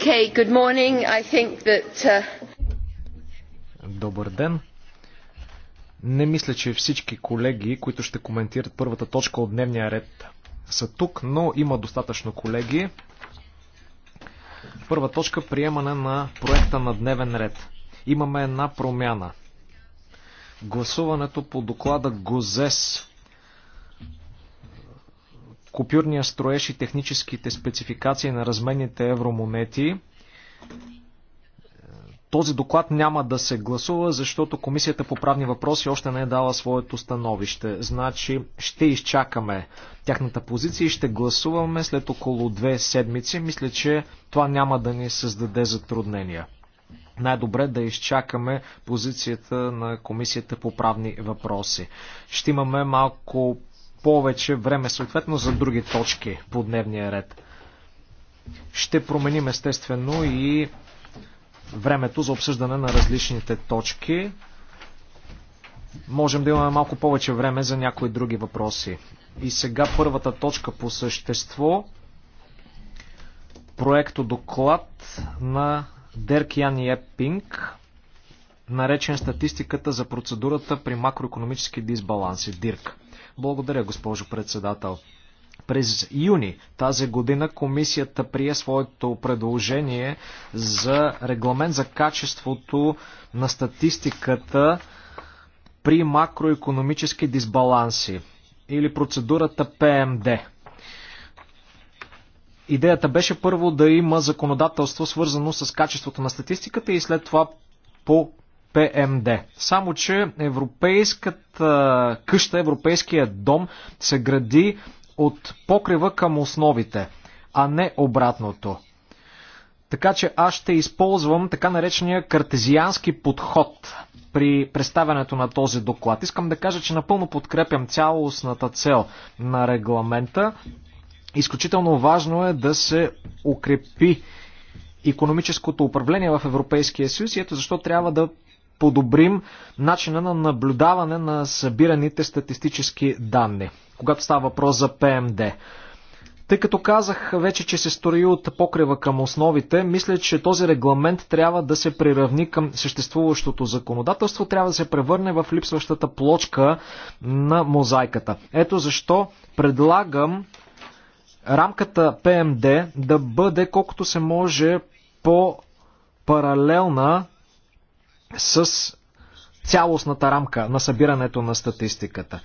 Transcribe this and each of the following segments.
Okay, good morning. I think that... Uh, Добър ден. Не мисля, че всички колеги, които ще коментират първата точка от дневния ред, са тук, но има достатъчно колеги. Първа точка приемане на проекта на дневен ред. Имаме една промяна. Гласуването по доклада ГОЗЕС купюрния строеж и техническите спецификации на разменните евромонети. Този доклад няма да се гласува, защото Комисията по правни въпроси още не е дала своето становище. Значи ще изчакаме тяхната позиция и ще гласуваме след около две седмици. Мисля, че това няма да ни създаде затруднения. Най-добре да изчакаме позицията на Комисията по правни въпроси. Ще имаме малко повече време, съответно, за други точки по дневния ред. Ще променим естествено и времето за обсъждане на различните точки. Можем да имаме малко повече време за някои други въпроси. И сега първата точка по същество. Проекто доклад на Деркиан и Епинг, наречен статистиката за процедурата при макроекономически дисбаланси. Дирк. Благодаря, госпожо председател. През юни тази година комисията прие своето предложение за регламент за качеството на статистиката при макроекономически дисбаланси или процедурата ПМД. Идеята беше първо да има законодателство свързано с качеството на статистиката и след това по ПМД. Само, че европейската къща, европейския дом се гради от покрива към основите, а не обратното. Така че аз ще използвам така наречения картезиански подход при представянето на този доклад. Искам да кажа, че напълно подкрепям цялостната цел на регламента. Изключително важно е да се укрепи економическото управление в Европейския съюз и ето защо трябва да подобрим начина на наблюдаване на събираните статистически данни, когато става въпрос за ПМД. Тъй като казах вече, че се строи от покрива към основите, мисля, че този регламент трябва да се приравни към съществуващото законодателство, трябва да се превърне в липсващата плочка на мозайката. Ето защо предлагам рамката ПМД да бъде колкото се може по паралелна с цялостната рамка на събирането на статистиката.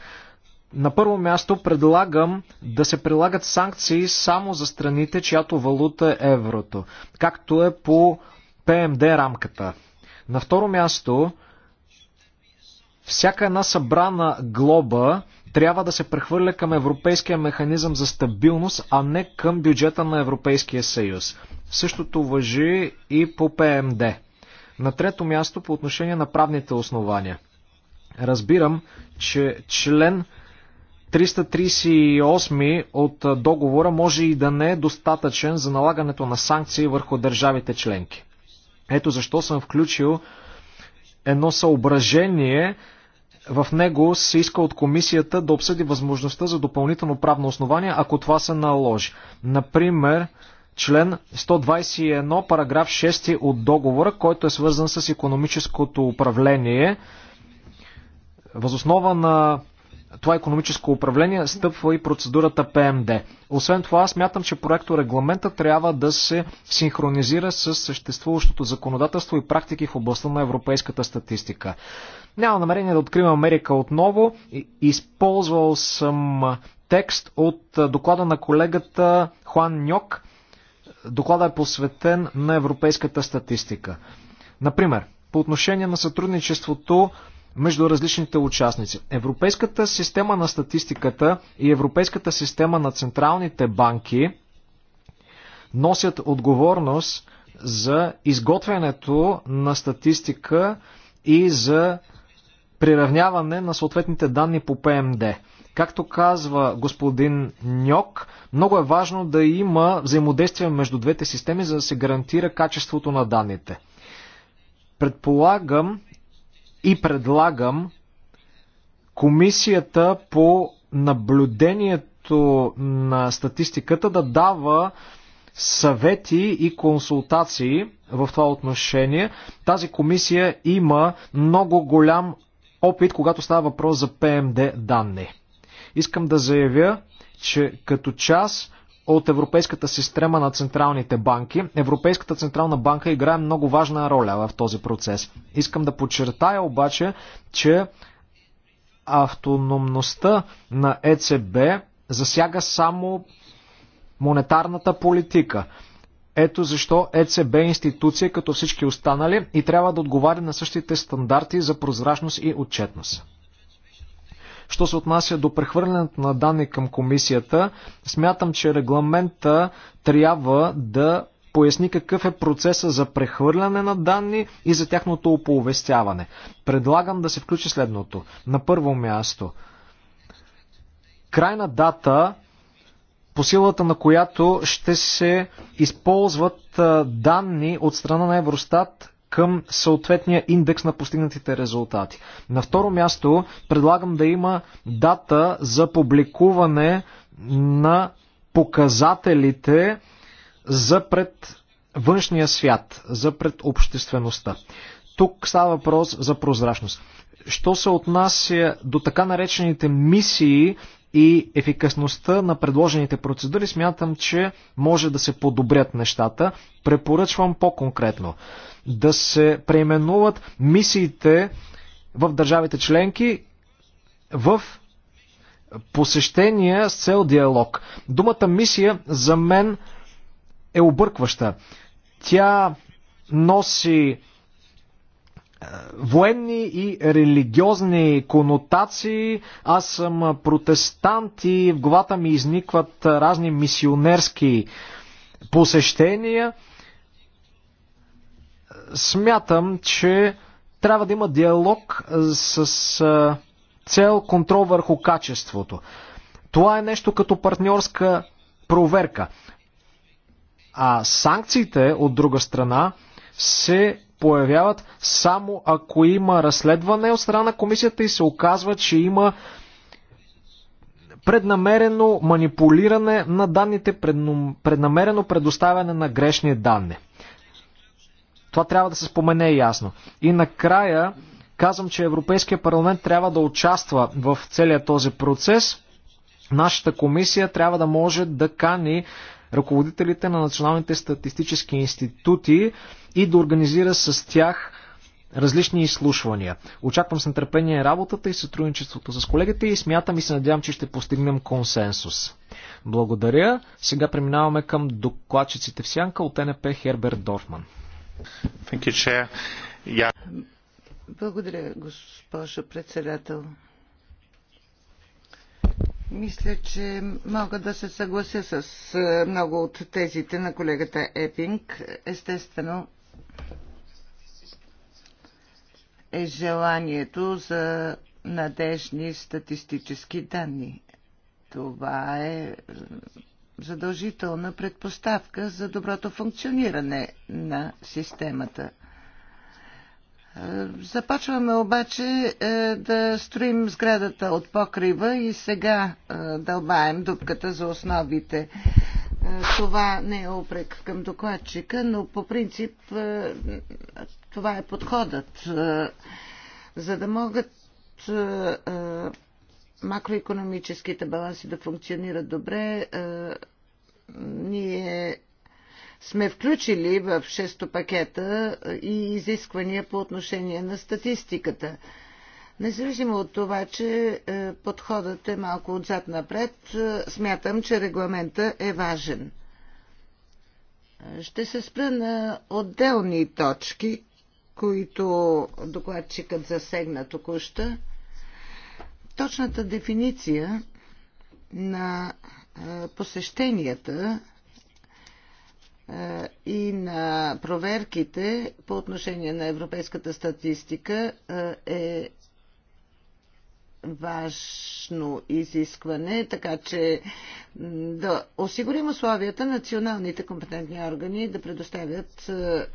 На първо място предлагам да се прилагат санкции само за страните, чиято валута е еврото, както е по ПМД рамката. На второ място, всяка една събрана глоба трябва да се прехвърля към Европейския механизъм за стабилност, а не към бюджета на Европейския съюз. Същото въжи и по ПМД. На трето място по отношение на правните основания. Разбирам, че член 338 от договора може и да не е достатъчен за налагането на санкции върху държавите членки. Ето защо съм включил едно съображение, в него се иска от комисията да обсъди възможността за допълнително правно основание, ако това се наложи. Например, член 121, параграф 6 от договора, който е свързан с економическото управление. Възоснова на това економическо управление стъпва и процедурата ПМД. Освен това, смятам, че регламента трябва да се синхронизира с съществуващото законодателство и практики в областта на европейската статистика. Няма намерение да открим Америка отново. Използвал съм текст от доклада на колегата Хуан Ньок – Докладът е посветен на европейската статистика. Например, по отношение на сътрудничеството между различните участници. Европейската система на статистиката и Европейската система на централните банки носят отговорност за изготвянето на статистика и за приравняване на съответните данни по ПМД. Както казва господин Ньок, много е важно да има взаимодействие между двете системи, за да се гарантира качеството на данните. Предполагам и предлагам комисията по наблюдението на статистиката да дава съвети и консултации в това отношение. Тази комисия има много голям опит, когато става въпрос за ПМД данни. Искам да заявя, че като част от европейската система на централните банки, Европейската централна банка играе много важна роля в този процес. Искам да подчертая обаче, че автономността на ЕЦБ засяга само монетарната политика. Ето защо ЕЦБ е институция като всички останали и трябва да отговаря на същите стандарти за прозрачност и отчетност. Що се отнася до прехвърлянето на данни към комисията, смятам, че регламента трябва да поясни какъв е процеса за прехвърляне на данни и за тяхното оповестяване. Предлагам да се включи следното. На първо място, крайна дата, по силата на която ще се използват данни от страна на Евростат към съответния индекс на постигнатите резултати. На второ място предлагам да има дата за публикуване на показателите за пред външния свят, за пред обществеността. Тук става въпрос за прозрачност. Що се отнася до така наречените мисии, и ефикасността на предложените процедури, смятам, че може да се подобрят нещата. Препоръчвам по-конкретно да се преименуват мисиите в държавите членки в посещения с цел диалог. Думата мисия за мен е объркваща. Тя носи военни и религиозни конотации. Аз съм протестант и в главата ми изникват разни мисионерски посещения. Смятам, че трябва да има диалог с цел контрол върху качеството. Това е нещо като партньорска проверка. А санкциите, от друга страна, се появяват само ако има разследване от страна на комисията и се оказва, че има преднамерено манипулиране на данните, преднамерено предоставяне на грешни данни. Това трябва да се спомене ясно. И накрая казвам, че Европейския парламент трябва да участва в целия този процес. Нашата комисия трябва да може да кани ръководителите на националните статистически институти и да организира с тях различни изслушвания. Очаквам с нетърпение работата и сътрудничеството с колегите и смятам и се надявам, че ще постигнем консенсус. Благодаря. Сега преминаваме към докладчиците в сянка от НП Херберт Дорфман. Благодаря, госпожо председател. Мисля, че мога да се съглася с е, много от тезите на колегата Епинг. Естествено, е желанието за надежни статистически данни. Това е, е задължителна предпоставка за доброто функциониране на системата. Започваме обаче е, да строим сградата от покрива и сега е, дълбаем дупката за основите. Е, това не е опрек към докладчика, но по принцип това е подходът. За да могат макроекономическите баланси да функционират добре, ние сме включили в шесто пакета и изисквания по отношение на статистиката. Независимо от това, че е, подходът е малко отзад напред, е, смятам, че регламента е важен. Ще се спра на отделни точки, които докладчикът засегна току-що. Точната дефиниция на е, посещенията е, и на проверките по отношение на европейската статистика е, е важно изискване, така че да осигурим условията националните компетентни органи да предоставят е,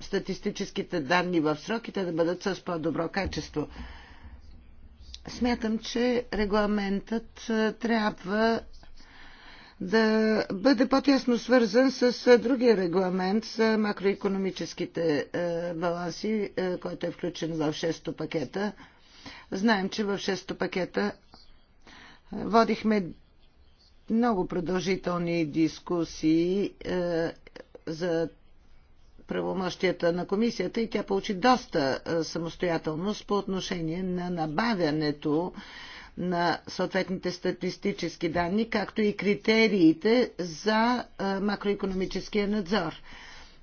статистическите данни в срок и те да бъдат с по-добро качество. Смятам, че регламентът трябва да бъде по-тясно свързан с другия регламент за макроекономическите баланси, който е включен в 6 пакета. Знаем, че в 6 пакета водихме много продължителни дискусии за правомощията на комисията и тя получи доста самостоятелност по отношение на набавянето на съответните статистически данни, както и критериите за макроекономическия надзор.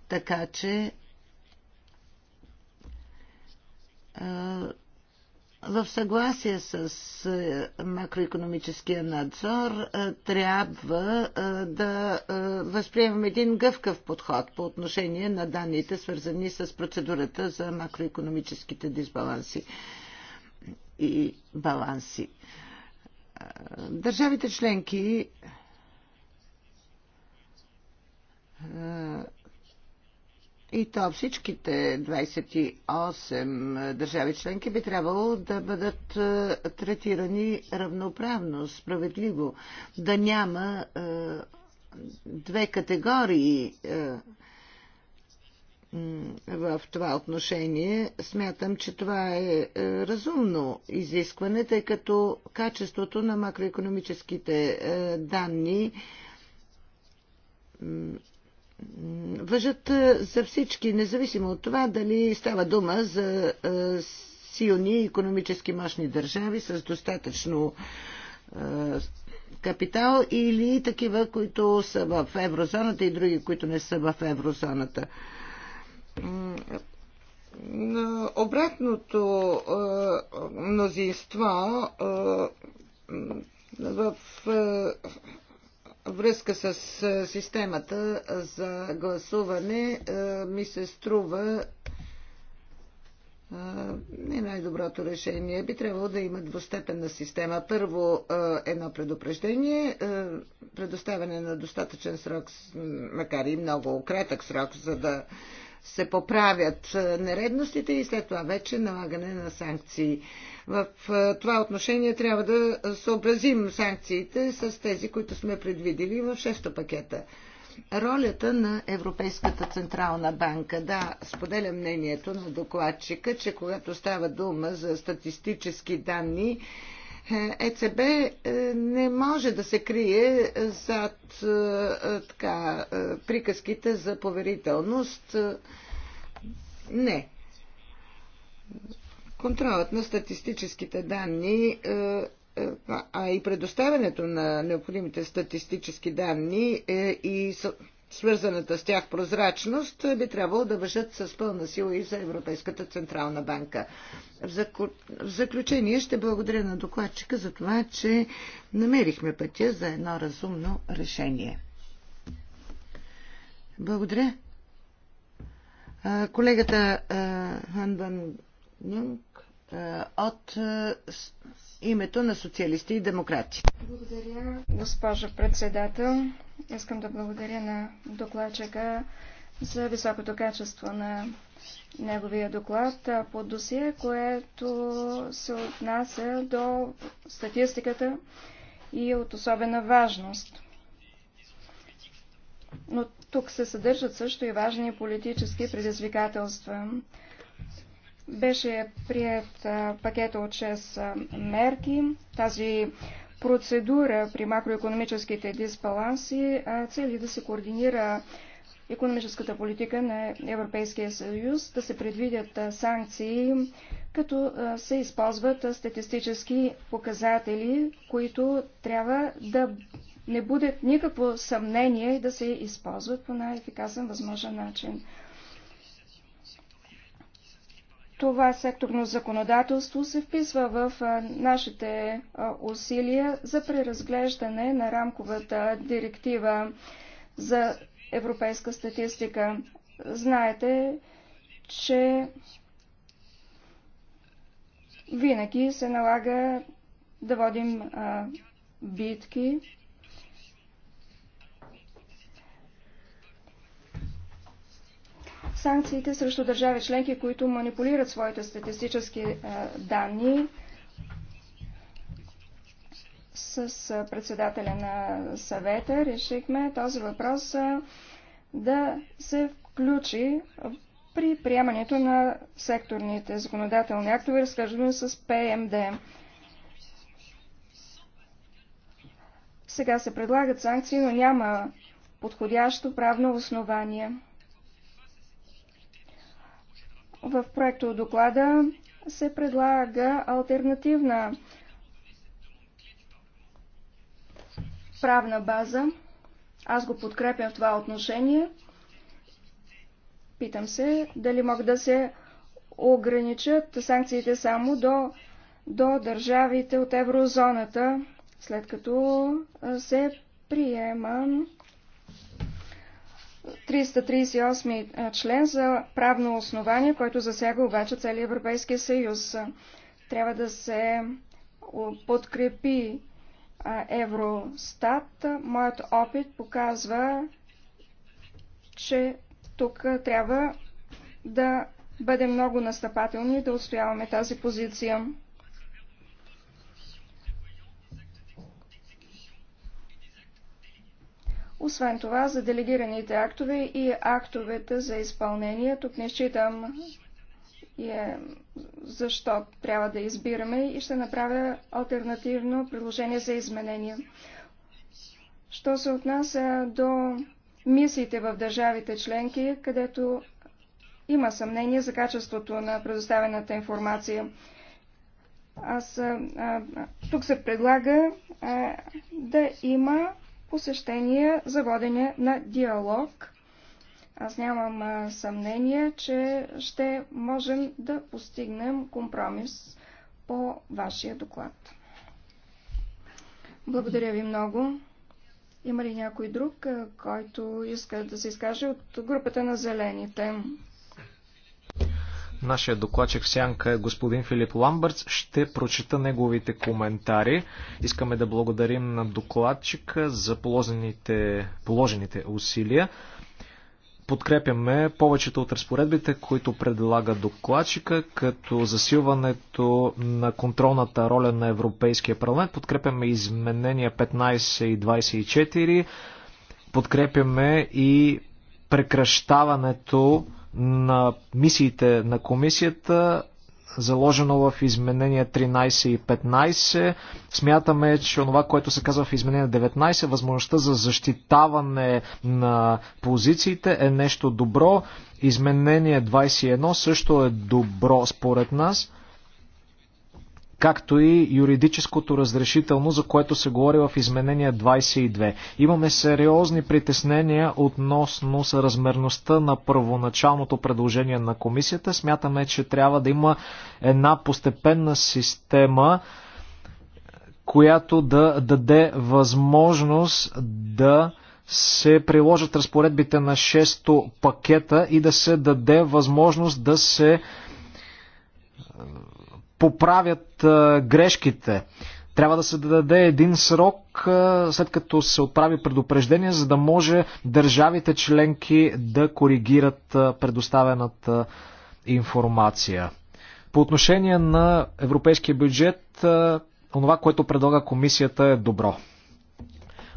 Така че в съгласие с макроекономическия надзор трябва да възприемем един гъвкав подход по отношение на данните, свързани с процедурата за макроекономическите дисбаланси и баланси. Държавите членки е, и то всичките 28 държави членки би трябвало да бъдат е, третирани равноправно, справедливо, да няма е, две категории в това отношение. Смятам, че това е, е разумно изискване, тъй като качеството на макроекономическите е, данни въжат е, за всички, независимо от това дали става дума за силни економически мощни държави с достатъчно капитал или такива, които са в еврозоната и други, които не са в еврозоната обратното мнозинство в връзка с системата за гласуване ми се струва не най-доброто решение. Би трябвало да има двустепенна система. Първо едно предупреждение, предоставяне на достатъчен срок, макар и много кратък срок, за да се поправят е, нередностите и след това вече налагане на санкции. В е, това отношение трябва да съобразим санкциите с тези, които сме предвидели в 6 пакета. Ролята на Европейската Централна банка. Да, споделя мнението на докладчика, че когато става дума за статистически данни, ЕЦБ е е, не може да се крие зад е, така, приказките за поверителност. Не. Контролът на статистическите данни, а и предоставянето на необходимите статистически данни и свързаната с тях прозрачност е, би трябвало да въжат с пълна сила и за Европейската Централна банка. В заключение ще благодаря на докладчика за това, че намерихме пътя за едно разумно решение. Благодаря. Колегата Ханбан Нюнг от името на социалисти и демократи. Благодаря, госпожа председател. Искам да благодаря на докладчика за високото качество на неговия доклад по досие, което се отнася до статистиката и е от особена важност. Но тук се съдържат също и важни политически предизвикателства. Беше прият пакета от 6 мерки. Тази процедура при макроекономическите дисбаланси цели да се координира економическата политика на Европейския съюз, да се предвидят санкции, като се използват статистически показатели, които трябва да не будят никакво съмнение и да се използват по най-ефикасен възможен начин това секторно законодателство се вписва в нашите усилия за преразглеждане на рамковата директива за европейска статистика. Знаете, че винаги се налага да водим битки санкциите срещу държави членки, които манипулират своите статистически е, данни с е, председателя на съвета решихме този въпрос е, да се включи при приемането на секторните законодателни актове, разкажени с ПМД. Сега се предлагат санкции, но няма подходящо правно основание. В проекто доклада се предлага альтернативна правна база. Аз го подкрепям в това отношение. Питам се дали могат да се ограничат санкциите само до, до държавите от еврозоната, след като се приема 338 член за правно основание, който засяга обаче целия Европейския съюз. Трябва да се подкрепи Евростат. Моят опит показва, че тук трябва да бъдем много настъпателни и да отстояваме тази позиция. Освен това, за делегираните актове и актовете за изпълнение, тук не считам е, защо трябва да избираме и ще направя альтернативно предложение за изменение. Що се отнася до мисиите в държавите членки, където има съмнение за качеството на предоставената информация. Аз а, тук се предлага а, да има посещения за водене на диалог. Аз нямам съмнение, че ще можем да постигнем компромис по вашия доклад. Благодаря ви много. Има ли някой друг, който иска да се изкаже от групата на зелените? Нашия докладчик в сянка е господин Филип Ламбъртс. Ще прочета неговите коментари. Искаме да благодарим на докладчика за положените, положените усилия. Подкрепяме повечето от разпоредбите, които предлага докладчика, като засилването на контролната роля на Европейския парламент. Подкрепяме изменения 15 и 24. Подкрепяме и прекращаването на мисиите на комисията, заложено в изменения 13 и 15. Смятаме, че онова, което се казва в изменение 19, възможността за защитаване на позициите е нещо добро. Изменение 21 също е добро според нас както и юридическото разрешително, за което се говори в изменение 22. Имаме сериозни притеснения относно съразмерността на първоначалното предложение на комисията. Смятаме, че трябва да има една постепенна система, която да даде възможност да се приложат разпоредбите на 6 пакета и да се даде възможност да се поправят грешките. Трябва да се даде един срок, след като се отправи предупреждение, за да може държавите членки да коригират предоставената информация. По отношение на европейския бюджет, онова, което предлага комисията е добро.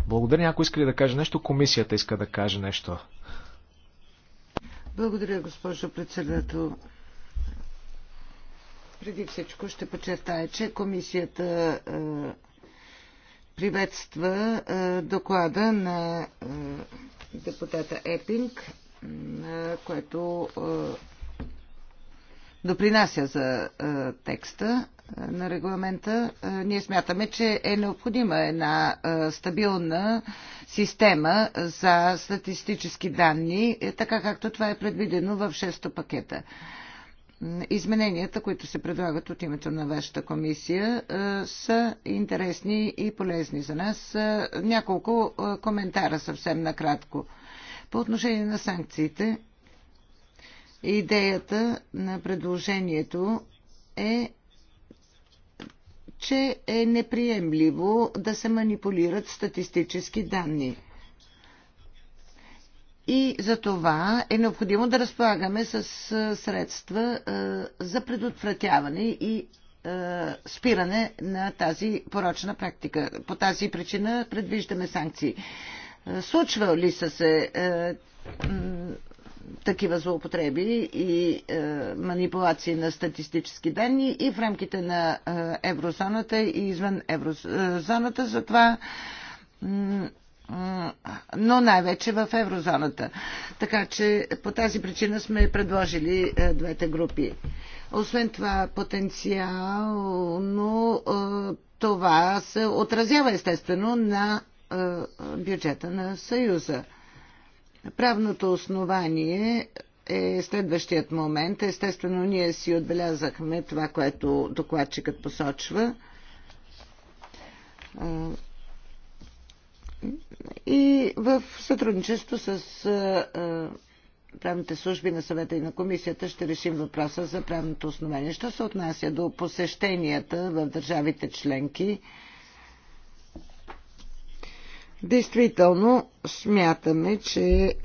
Благодаря. Ако иска ли да каже нещо? Комисията иска да каже нещо. Благодаря, госпожо председател. Преди всичко ще подчертая, че комисията е, приветства е, доклада на е, депутата Епинг, което допринася за текста на регламента. Ние смятаме, че е необходима една стабилна система за статистически данни, така както това е предвидено в 6 пакета измененията, които се предлагат от името на вашата комисия, е, са интересни и полезни за нас. Е, няколко е, коментара съвсем накратко. По отношение на санкциите, идеята на предложението е че е неприемливо да се манипулират статистически данни. И за това е необходимо да разполагаме с средства за предотвратяване и спиране на тази порочна практика. По тази причина предвиждаме санкции. Случва ли са се такива злоупотреби и е, манипулации на статистически данни и в рамките на е, еврозоната и извън еврозоната. Затова но най-вече в еврозоната. Така че по тази причина сме предложили е, двете групи. Освен това, потенциално е, това се отразява естествено на е, бюджета на Съюза. Правното основание е следващият момент. Естествено, ние си отбелязахме това, което докладчикът посочва и в сътрудничество с правните служби на съвета и на комисията ще решим въпроса за правното основание. Що се отнася до посещенията в държавите членки, Действително смятаме, че е,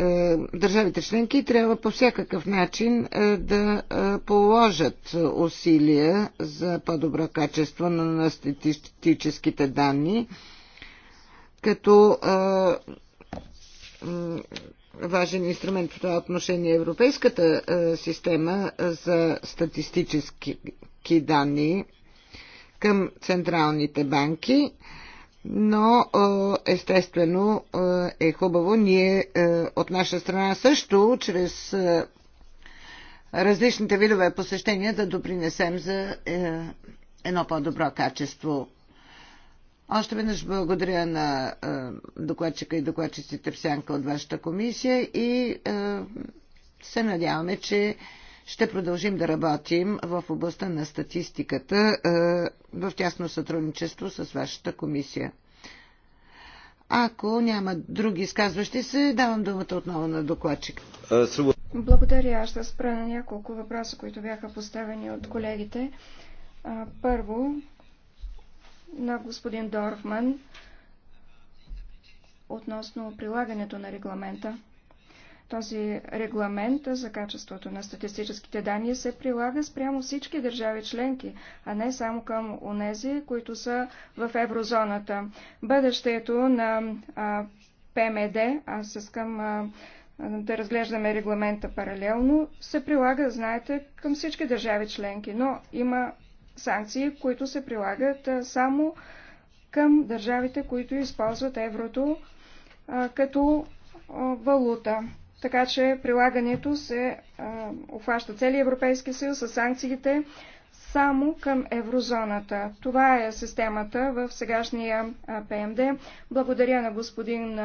държавите членки трябва по всякакъв начин е, да е, положат усилия за по-добро качество на статистическите данни като важен инструмент в това отношение е Европейската система за статистически данни към централните банки, но естествено е хубаво ние от наша страна също чрез различните видове посещения да допринесем за е, едно по-добро качество още веднъж благодаря на е, докладчика и докладчиците в сянка от вашата комисия и е, се надяваме, че ще продължим да работим в областта на статистиката е, в тясно сътрудничество с вашата комисия. Ако няма други изказващи се, давам думата отново на докладчик. Благодаря. Аз ще спра на няколко въпроса, които бяха поставени от колегите. Първо, на господин Дорфман относно прилагането на регламента. Този регламент за качеството на статистическите данни се прилага спрямо всички държави членки, а не само към онези, които са в еврозоната. Бъдещето на а, ПМД, аз искам а, да разглеждаме регламента паралелно, се прилага, знаете, към всички държави членки, но има санкции, които се прилагат само към държавите, които използват еврото като валута. Така че прилагането се обхваща цели Европейски съюз с санкциите само към еврозоната. Това е системата в сегашния ПМД. Благодаря на господин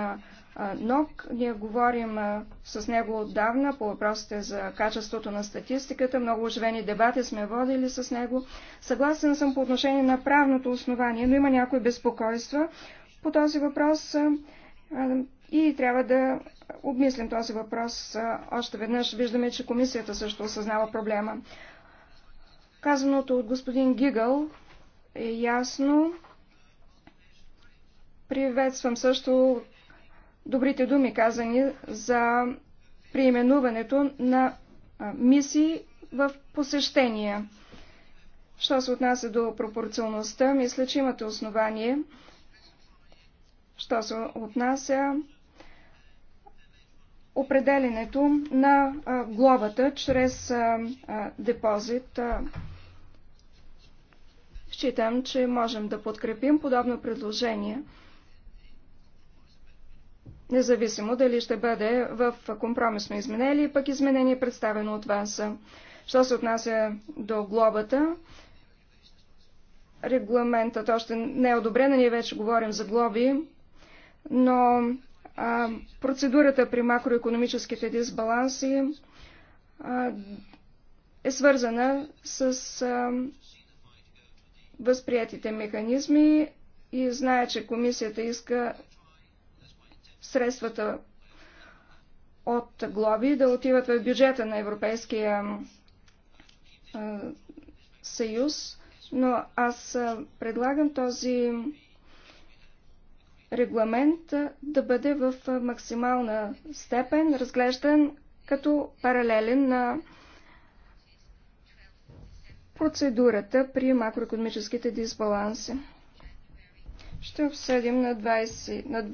Нок. Ние говорим с него отдавна по въпросите за качеството на статистиката. Много оживени дебати сме водили с него. Съгласен съм по отношение на правното основание, но има някои безпокойства по този въпрос и трябва да обмислим този въпрос още веднъж. Виждаме, че комисията също осъзнава проблема. Казаното от господин Гигъл е ясно. Приветствам също добрите думи казани за преименуването на мисии в посещения. Що се отнася до пропорционалността, мисля, че имате основание. Що се отнася определенето на глобата чрез депозит. Считам, че можем да подкрепим подобно предложение, независимо дали ще бъде в компромисно изменение или пък изменение представено от вас. Що се отнася до глобата, регламентът още не е одобрен, ние вече говорим за глоби, но процедурата при макроекономическите дисбаланси е свързана с възприятите механизми и знае, че комисията иска средствата от глоби да отиват в бюджета на Европейския съюз, но аз предлагам този регламент да бъде в максимална степен разглеждан като паралелен на процедурата при макроекономическите дисбаланси. Ще обсъдим на 20... На,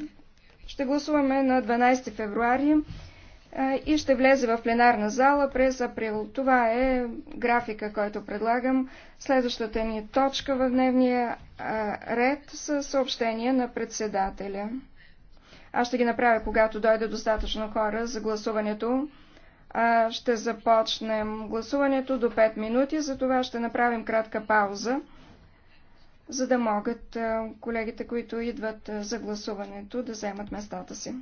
ще гласуваме на 12 февруари и ще влезе в пленарна зала през април. Това е графика, който предлагам. Следващата ни точка в дневния ред са съобщения на председателя. Аз ще ги направя, когато дойде достатъчно хора за гласуването. Ще започнем гласуването до 5 минути, за това ще направим кратка пауза, за да могат колегите, които идват за гласуването, да вземат местата си.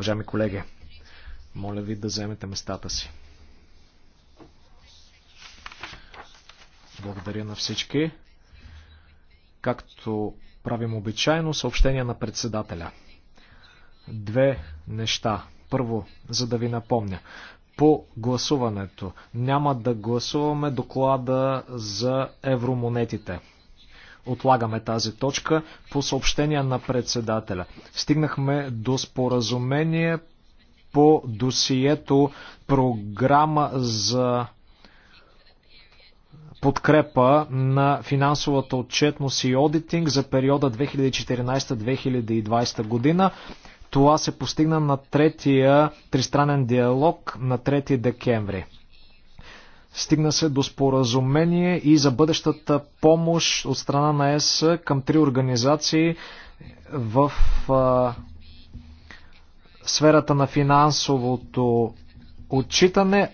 Уважаеми колеги, моля ви да вземете местата си. Благодаря на всички. Както правим обичайно, съобщение на председателя. Две неща. Първо, за да ви напомня. По гласуването няма да гласуваме доклада за евромонетите отлагаме тази точка по съобщение на председателя. Стигнахме до споразумение по досието програма за подкрепа на финансовата отчетност и одитинг за периода 2014-2020 година. Това се постигна на третия тристранен диалог на 3 декември. Стигна се до споразумение и за бъдещата помощ от страна на ЕС към три организации в а, сферата на финансовото отчитане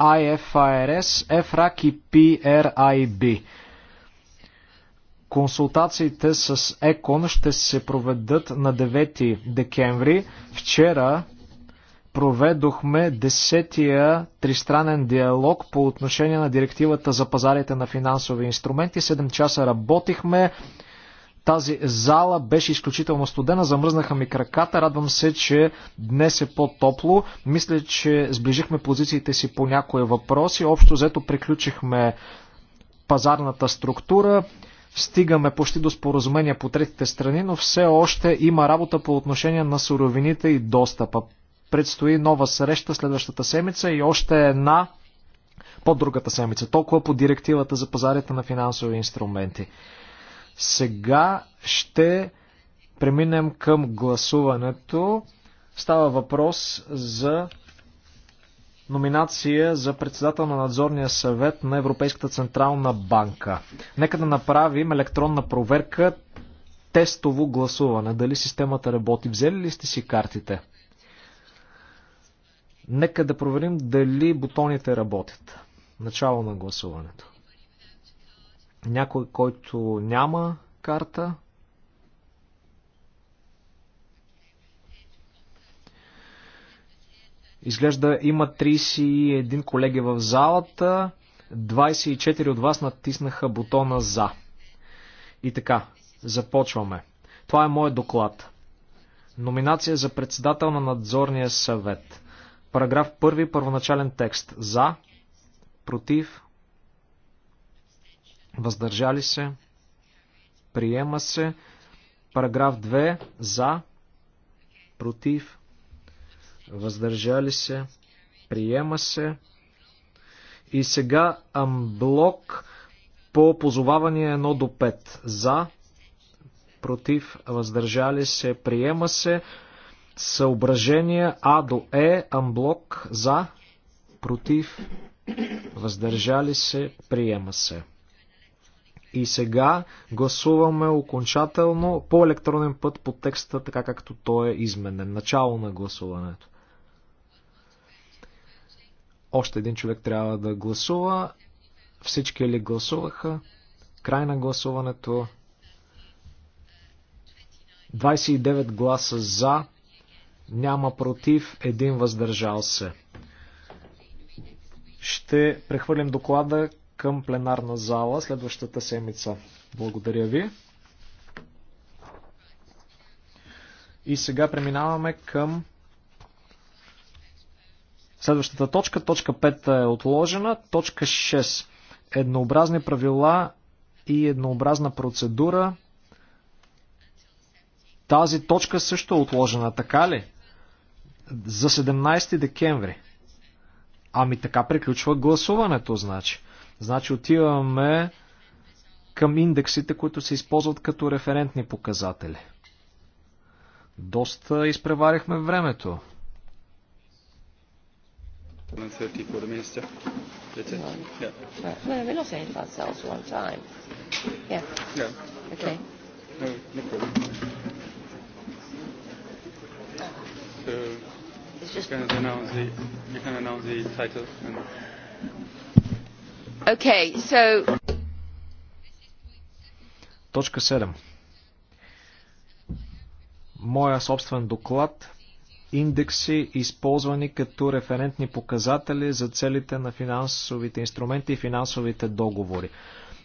IFRS, FRAC и PRIB. Консултациите с ЕКОН ще се проведат на 9 декември. Вчера проведохме десетия тристранен диалог по отношение на директивата за пазарите на финансови инструменти. 7 часа работихме. Тази зала беше изключително студена, замръзнаха ми краката. Радвам се, че днес е по-топло. Мисля, че сближихме позициите си по някои въпроси. Общо взето приключихме пазарната структура стигаме почти до споразумения по третите страни, но все още има работа по отношение на суровините и достъпа предстои нова среща следващата седмица и още една по другата седмица. Толкова по директивата за пазарите на финансови инструменти. Сега ще преминем към гласуването. Става въпрос за номинация за председател на надзорния съвет на Европейската централна банка. Нека да направим електронна проверка, тестово гласуване. Дали системата работи? Взели ли сте си картите? Нека да проверим дали бутоните работят. Начало на гласуването. Някой, който няма карта. Изглежда има 31 колеги в залата. 24 от вас натиснаха бутона за. И така, започваме. Това е моят доклад. Номинация за председател на надзорния съвет. Параграф 1, първоначален текст. За, против, въздържали се, приема се. Параграф 2, за, против, въздържали се, приема се. И сега блок по позоваване 1 до 5. За, против, въздържали се, приема се. Съображения А до Е, амблок, за, против, въздържали се, приема се. И сега гласуваме окончателно по електронен път по текста, така както той е изменен. Начало на гласуването. Още един човек трябва да гласува. Всички ли гласуваха? Край на гласуването. 29 гласа за, няма против, един въздържал се. Ще прехвърлим доклада към пленарна зала следващата седмица. Благодаря ви. И сега преминаваме към следващата точка. Точка 5 е отложена. Точка 6. Еднообразни правила и еднообразна процедура тази точка също е отложена, така ли? За 17 декември. Ами така приключва гласуването, значи. Значи отиваме към индексите, които се използват като референтни показатели. Доста изпреварихме времето. Yeah. So you can announce the, you can announce the title. And okay, so... Точка 7. Моя собствен доклад индекси, използвани като референтни показатели за целите на финансовите инструменти и финансовите договори.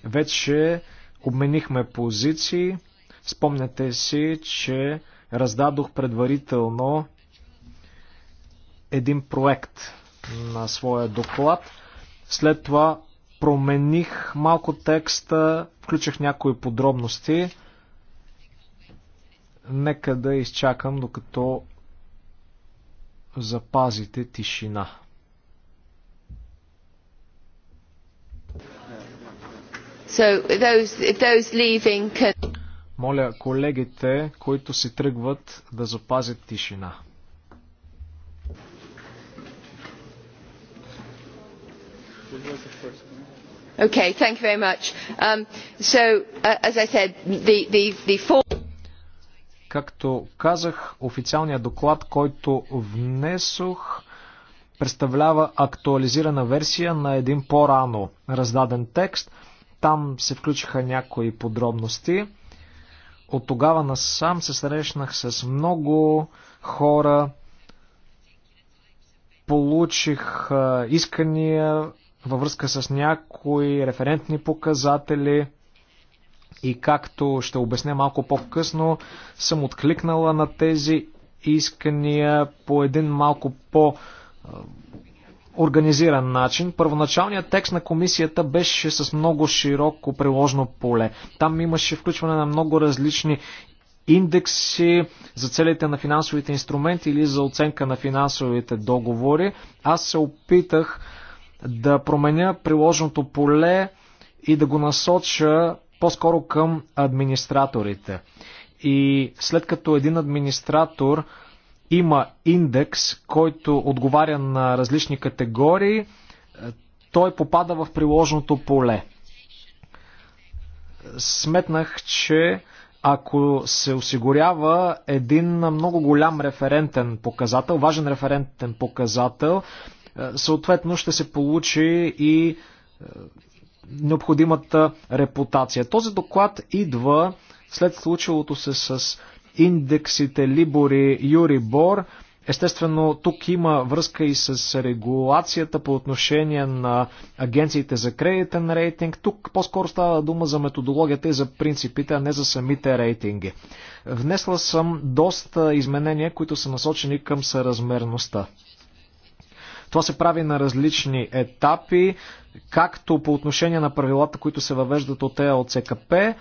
Вече обменихме позиции. Спомняте си, че раздадох предварително един проект на своя доклад. След това промених малко текста, включих някои подробности. Нека да изчакам, докато запазите тишина. So, those, those leaving... Моля колегите, които си тръгват, да запазят тишина. Okay, thank you very much. Um, so, uh, as I said, the, the, the four... Както казах, официалният доклад, който внесох, представлява актуализирана версия на един по-рано раздаден текст. Там се включиха някои подробности. От тогава насам се срещнах с много хора, получих искания във връзка с някои референтни показатели и както ще обясня малко по-късно, съм откликнала на тези искания по един малко по- организиран начин. Първоначалният текст на комисията беше с много широко приложно поле. Там имаше включване на много различни индекси за целите на финансовите инструменти или за оценка на финансовите договори. Аз се опитах да променя приложното поле и да го насоча по-скоро към администраторите. И след като един администратор има индекс, който отговаря на различни категории, е, той попада в приложното поле. Сметнах, че ако се осигурява един много голям референтен показател, важен референтен показател, е, съответно ще се получи и е, необходимата репутация. Този доклад идва след случилото се с индексите Либори Юри Бор. Естествено, тук има връзка и с регулацията по отношение на агенциите за кредитен рейтинг. Тук по-скоро става дума за методологията и за принципите, а не за самите рейтинги. Внесла съм доста изменения, които са насочени към съразмерността. Това се прави на различни етапи, както по отношение на правилата, които се въвеждат от ЕЛЦКП,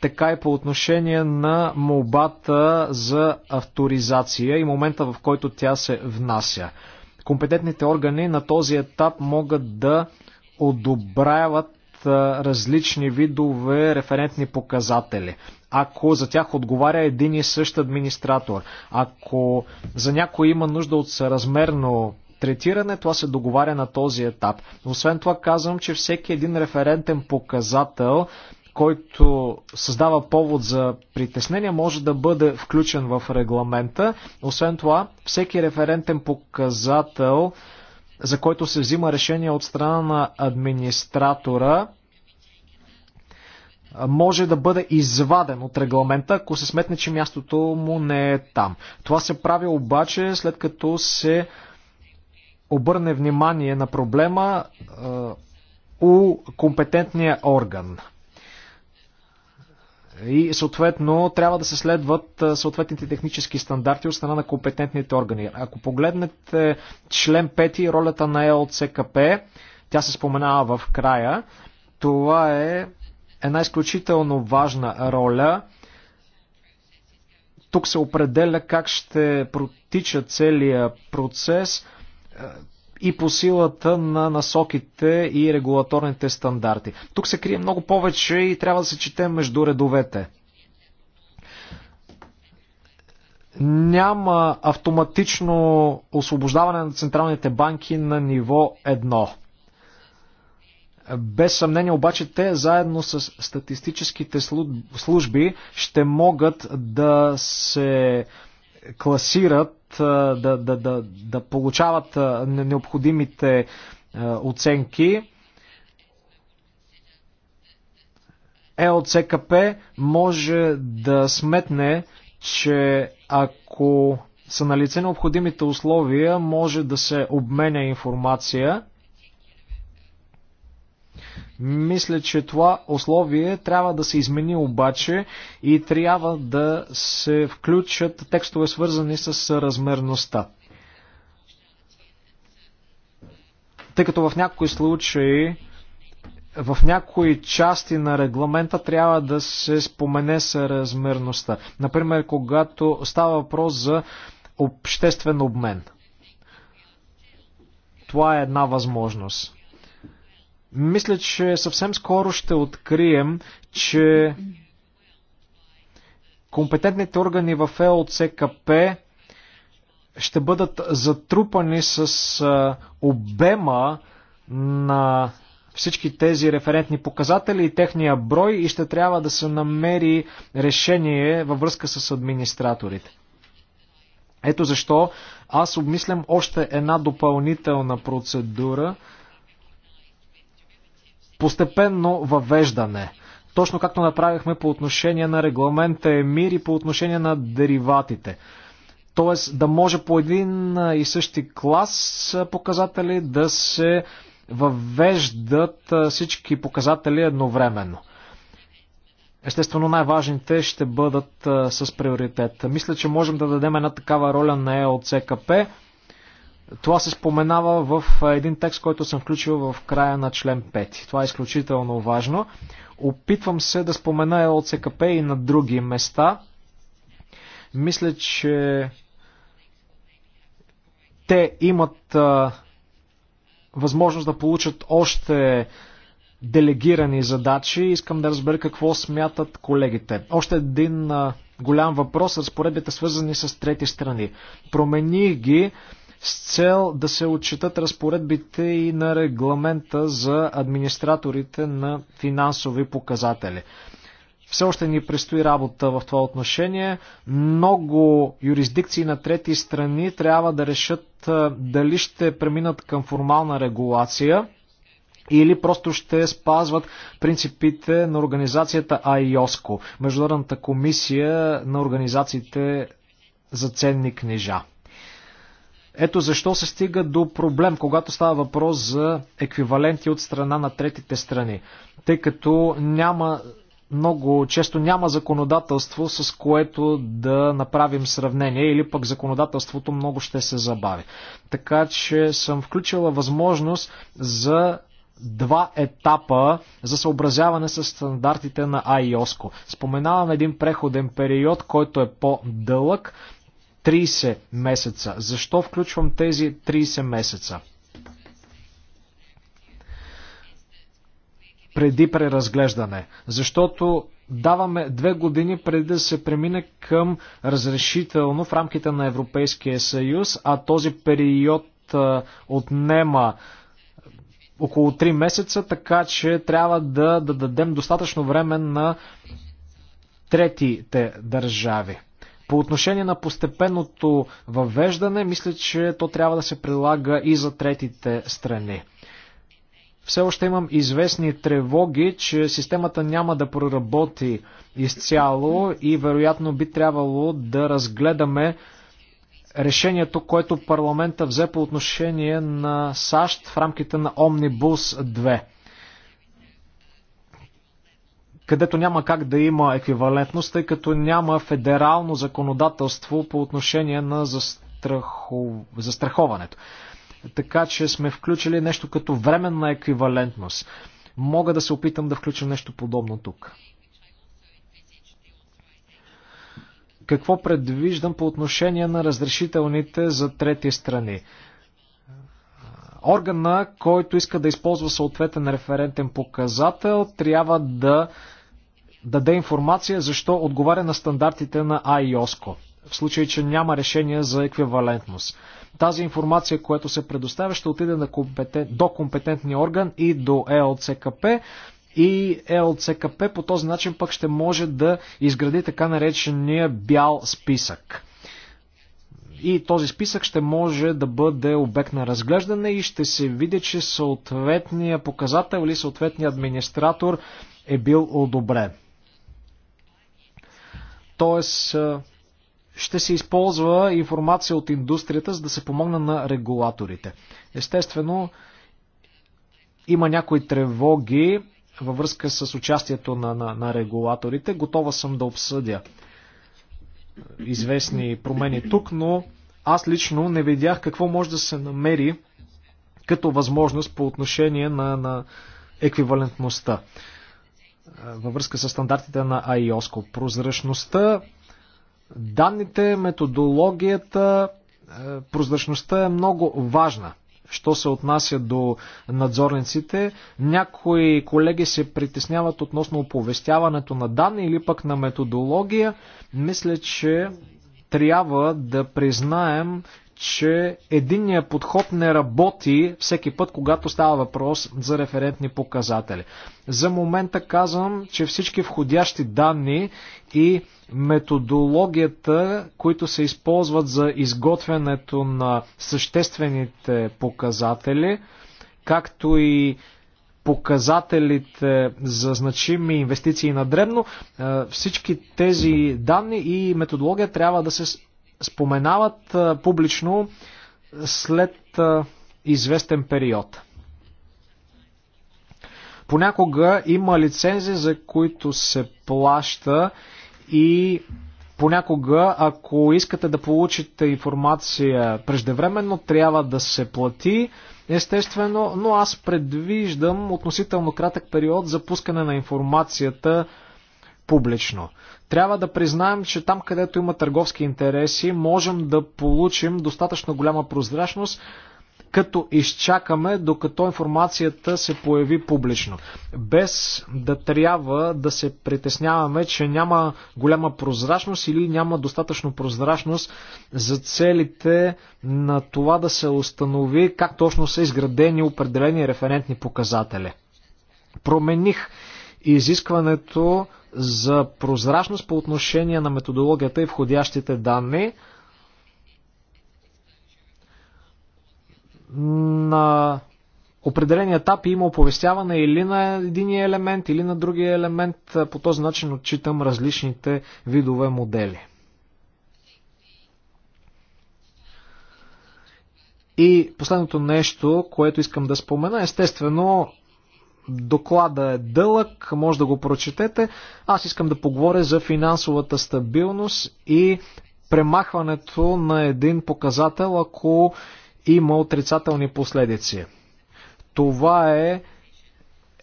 така и по отношение на молбата за авторизация и момента в който тя се внася. Компетентните органи на този етап могат да одобряват различни видове референтни показатели. Ако за тях отговаря един и същ администратор, ако за някой има нужда от съразмерно третиране, това се договаря на този етап. Освен това казвам, че всеки един референтен показател, който създава повод за притеснение, може да бъде включен в регламента. Освен това, всеки референтен показател, за който се взима решение от страна на администратора, може да бъде изваден от регламента, ако се сметне, че мястото му не е там. Това се прави обаче след като се обърне внимание на проблема е, у компетентния орган. И съответно трябва да се следват е, съответните технически стандарти от страна на компетентните органи. Ако погледнете член 5 ролята на ЕОЦКП, тя се споменава в края, това е една изключително важна роля. Тук се определя как ще протича целият процес – и по силата на насоките и регулаторните стандарти. Тук се крие много повече и трябва да се четем между редовете. Няма автоматично освобождаване на централните банки на ниво 1. Без съмнение обаче те заедно с статистическите служби ще могат да се класират, да, да, да, да получават необходимите оценки. ЕОЦКП може да сметне, че ако са налице необходимите условия, може да се обменя информация мисля, че това условие трябва да се измени обаче и трябва да се включат текстове свързани с размерността. Тъй като в някои случаи в някои части на регламента трябва да се спомене съразмерността. Например, когато става въпрос за обществен обмен. Това е една възможност. Мисля, че съвсем скоро ще открием, че компетентните органи в ЕОЦКП ще бъдат затрупани с обема на всички тези референтни показатели и техния брой и ще трябва да се намери решение във връзка с администраторите. Ето защо аз обмислям още една допълнителна процедура – постепенно въвеждане. Точно както направихме по отношение на регламента ЕМИР и по отношение на дериватите. Тоест да може по един и същи клас показатели да се въвеждат всички показатели едновременно. Естествено, най-важните ще бъдат с приоритет. Мисля, че можем да дадем една такава роля на ЕОЦКП. Това се споменава в един текст, който съм включил в края на член 5. Това е изключително важно. Опитвам се да спомена ЛЦКП е и на други места. Мисля, че те имат а, възможност да получат още делегирани задачи. Искам да разбера какво смятат колегите. Още един а, голям въпрос разпоредбите свързани с трети страни. Промених ги с цел да се отчитат разпоредбите и на регламента за администраторите на финансови показатели. Все още ни предстои работа в това отношение. Много юрисдикции на трети страни трябва да решат дали ще преминат към формална регулация или просто ще спазват принципите на организацията АИОСКО, Международната комисия на организациите за ценни книжа. Ето защо се стига до проблем, когато става въпрос за еквиваленти от страна на третите страни, тъй като няма много често няма законодателство, с което да направим сравнение или пък законодателството много ще се забави. Така че съм включила възможност за два етапа за съобразяване с стандартите на IOSCO. Споменавам един преходен период, който е по-дълъг, 30 месеца. Защо включвам тези 30 месеца? Преди преразглеждане. Защото даваме две години преди да се премине към разрешително в рамките на Европейския съюз, а този период отнема около 3 месеца, така че трябва да, да дадем достатъчно време на третите държави. По отношение на постепенното въвеждане, мисля, че то трябва да се прилага и за третите страни. Все още имам известни тревоги, че системата няма да проработи изцяло и вероятно би трябвало да разгледаме решението, което парламента взе по отношение на САЩ в рамките на Omnibus 2 където няма как да има еквивалентност, тъй като няма федерално законодателство по отношение на застрахов... застраховането. Така че сме включили нещо като временна еквивалентност. Мога да се опитам да включа нещо подобно тук. Какво предвиждам по отношение на разрешителните за трети страни? органа, който иска да използва съответен референтен показател, трябва да даде информация защо отговаря на стандартите на IOSCO, в случай, че няма решение за еквивалентност. Тази информация, която се предоставя, ще отиде на компетент, до компетентния орган и до ЕЛЦКП, и ЕЛЦКП по този начин пък ще може да изгради така наречения бял списък. И този списък ще може да бъде обект на разглеждане и ще се види, че съответния показател или съответния администратор е бил одобрен. Т.е. ще се използва информация от индустрията, за да се помогна на регулаторите. Естествено, има някои тревоги във връзка с участието на, на, на регулаторите. Готова съм да обсъдя известни промени тук, но аз лично не видях какво може да се намери като възможност по отношение на, на еквивалентността във връзка с стандартите на АИОСКО. Прозрачността, данните, методологията, прозрачността е много важна. Що се отнася до надзорниците, някои колеги се притесняват относно оповестяването на данни или пък на методология. Мисля, че трябва да признаем, че единният подход не работи всеки път, когато става въпрос за референтни показатели. За момента казвам, че всички входящи данни и методологията, които се използват за изготвянето на съществените показатели, както и показателите за значими инвестиции на дребно, всички тези данни и методология трябва да се споменават публично след известен период. Понякога има лицензи, за които се плаща и понякога, ако искате да получите информация преждевременно, трябва да се плати, естествено, но аз предвиждам относително кратък период за пускане на информацията публично. Трябва да признаем, че там, където има търговски интереси, можем да получим достатъчно голяма прозрачност, като изчакаме докато информацията се появи публично. Без да трябва да се притесняваме, че няма голяма прозрачност или няма достатъчно прозрачност за целите на това да се установи как точно са изградени определени референтни показатели. Промених изискването за прозрачност по отношение на методологията и входящите данни. На определени етапи има оповестяване или на единия елемент, или на другия елемент. По този начин отчитам различните видове модели. И последното нещо, което искам да спомена, естествено, Доклада е дълъг, може да го прочетете. Аз искам да поговоря за финансовата стабилност и премахването на един показател, ако има отрицателни последици. Това е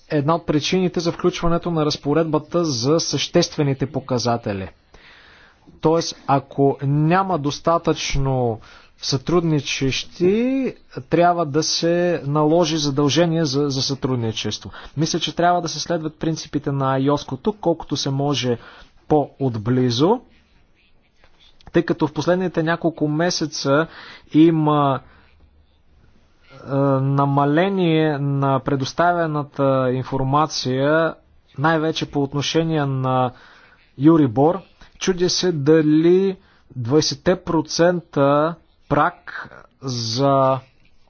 една от причините за включването на разпоредбата за съществените показатели. Тоест, ако няма достатъчно сътрудничещи, трябва да се наложи задължение за, за сътрудничество. Мисля, че трябва да се следват принципите на Йоското, колкото се може по-отблизо, тъй като в последните няколко месеца има е, намаление на предоставената информация, най-вече по отношение на Юрибор. Чудя се дали 20% прак за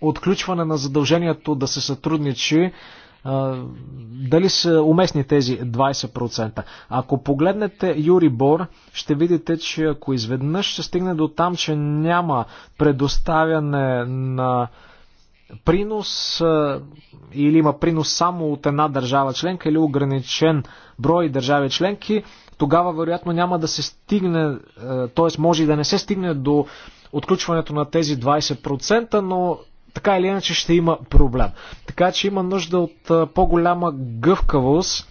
отключване на задължението да се сътрудничи дали са уместни тези 20%. Ако погледнете Юри Бор, ще видите, че ако изведнъж се стигне до там, че няма предоставяне на принос или има принос само от една държава членка или ограничен брой държави членки, тогава вероятно няма да се стигне, т.е. може и да не се стигне до отключването на тези 20%, но така или иначе ще има проблем. Така че има нужда от по-голяма гъвкавост,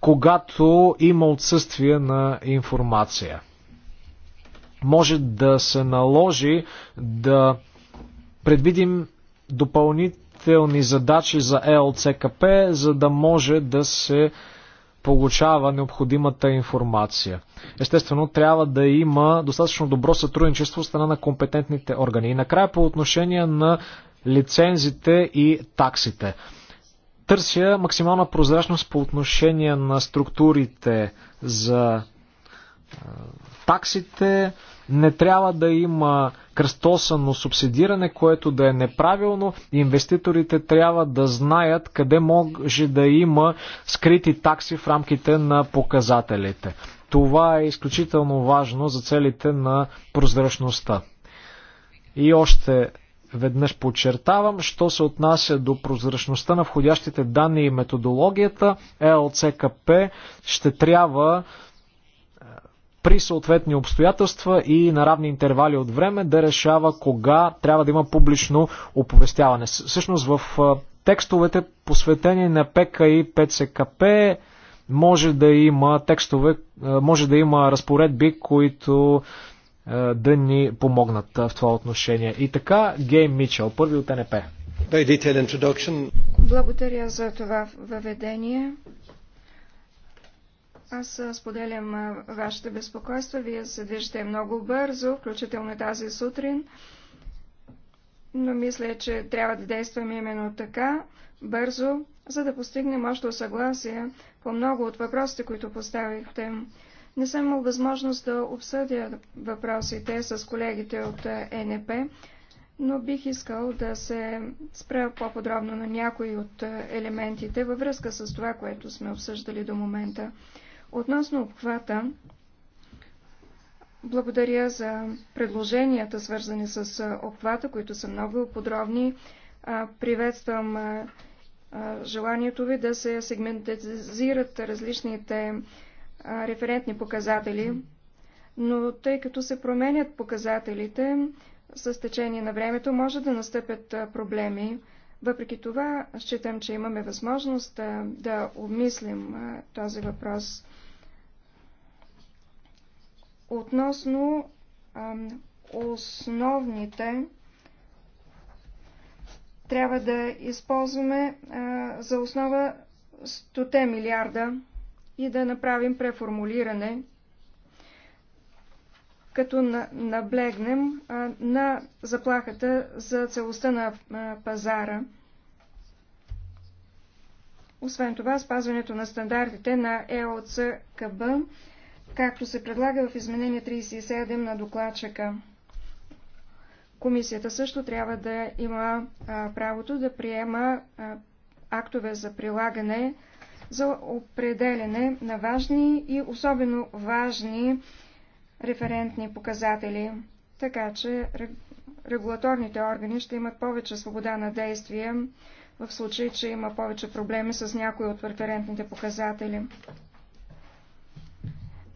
когато има отсъствие на информация. Може да се наложи да предвидим допълнителни задачи за ЕЛЦКП, за да може да се получава необходимата информация. Естествено, трябва да има достатъчно добро сътрудничество от страна на компетентните органи. И накрая по отношение на лицензите и таксите. Търся максимална прозрачност по отношение на структурите за таксите, не трябва да има кръстосано субсидиране, което да е неправилно. Инвеститорите трябва да знаят къде може да има скрити такси в рамките на показателите. Това е изключително важно за целите на прозрачността. И още веднъж подчертавам, що се отнася до прозрачността на входящите данни и методологията, ЛЦКП ще трябва при съответни обстоятелства и на равни интервали от време да решава кога трябва да има публично оповестяване. Всъщност в текстовете посветени на ПК и ПЦКП може да има текстове, може да има разпоредби, които да ни помогнат в това отношение. И така, Гейм Мичел, първи от НП. Благодаря за това въведение. Аз споделям вашите безпокойства. Вие се движите много бързо, включително тази сутрин. Но мисля, че трябва да действаме именно така, бързо, за да постигнем още съгласие по много от въпросите, които поставихте. Не съм имал възможност да обсъдя въпросите с колегите от ЕНП, но бих искал да се спра по-подробно на някои от елементите във връзка с това, което сме обсъждали до момента. Относно обхвата, благодаря за предложенията, свързани с обхвата, които са много подробни. Приветствам желанието ви да се сегментизират различните референтни показатели, но тъй като се променят показателите с течение на времето, може да настъпят проблеми. Въпреки това, считам, че имаме възможност да обмислим този въпрос. Относно основните трябва да използваме за основа 100 милиарда и да направим преформулиране, като наблегнем на заплахата за целостта на пазара. Освен това, спазването на стандартите на ЕОЦКБ както се предлага в изменение 37 на докладчика. Комисията също трябва да има а, правото да приема а, актове за прилагане за определене на важни и особено важни референтни показатели, така че регулаторните органи ще имат повече свобода на действие в случай, че има повече проблеми с някои от референтните показатели.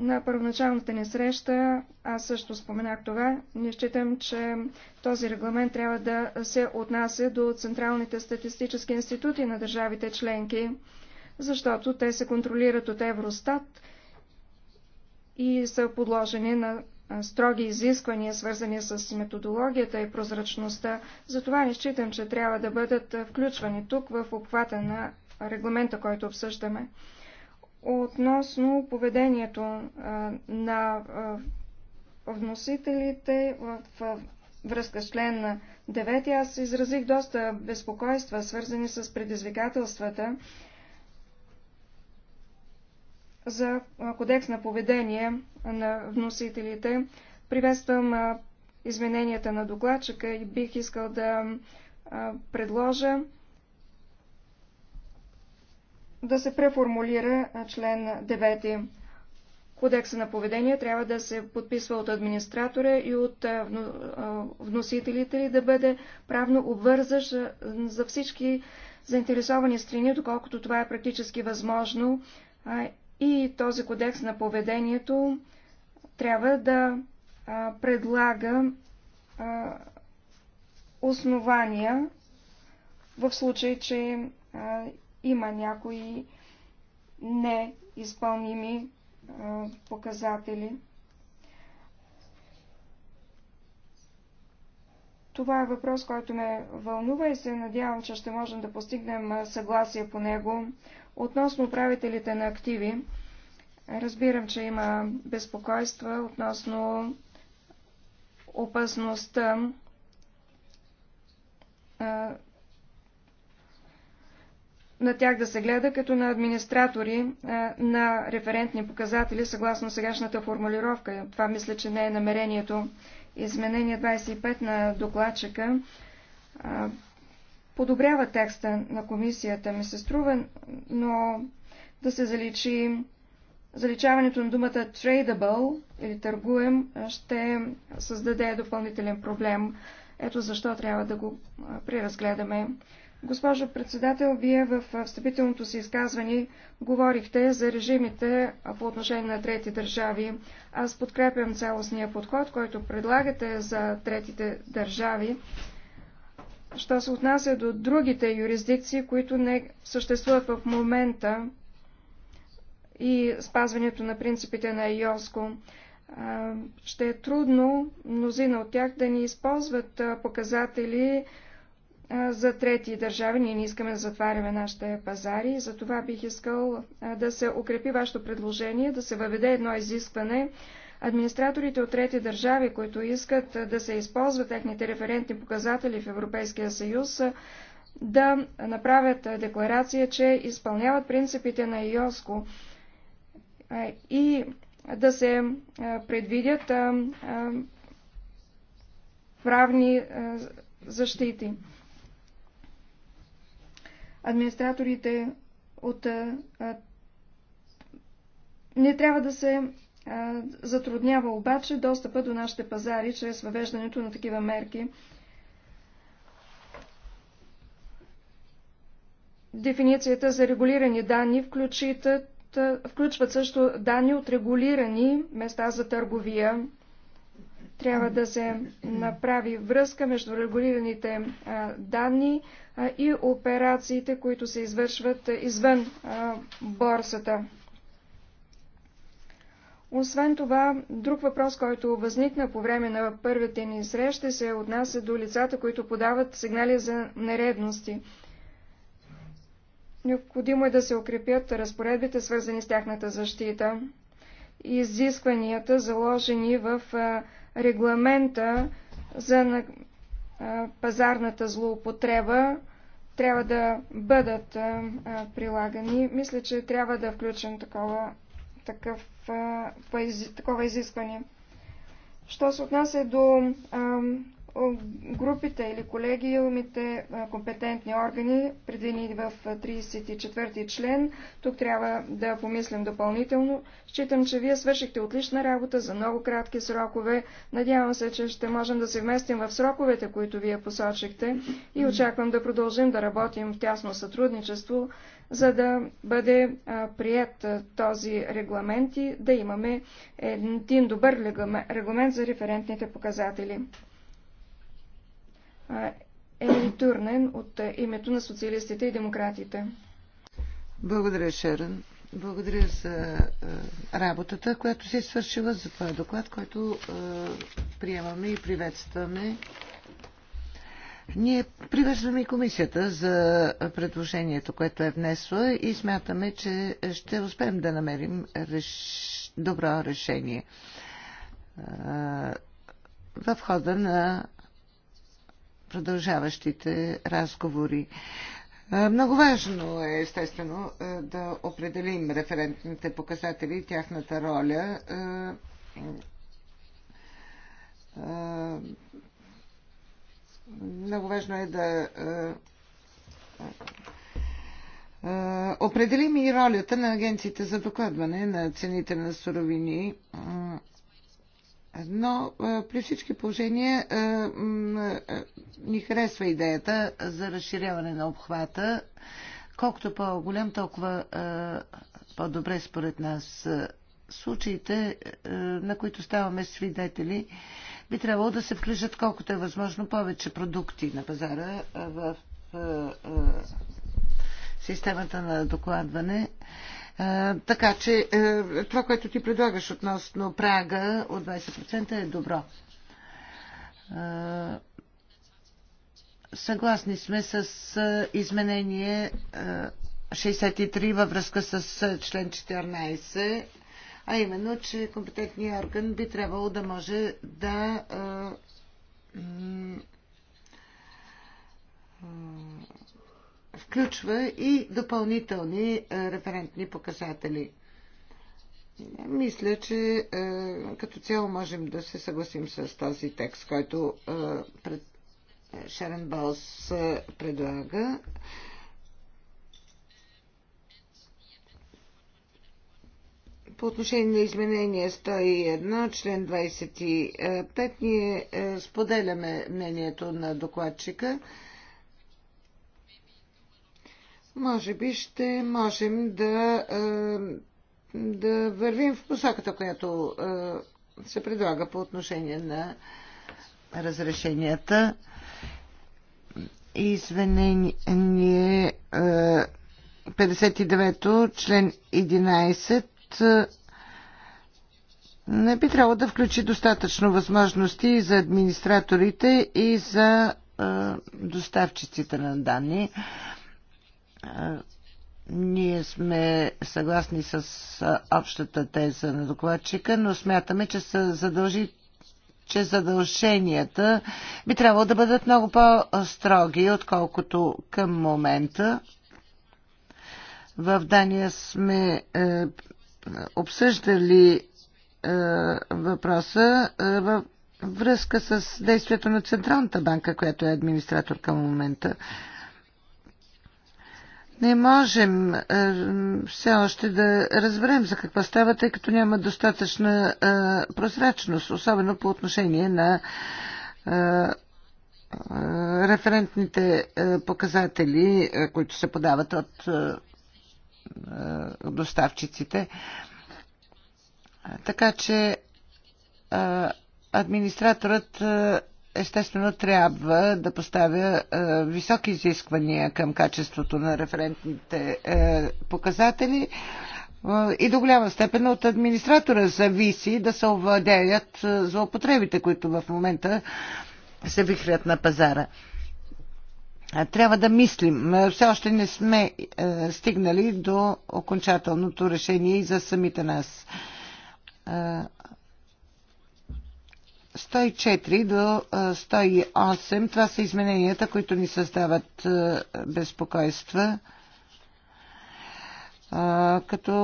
На първоначалната ни среща, аз също споменах това, не считам, че този регламент трябва да се отнася до централните статистически институти на държавите членки, защото те се контролират от Евростат и са подложени на строги изисквания, свързани с методологията и прозрачността. Затова не считам, че трябва да бъдат включвани тук в обхвата на регламента, който обсъждаме относно поведението на вносителите в връзка с член на 9. Аз изразих доста безпокойства, свързани с предизвикателствата за кодекс на поведение на вносителите. Приветствам измененията на докладчика и бих искал да предложа да се преформулира член 9. Кодекса на поведение трябва да се подписва от администратора и от вносителите и да бъде правно обвързаш за всички заинтересовани страни, доколкото това е практически възможно. И този кодекс на поведението трябва да предлага основания в случай, че има някои неизпълними а, показатели. Това е въпрос, който ме вълнува и се надявам, че ще можем да постигнем съгласие по него. Относно управителите на активи, разбирам, че има безпокойства относно опасността на тях да се гледа като на администратори на референтни показатели, съгласно сегашната формулировка. Това мисля, че не е намерението. Изменение 25 на докладчика подобрява текста на комисията, ми се струва, но да се заличи заличаването на думата tradable или търгуем ще създаде допълнителен проблем. Ето защо трябва да го преразгледаме. Госпожо председател, вие в встъпителното си изказване говорихте за режимите по отношение на трети държави. Аз подкрепям цялостния подход, който предлагате за третите държави. Що се отнася до другите юрисдикции, които не съществуват в момента и спазването на принципите на ИОСКО, ще е трудно мнозина от тях да ни използват показатели, за трети държави. Ние не искаме да затваряме нашите пазари. За това бих искал да се укрепи вашето предложение, да се въведе едно изискване. Администраторите от трети държави, които искат да се използват техните референтни показатели в Европейския съюз, да направят декларация, че изпълняват принципите на ИОСКО и да се предвидят правни защити администраторите от... Не трябва да се затруднява обаче достъпа до нашите пазари чрез въвеждането на такива мерки. Дефиницията за регулирани данни включват, включват също данни от регулирани места за търговия, трябва да се направи връзка между регулираните данни и операциите, които се извършват извън борсата. Освен това, друг въпрос, който възникна по време на първите ни срещи, се отнася до лицата, които подават сигнали за нередности. Необходимо е да се укрепят разпоредбите, свързани с тяхната защита и изискванията, заложени в регламента за пазарната злоупотреба трябва да бъдат прилагани. Мисля, че трябва да включим такова, такъв, такова изискване. Що се отнася до групите или колегиумите, компетентни органи, предвидени в 34-ти член. Тук трябва да помислим допълнително. Считам, че вие свършихте отлична работа за много кратки срокове. Надявам се, че ще можем да се вместим в сроковете, които вие посочихте и очаквам да продължим да работим в тясно сътрудничество, за да бъде прият този регламент и да имаме един добър регламент за референтните показатели. Ели Турнен от е, името на социалистите и демократите. Благодаря, Шерън. Благодаря за е, работата, която си е свършила, за този доклад, който приемаме и приветстваме. Ние привеждаме и комисията за предложението, което е внесла и смятаме, че ще успеем да намерим реш... добро решение в хода на продължаващите разговори. Е, много важно е, естествено, е, да определим референтните показатели и тяхната роля. Е, много важно е да определим и ролята на агенциите за докладване на цените на суровини. Но при всички положения ни харесва идеята за разширяване на обхвата. Колкото по-голям, толкова по-добре според нас. Случаите, на които ставаме свидетели, би трябвало да се включат колкото е възможно повече продукти на пазара в системата на докладване. Така че това, което ти предлагаш относно прага от 20% е добро. Съгласни сме с изменение 63 във връзка с член 14, а именно, че компетентният орган би трябвало да може да включва и допълнителни референтни показатели. Мисля, че като цяло можем да се съгласим с този текст, който пред Шарен Балс предлага По отношение на изменение 101, член 25, ние споделяме мнението на докладчика. Може би ще можем да, да вървим в посоката, която се предлага по отношение на разрешенията. Извинение 59-то, е, член 11 не би трябвало да включи достатъчно възможности и за администраторите и за е, доставчиците на данни. Е, ние сме съгласни с общата теза на докладчика, но смятаме, че са задължи, че задълженията би трябвало да бъдат много по-строги, отколкото към момента. В Дания сме е, обсъждали е, въпроса е, във връзка с действието на Централната банка, която е администратор към момента. Е, не можем е, все още да разберем за какво става, тъй като няма достатъчна е, прозрачност, особено по отношение на е, референтните показатели, които се подават от доставчиците. Така че администраторът естествено трябва да поставя е, високи изисквания към качеството на референтните е, показатели е, и до голяма степен от администратора зависи да се овладеят е, злоупотребите, които в момента се вихрят на пазара. Е, трябва да мислим. Все още не сме стигнали до окончателното решение и за самите нас. 104 до 108, това са измененията, които ни създават безпокойства. Като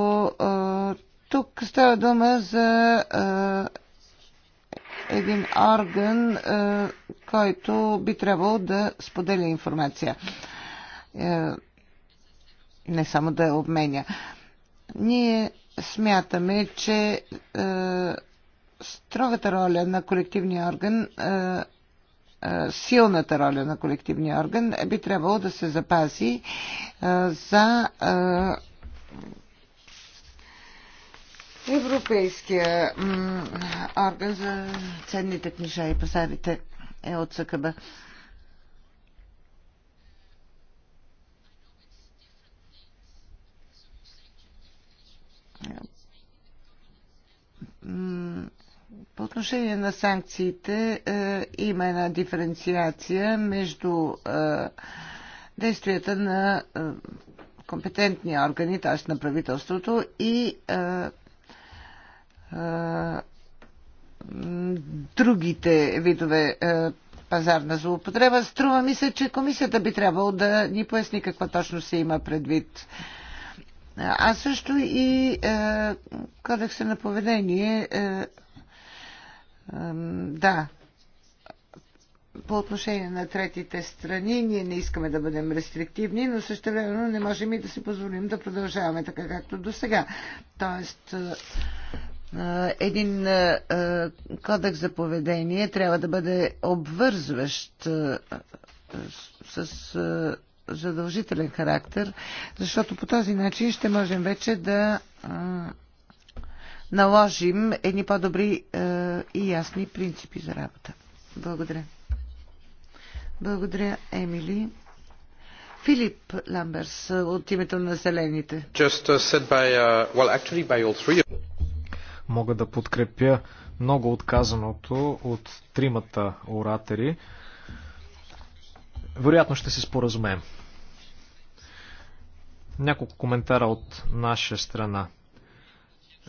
тук става дума за един орган, който би трябвало да споделя информация. Не само да я обменя. Ние смятаме, че строгата роля на колективния орган, е, е, силната роля на колективния орган би трябвало да се запази е, за Европейския орган за ценните книжа и пазарите е от СКБ. По отношение на санкциите е, има една диференциация между е, действията на е, компетентни органи, т.е. на правителството и другите видове пазарна злоупотреба. Струва ми се, че комисията би трябвало да ни поясни каква точно се има предвид. А също и е, кодекса на поведение. Е, да, по отношение на третите страни, ние не искаме да бъдем рестриктивни, но също времено не можем и да си позволим да продължаваме така както до сега. Тоест, един кодекс за поведение трябва да бъде обвързващ с задължителен характер, защото по този начин ще можем вече да наложим едни по-добри е, и ясни принципи за работа. Благодаря. Благодаря, Емили. Филип Ламберс от името на Зелените. Uh, uh, Мога да подкрепя много отказаното от тримата оратери. Вероятно ще се споразумеем. Няколко коментара от наша страна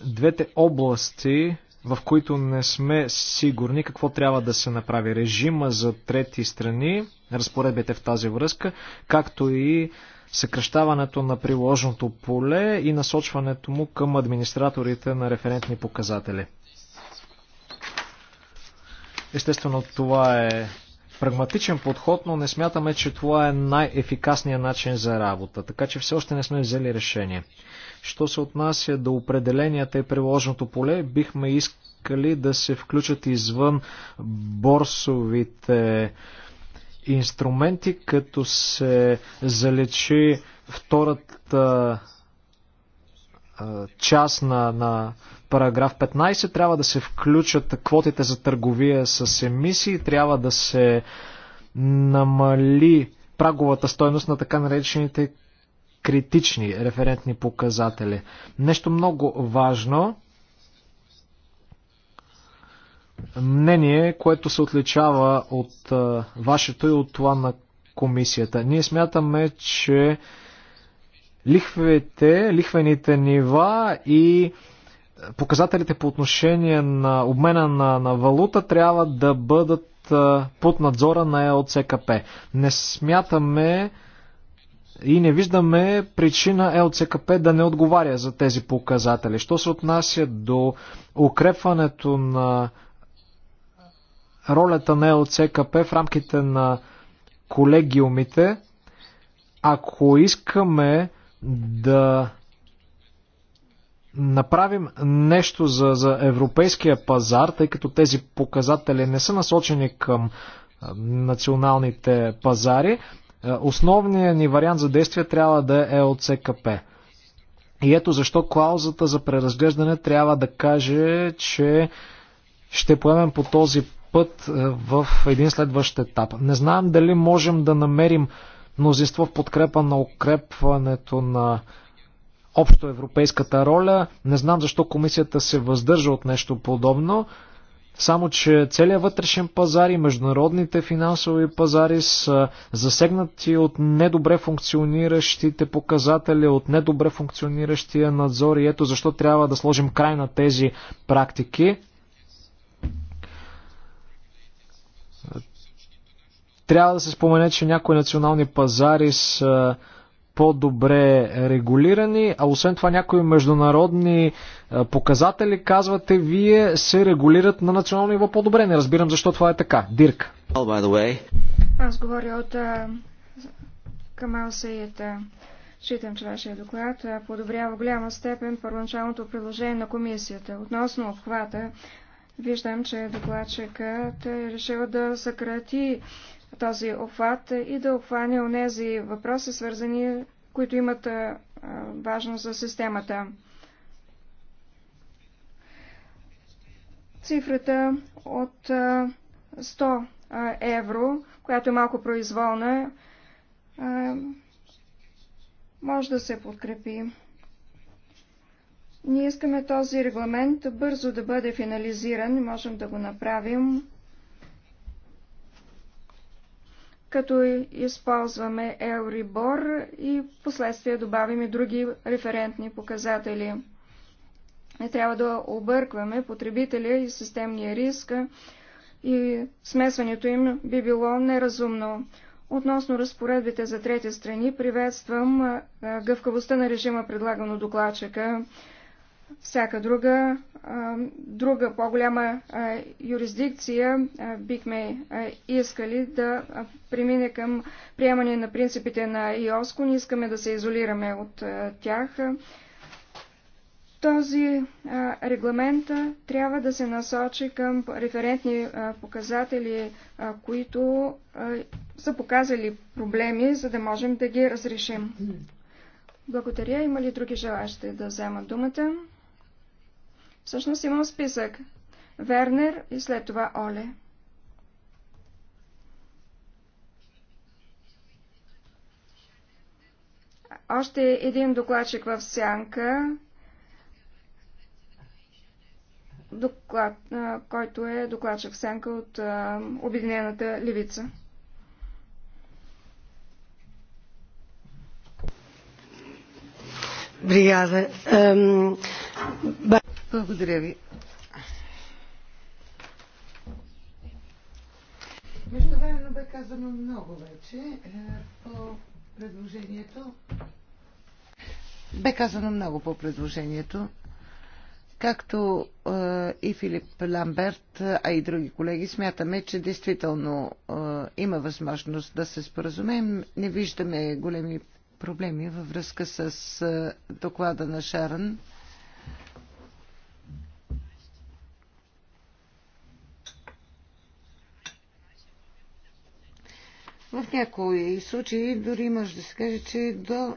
двете области, в които не сме сигурни какво трябва да се направи. Режима за трети страни, разпоредбите в тази връзка, както и съкръщаването на приложното поле и насочването му към администраторите на референтни показатели. Естествено, това е прагматичен подход, но не смятаме, че това е най-ефикасният начин за работа, така че все още не сме взели решение. Що се отнася до определенията и приложното поле, бихме искали да се включат извън борсовите инструменти, като се залечи втората част на, на параграф 15 трябва да се включат квотите за търговия с емисии, трябва да се намали праговата стойност на така наречените критични референтни показатели. Нещо много важно, мнение, което се отличава от а, вашето и от това на комисията. Ние смятаме, че лихвите, лихвените нива и показателите по отношение на обмена на, на валута трябва да бъдат а, под надзора на ЕОЦКП. Не смятаме, и не виждаме причина ЛЦКП да не отговаря за тези показатели. Що се отнася до укрепването на ролята на ЛЦКП в рамките на колегиумите, ако искаме да направим нещо за, за европейския пазар, тъй като тези показатели не са насочени към националните пазари, е, основният ни вариант за действие трябва да е, е от СКП. И ето защо клаузата за преразглеждане трябва да каже, че ще поемем по този път е, в един следващ етап. Не знам дали можем да намерим мнозинство в подкрепа на укрепването на общоевропейската роля. Не знам защо комисията се въздържа от нещо подобно. Само, че целият вътрешен пазар и международните финансови пазари са засегнати от недобре функциониращите показатели, от недобре функциониращия надзор и ето защо трябва да сложим край на тези практики. Трябва да се спомене, че някои национални пазари са по-добре регулирани, а освен това някои международни е, показатели, казвате, вие се регулират на национално ниво по-добре. Не разбирам защо това е така. Дирк. Oh, Аз говоря от е, Камал Саита. Считам, че вашия доклад е, подобрява в голяма степен първоначалното предложение на комисията. Относно обхвата, виждам, че докладчикът е решил да съкрати този обхват и да обхване онези въпроси, свързани, които имат важност за системата. Цифрата от 100 евро, която е малко произволна, може да се подкрепи. Ние искаме този регламент бързо да бъде финализиран, можем да го направим като използваме Euribor и в последствие добавим и други референтни показатели. Не трябва да объркваме потребителя и системния риск и смесването им би било неразумно. Относно разпоредбите за трети страни, приветствам гъвкавостта на режима, предлагано докладчика. Всяка друга друга по-голяма юрисдикция бихме искали да премине към приемане на принципите на ИОСКО. Не искаме да се изолираме от тях. Този регламент трябва да се насочи към референтни показатели, които са показали проблеми, за да можем да ги разрешим. Благодаря. Има ли други желащи да вземат думата? Всъщност имам списък. Вернер и след това Оле. Още един докладчик в сянка. Доклад, който е докладчик в сянка от Обединената левица. Бригада. Um, благодаря ви. Между времено бе казано много вече е, по предложението. Бе казано много по предложението. Както е, и Филип Ламберт, а и други колеги, смятаме, че действително е, има възможност да се споразумеем. Не виждаме големи проблеми във връзка с е, доклада на Шарън. В някои случаи дори може да се каже, че до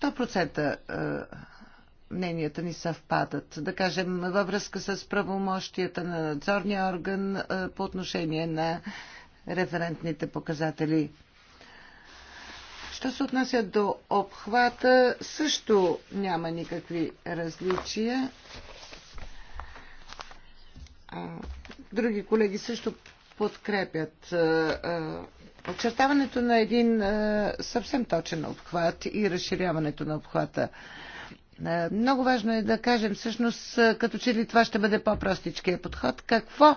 100% е, мненията ни съвпадат. Да кажем, във връзка с правомощията на надзорния орган е, по отношение на референтните показатели. Що се отнася до обхвата, също няма никакви различия. Други колеги също подкрепят е, е, очертаването на един е, съвсем точен обхват и разширяването на обхвата. Много важно е да кажем всъщност, като че ли това ще бъде по-простичкия подход, какво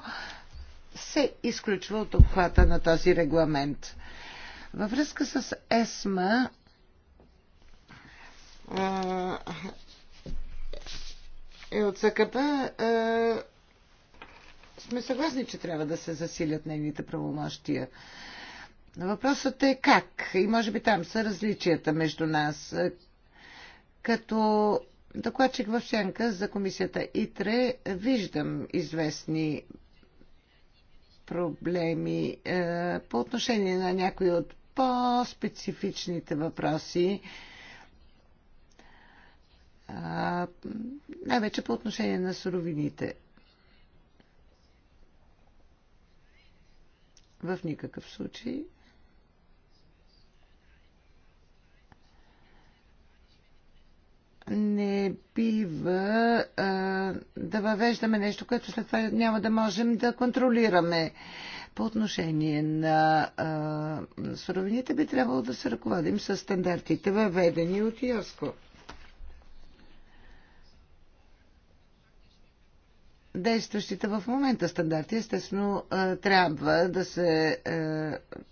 се изключва от обхвата на този регламент. Във връзка с ЕСМА е от СКП сме съгласни, че трябва да се засилят нейните правомощия. Въпросът е как? И може би там са различията между нас. Като докладчик в сянка за комисията ИТРЕ виждам известни проблеми е, по отношение на някои от по-специфичните въпроси. Е, най-вече по отношение на суровините. В никакъв случай. Не бива а, да въвеждаме нещо, което след това няма да можем да контролираме. По отношение на а, суровините би трябвало да се ръководим с стандартите, въведени от Йоско. действащите в момента стандарти, естествено, трябва да се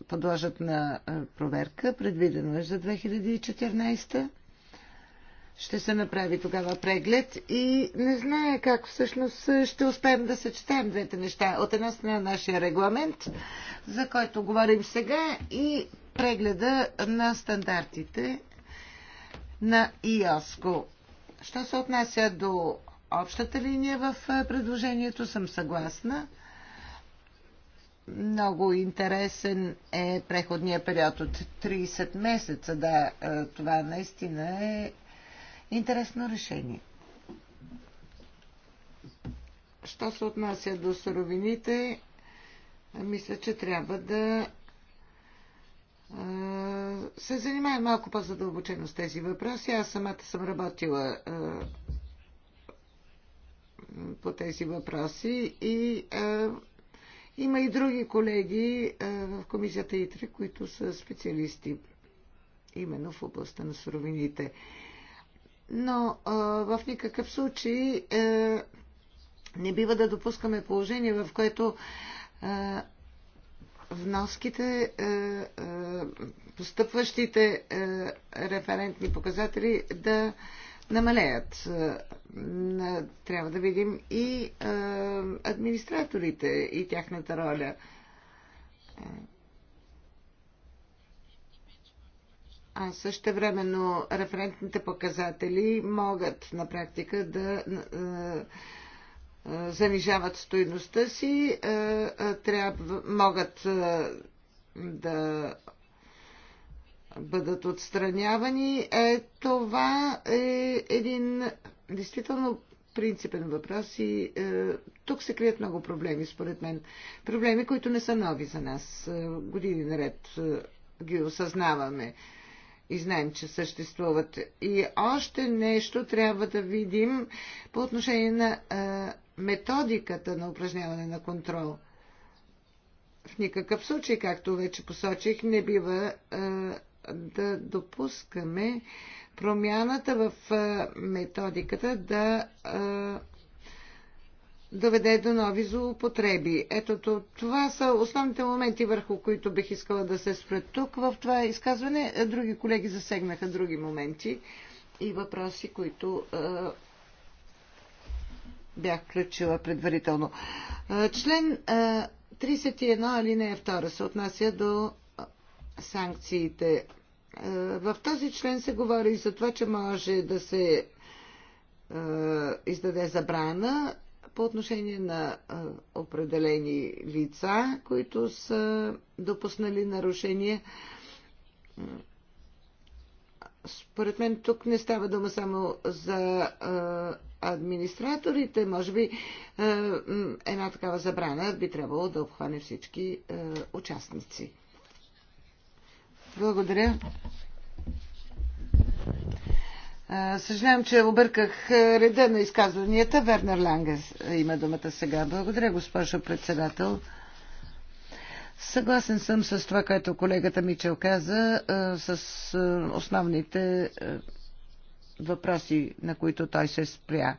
подложат на проверка. Предвидено е за 2014. Ще се направи тогава преглед и не знае как всъщност ще успеем да съчетаем двете неща. От една страна нашия регламент, за който говорим сега, и прегледа на стандартите на ИОСКО. Що се отнася до общата линия в е, предложението, съм съгласна. Много интересен е преходния период от 30 месеца. Да, е, това наистина е интересно решение. Що се отнася до суровините, мисля, че трябва да е, се занимая малко по-задълбочено с тези въпроси. Аз самата съм работила по тези въпроси и а, има и други колеги а, в комисията ИТРИ, които са специалисти именно в областта на суровините. Но а, в никакъв случай а, не бива да допускаме положение, в което а, вноските, постъпващите референтни показатели да намалеят. Е, трябва да видим и е, администраторите и тяхната роля. Е, а също времено референтните показатели могат на практика да занижават стоиността си, трябва, могат да бъдат отстранявани. Е, това е един действително принципен въпрос и е, тук се крият много проблеми, според мен. Проблеми, които не са нови за нас. Е, години наред е, ги осъзнаваме и знаем, че съществуват. И още нещо трябва да видим по отношение на е, методиката на упражняване на контрол. В никакъв случай, както вече посочих, не бива е, да допускаме промяната в методиката да доведе до нови злоупотреби. Ето това са основните моменти, върху които бих искала да се спра тук в това изказване. Други колеги засегнаха други моменти и въпроси, които е, бях включила предварително. член е, 31 алинея 2 се отнася до санкциите. Е, в този член се говори и за това, че може да се е, издаде забрана по отношение на е, определени лица, които са допуснали нарушения. Според мен тук не става дума само за администраторите. Може би една такава забрана би трябвало да обхване всички участници. Благодаря. Съжалявам, че обърках реда на изказванията. Вернер Ланге има думата сега. Благодаря, госпожо председател. Съгласен съм с това, което колегата Мичел каза, с основните въпроси, на които той се спря.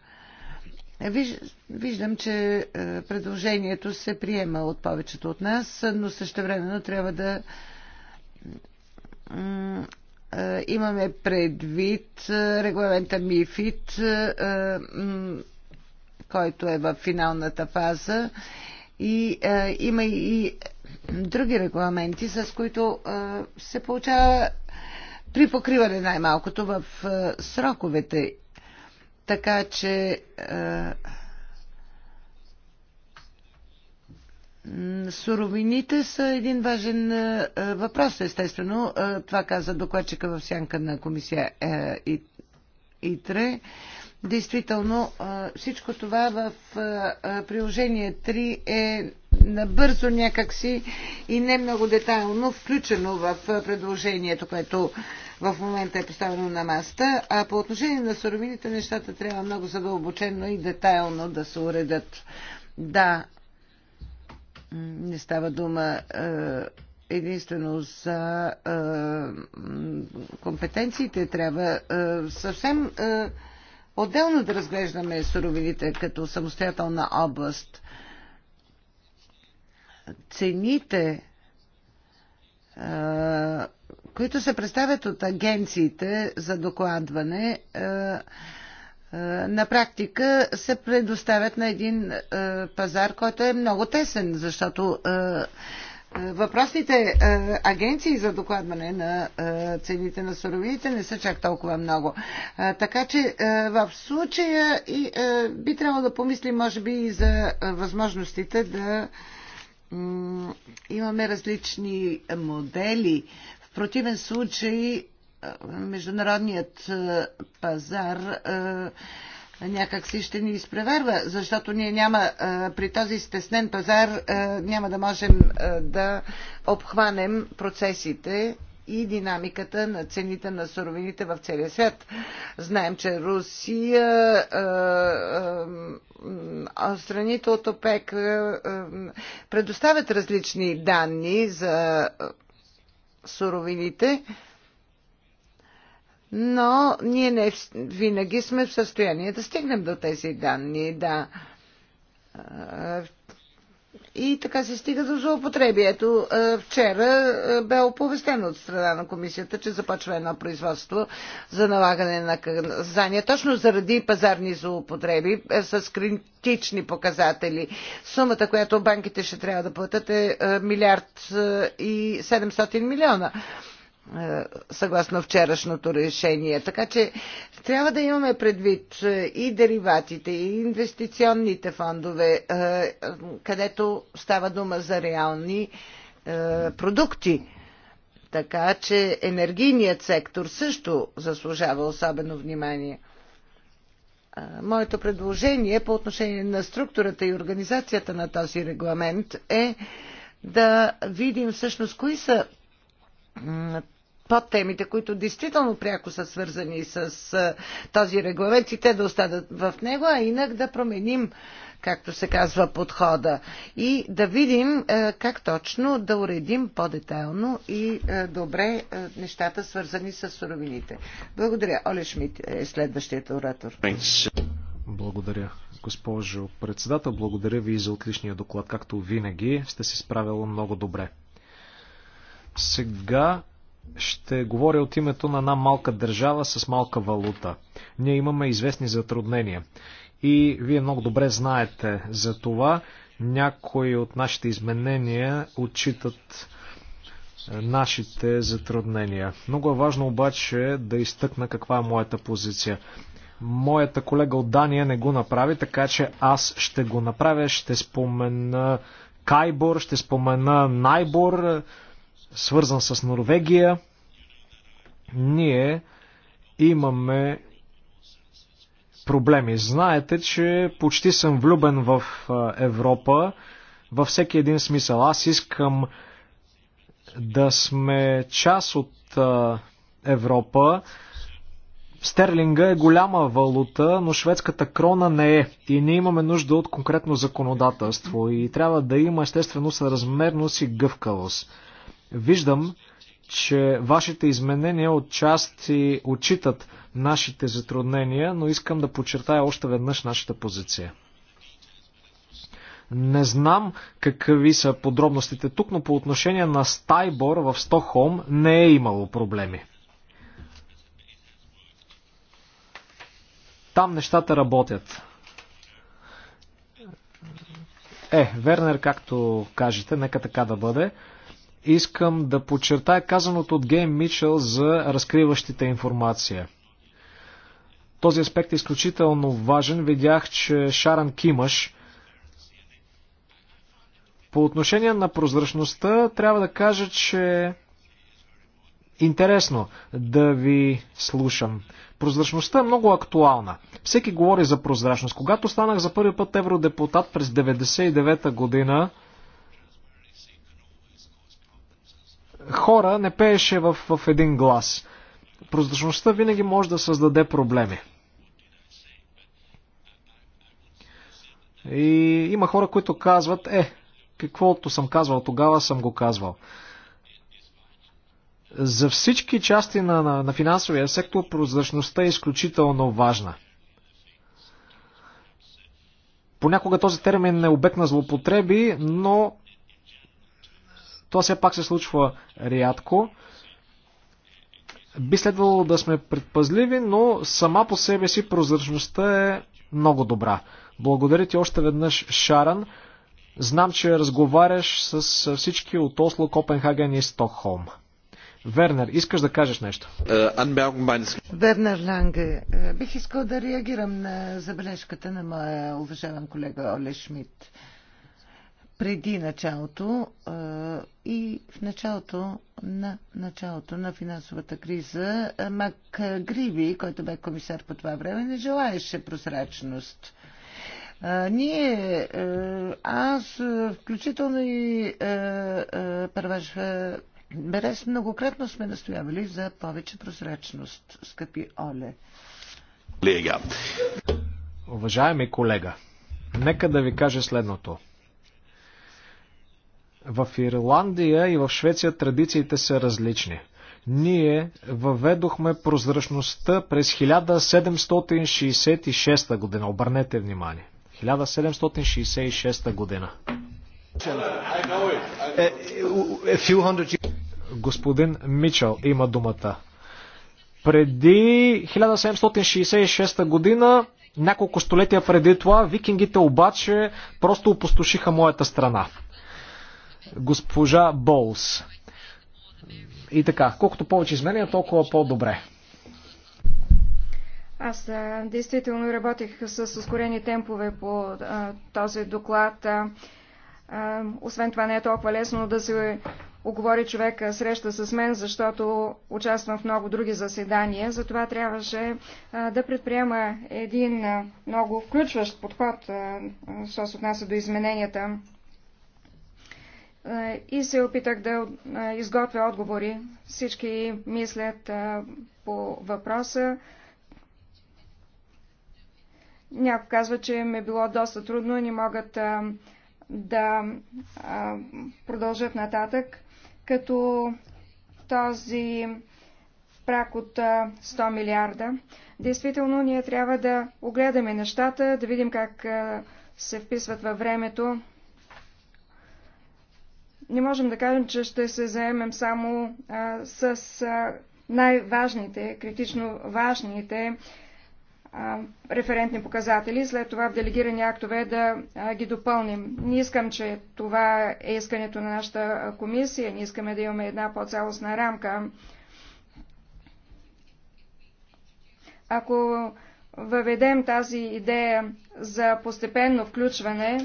Виждам, че предложението се приема от повечето от нас, но също времено трябва да е, имаме предвид е, регламента Мифит, е, който е в финалната фаза и е, има и други регламенти, с които е, се получава при покриване най-малкото в е, сроковете. Така че е, Суровините са един важен е, е, въпрос, естествено. Е, това каза докладчика в сянка на комисия ИТРЕ. Действително, всичко това в приложение 3 е набързо някакси и не много детайлно включено в предложението, което в момента е поставено на маста. А по отношение на суровините, нещата трябва много задълбочено и детайлно да се уредят. Да, не става дума е, единствено за е, компетенциите. Трябва е, съвсем отделно да разглеждаме суровините като самостоятелна област. Цените които се представят от агенциите за докладване, е, на практика се предоставят на един е, пазар, който е много тесен, защото е, въпросните агенции за докладване на цените на суровините не са чак толкова много. Така че в случая би трябвало да помислим, може би, и за възможностите да имаме различни модели. В противен случай международният пазар някак си ще ни изпреварва, защото ние няма при този стеснен пазар няма да можем да обхванем процесите и динамиката на цените на суровините в целия свят. Знаем, че Русия, страните от ОПЕК предоставят различни данни за суровините но ние не винаги сме в състояние да стигнем до тези данни, да. И така се стига до злоупотреби. Ето, вчера бе оповестено от страна на комисията, че започва едно производство за налагане на наказания, точно заради пазарни злоупотреби е, с критични показатели. Сумата, която банките ще трябва да платят е, е милиард е, и 700 милиона. Е, съгласно вчерашното решение. Така че трябва да имаме предвид и дериватите, и инвестиционните фондове, е, където става дума за реални е, продукти. Така че енергийният сектор също заслужава особено внимание. Моето предложение по отношение на структурата и организацията на този регламент е да видим всъщност кои са подтемите, които действително пряко са свързани с този регламент и те да останат в него, а инак да променим както се казва, подхода и да видим как точно да уредим по-детайлно и добре нещата, свързани с суровините. Благодаря. Оле Шмидт е следващият оратор. Благодаря, госпожо председател. Благодаря ви за отличния доклад. Както винаги, сте се справила много добре. Сега ще говоря от името на една малка държава с малка валута. Ние имаме известни затруднения. И вие много добре знаете за това. Някои от нашите изменения отчитат е, нашите затруднения. Много е важно обаче да изтъкна каква е моята позиция. Моята колега от Дания не го направи, така че аз ще го направя. Ще спомена Кайбор, ще спомена Найбор, свързан с Норвегия. Ние имаме проблеми. Знаете, че почти съм влюбен в Европа във всеки един смисъл. Аз искам да сме част от Европа. Стерлинга е голяма валута, но шведската крона не е. И ние имаме нужда от конкретно законодателство. И трябва да има естествено съразмерност и гъвкавост. Виждам, че вашите изменения отчасти отчитат нашите затруднения, но искам да подчертая още веднъж нашата позиция. Не знам какви са подробностите тук, но по отношение на Стайбор в Стокхолм не е имало проблеми. Там нещата работят. Е, Вернер, както кажете, нека така да бъде. Искам да подчертая казаното от Гейм Мичел за разкриващите информация. Този аспект е изключително важен. Видях, че Шаран Кимаш по отношение на прозрачността трябва да кажа, че интересно да ви слушам. Прозрачността е много актуална. Всеки говори за прозрачност. Когато станах за първи път евродепутат през 99-та година, хора не пееше в, в един глас. Прозрачността винаги може да създаде проблеми. И има хора, които казват, е, каквото съм казвал тогава, съм го казвал. За всички части на, на, на финансовия сектор прозрачността е изключително важна. Понякога този термин е обект на злоупотреби, но това все пак се случва рядко. Би следвало да сме предпазливи, но сама по себе си прозрачността е много добра. Благодаря ти още веднъж, Шаран. Знам, че разговаряш с всички от Осло, Копенхаген и Стокхолм. Вернер, искаш да кажеш нещо? Е, Вернер Ланге, е, бих искал да реагирам на забележката на моя уважаван колега Оле Шмидт преди началото и в началото на началото на финансовата криза Мак Гриби, който бе комисар по това време, не желаеше прозрачност. Ние, аз, включително и Първаш Берес, многократно сме настоявали за повече прозрачност, скъпи Оле. Лега. Уважаеми колега, нека да ви кажа следното – в Ирландия и в Швеция традициите са различни. Ние въведохме прозрачността през 1766 година. Обърнете внимание. 1766 година. Е, е, Господин Мичел има думата. Преди 1766 година, няколко столетия преди това, викингите обаче просто опустошиха моята страна. Госпожа Болс. И така, колкото повече изменения, толкова по-добре. Аз а, действително работих с ускорени темпове по а, този доклад. А, а, освен това не е толкова лесно да се оговори човек среща с мен, защото участвам в много други заседания. Затова трябваше а, да предприема един а, много включващ подход, а, що се отнася до измененията е, и се опитах да е, изготвя отговори. Всички мислят е, по въпроса. Някой казва, че ми е било доста трудно и не могат да продължат нататък, като този прак от 100 милиарда. Действително, ние трябва да огледаме нещата, да видим как се вписват във времето не можем да кажем, че ще се заемем само а, с най-важните, критично важните а, референтни показатели, след това в делегирани актове да а, ги допълним. Не искам, че това е искането на нашата комисия, не искаме да имаме една по-цялостна рамка. Ако въведем тази идея за постепенно включване,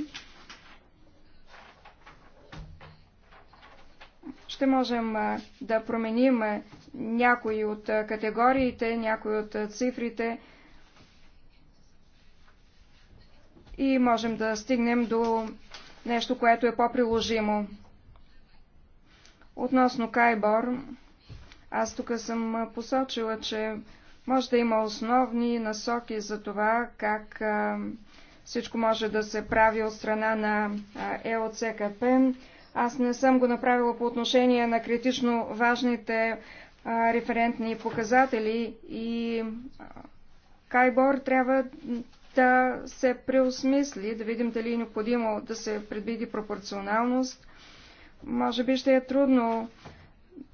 ще можем да променим някои от категориите, някои от цифрите и можем да стигнем до нещо, което е по-приложимо. Относно Кайбор, аз тук съм посочила, че може да има основни насоки за това, как всичко може да се прави от страна на ЕОЦКП. Аз не съм го направила по отношение на критично важните а, референтни показатели и а, Кайбор трябва да се преосмисли, да видим дали е необходимо да се предвиди пропорционалност. Може би ще е трудно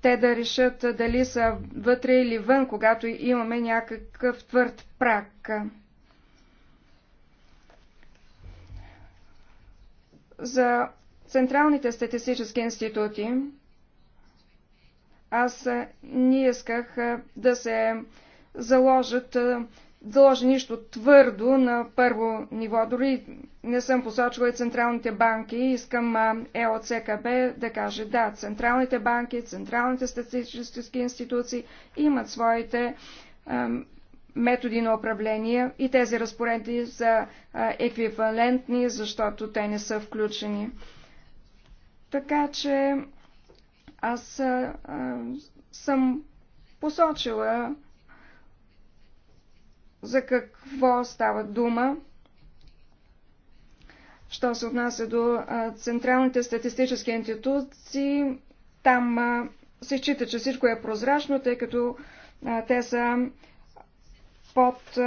те да решат дали са вътре или вън, когато имаме някакъв твърд прак. За централните статистически институти, аз е, не исках е, да се заложат, е, заложи нищо твърдо на първо ниво. Дори не съм посочила и централните банки. Искам ЕОЦКБ да каже, да, централните банки, централните статистически институции имат своите методи на управление и тези разпоредби са еквивалентни, защото те не са включени. Така че аз а, съм посочила за какво става дума. Що се отнася до а, централните статистически институции, там а, се счита, че всичко е прозрачно, тъй като а, те са под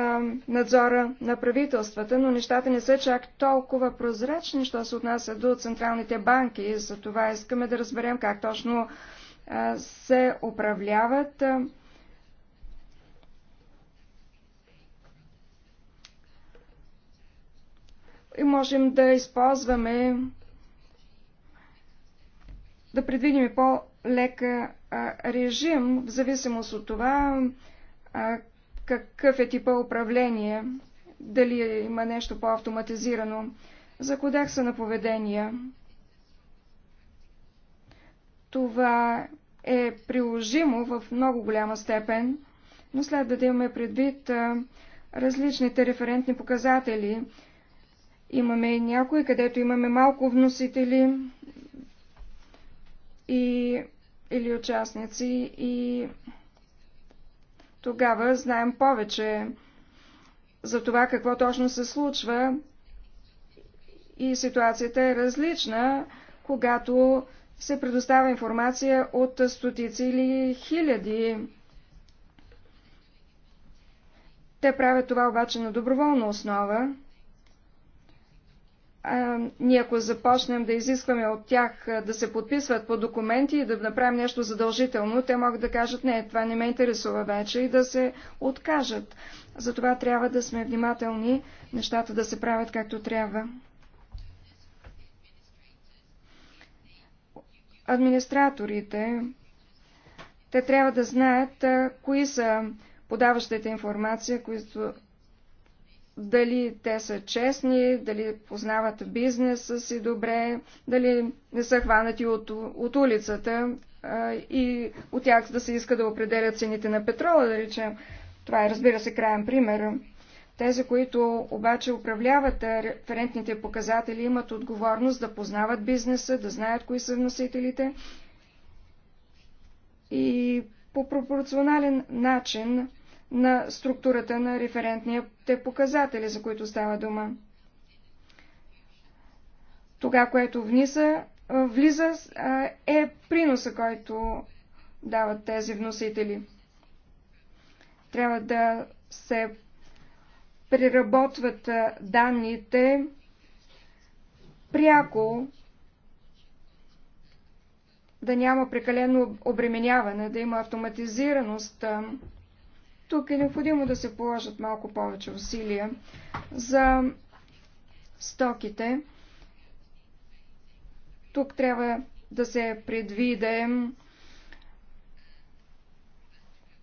надзора на правителствата, но нещата не са чак толкова прозрачни, що се отнася до централните банки. И за това искаме да разберем как точно се управляват. И можем да използваме, да предвидим по-лека режим, в зависимост от това какъв е типа управление, дали има нещо по-автоматизирано, за кодекса на поведение. Това е приложимо в много голяма степен, но следва да имаме предвид различните референтни показатели. Имаме и някои, където имаме малко вносители и, или участници и тогава знаем повече за това какво точно се случва и ситуацията е различна, когато се предоставя информация от стотици или хиляди. Те правят това обаче на доброволна основа ние ако започнем да изискваме от тях да се подписват по документи и да направим нещо задължително, те могат да кажат не, това не ме интересува вече и да се откажат. Затова трябва да сме внимателни, нещата да се правят както трябва. Администраторите, те трябва да знаят кои са подаващите информация, които дали те са честни, дали познават бизнеса си добре, дали не са хванати от, от улицата а, и от тях да се иска да определят цените на петрола, да речем. Това е, разбира се, крайен пример. Тези, които обаче управляват референтните показатели, имат отговорност да познават бизнеса, да знаят кои са вносителите и по пропорционален начин на структурата на референтните показатели, за които става дума. Тога, което вниса, влиза, е приноса, който дават тези вносители. Трябва да се преработват данните пряко, да няма прекалено обременяване, да има автоматизираност тук е необходимо да се положат малко повече усилия за стоките. Тук трябва да се предвиде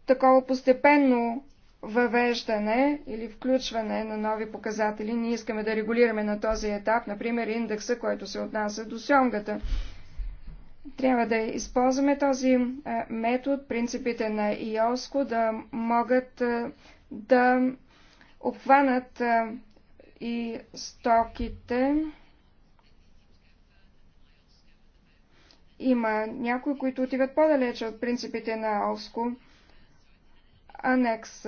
такова постепенно въвеждане или включване на нови показатели. Ние искаме да регулираме на този етап, например, индекса, който се отнася до сьомгата. Трябва да използваме този е, метод, принципите на ИОСКО да могат е, да обхванат е, и стоките. Има някои, които отиват по-далече от принципите на ОСКО. Анекс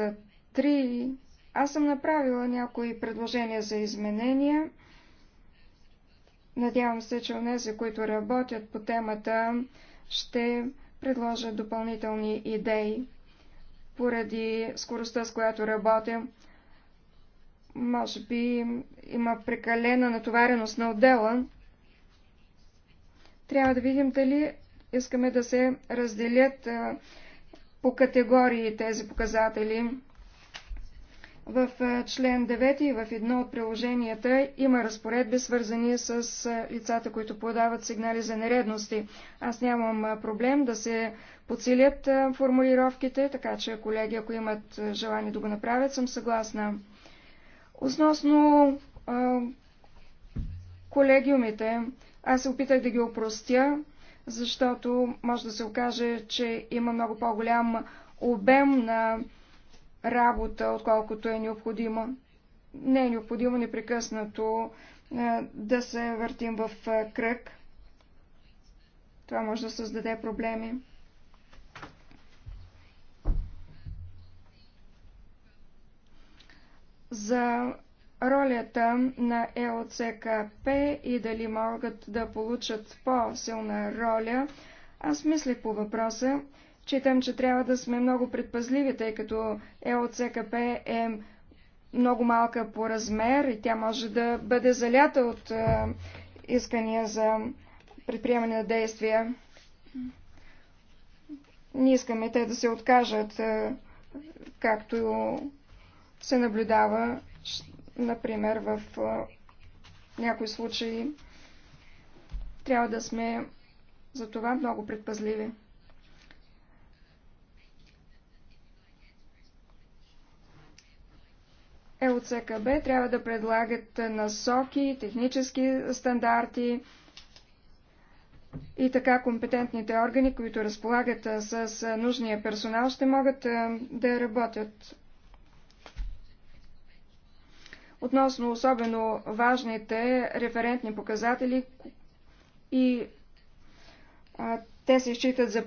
3. Аз съм направила някои предложения за изменения. Надявам се, че онези, които работят по темата, ще предложат допълнителни идеи. Поради скоростта, с която работя, може би има прекалена натовареност на отдела. Трябва да видим дали искаме да се разделят по категории тези показатели. В член 9 и в едно от приложенията има разпоредби, свързани с лицата, които подават сигнали за нередности. Аз нямам проблем да се подсилят формулировките, така че колеги, ако имат желание да го направят, съм съгласна. Основно колегиумите, аз се опитах да ги опростя, защото може да се окаже, че има много по-голям обем на работа, отколкото е необходимо. Не е необходимо непрекъснато е, да се въртим в е, кръг. Това може да създаде проблеми. За ролята на ЕОЦКП и дали могат да получат по-силна роля, аз мисля по въпроса Читам, че трябва да сме много предпазливи, тъй като ЕОЦКП е много малка по размер и тя може да бъде залята от искания за предприемане на действия. Не искаме те да се откажат, както се наблюдава, например, в някои случаи. Трябва да сме за това много предпазливи. ЛЦКБ е трябва да предлагат насоки, технически стандарти и така компетентните органи, които разполагат с нужния персонал, ще могат да работят. Относно особено важните референтни показатели и а, те се считат за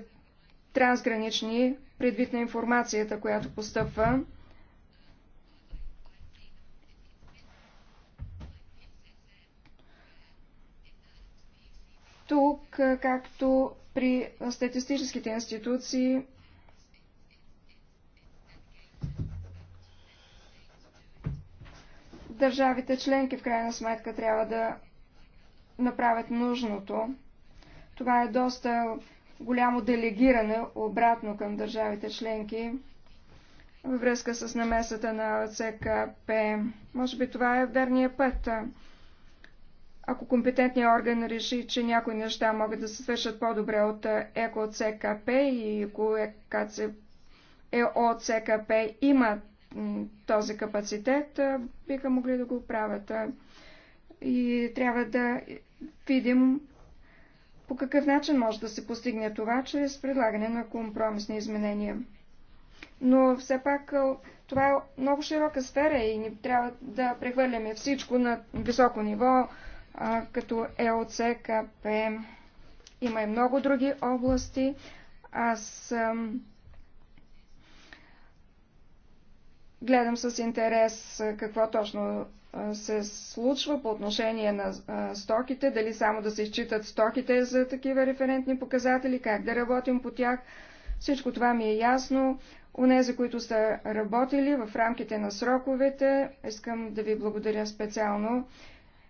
трансгранични предвид на информацията, която постъпва. Тук, както при статистическите институции, държавите членки в крайна сметка трябва да направят нужното. Това е доста голямо делегиране обратно към държавите членки във връзка с намесата на ЦКП. Може би това е верният път. Ако компетентният орган реши, че някои неща могат да се свършат по-добре от е, ЕКОЦКП и ако ЕОЦКП е има този капацитет, биха могли да го правят. И трябва да видим по какъв начин може да се постигне това, чрез предлагане на компромисни изменения. Но все пак това е много широка сфера и ни трябва да прехвърляме всичко на високо ниво, като ЕОЦКП. Има и много други области. Аз гледам с интерес какво точно се случва по отношение на стоките, дали само да се изчитат стоките за такива референтни показатели, как да работим по тях. Всичко това ми е ясно. Унези, които са работили в рамките на сроковете, искам да ви благодаря специално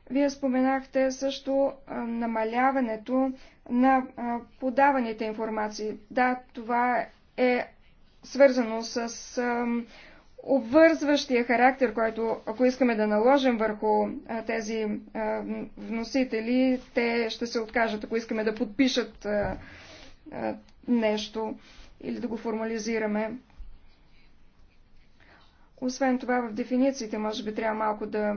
вие споменахте също намаляването на подаваните информации. Да, това е свързано с обвързващия характер, който ако искаме да наложим върху тези вносители, те ще се откажат, ако искаме да подпишат нещо или да го формализираме. Освен това, в дефинициите може би трябва малко да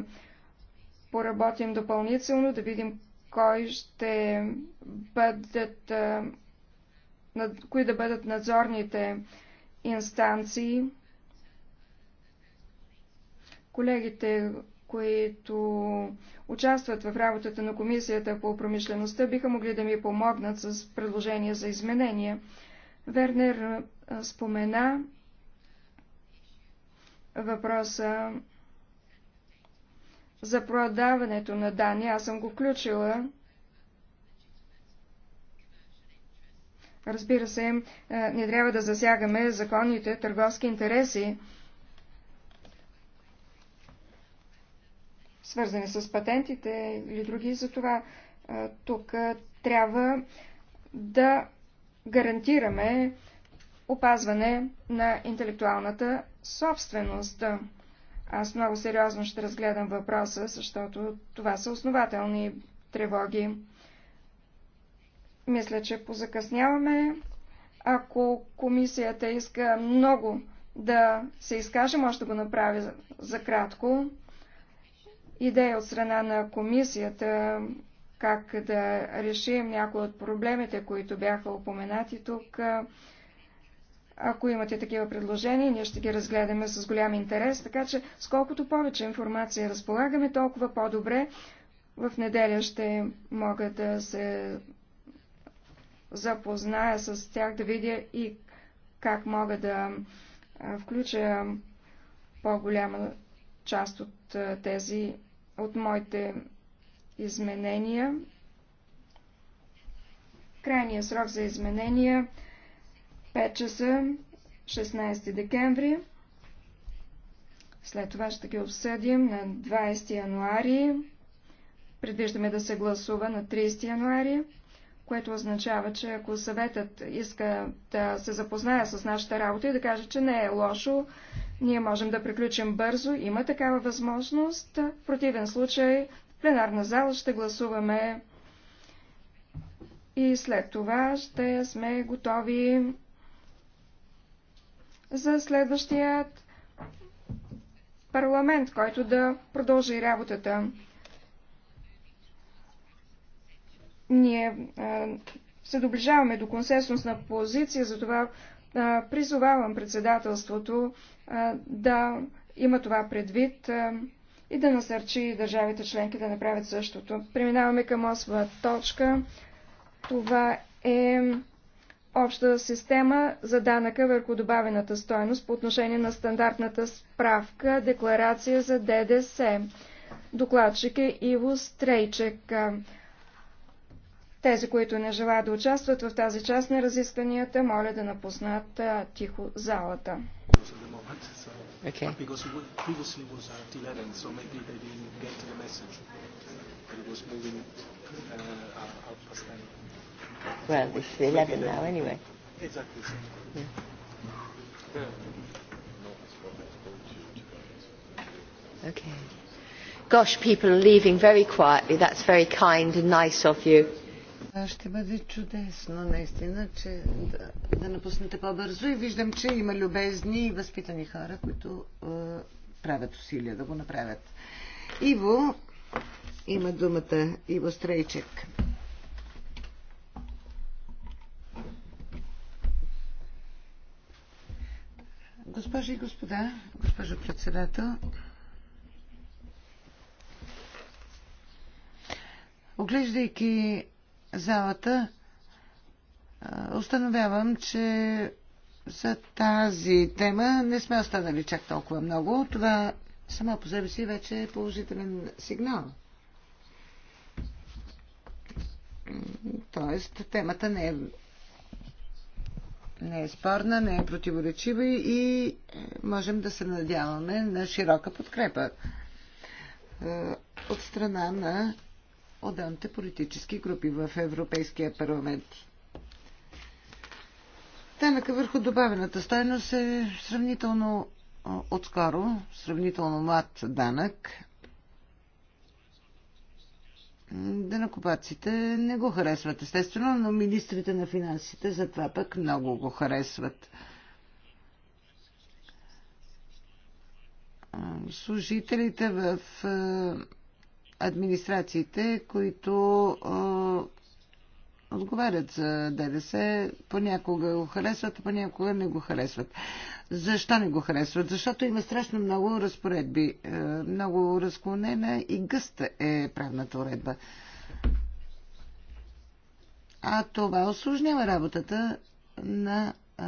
поработим допълнително, да видим кой ще бъдат, кои да бъдат надзорните инстанции. Колегите, които участват в работата на Комисията по промишлеността, биха могли да ми помогнат с предложения за изменения. Вернер спомена въпроса за продаването на данни. Аз съм го включила. Разбира се, е, не трябва да засягаме законните търговски интереси, свързани с патентите или други. Затова е, тук е, трябва да гарантираме опазване на интелектуалната собственост. Аз много сериозно ще разгледам въпроса, защото това са основателни тревоги. Мисля, че позакъсняваме. Ако комисията иска много да се изкаже, може да го направи за кратко. Идея от страна на комисията как да решим някои от проблемите, които бяха упоменати тук, ако имате такива предложения, ние ще ги разгледаме с голям интерес, така че сколкото повече информация разполагаме, толкова по-добре. В неделя ще мога да се запозная с тях, да видя и как мога да включа по-голяма част от тези, от моите изменения. Крайният срок за изменения 5 часа, 16 декември. След това ще ги обсъдим на 20 януари. Предвиждаме да се гласува на 30 януари, което означава, че ако съветът иска да се запознае с нашата работа и да каже, че не е лошо, ние можем да приключим бързо, има такава възможност. В противен случай в пленарна зала ще гласуваме и след това ще сме готови за следващият парламент, който да продължи работата. Ние се доближаваме до консенсусна позиция, затова призовавам председателството да има това предвид и да насърчи държавите членки да направят същото. Преминаваме към осма точка. Това е обща система за данъка върху добавената стойност по отношение на стандартната справка, декларация за ДДС. Докладчик е Иво Стрейчек. Тези, които не желаят да участват в тази част на разискванията, моля да напуснат тихо залата. Okay. Well, it's 11 now anyway. Exactly. Yeah. Okay. Gosh, people are leaving very quietly. That's very kind and nice of you. Е, ще бъде чудесно, наистина, че да, да напуснете по-бързо и виждам, че има любезни и възпитани хора, които е, правят усилия да го направят. Иво има думата. Иво Стрейчек. Госпожи и господа, госпожо председател, оглеждайки залата, установявам, че за тази тема не сме останали чак толкова много. Това само по себе си вече е положителен сигнал. Тоест, темата не е не е спорна, не е противоречива и е, можем да се надяваме на широка подкрепа е, от страна на отделните политически групи в Европейския парламент. Данъка върху добавената стойност е сравнително е, отскоро, сравнително млад данък, Денакопаците не го харесват, естествено, но министрите на финансите за това пък много го харесват. Служителите в администрациите, които отговарят за ДДС, понякога го харесват, понякога не го харесват. Защо не го харесват? Защото има страшно много разпоредби. Е, много разклонена и гъста е правната уредба. А това осложнява работата на е,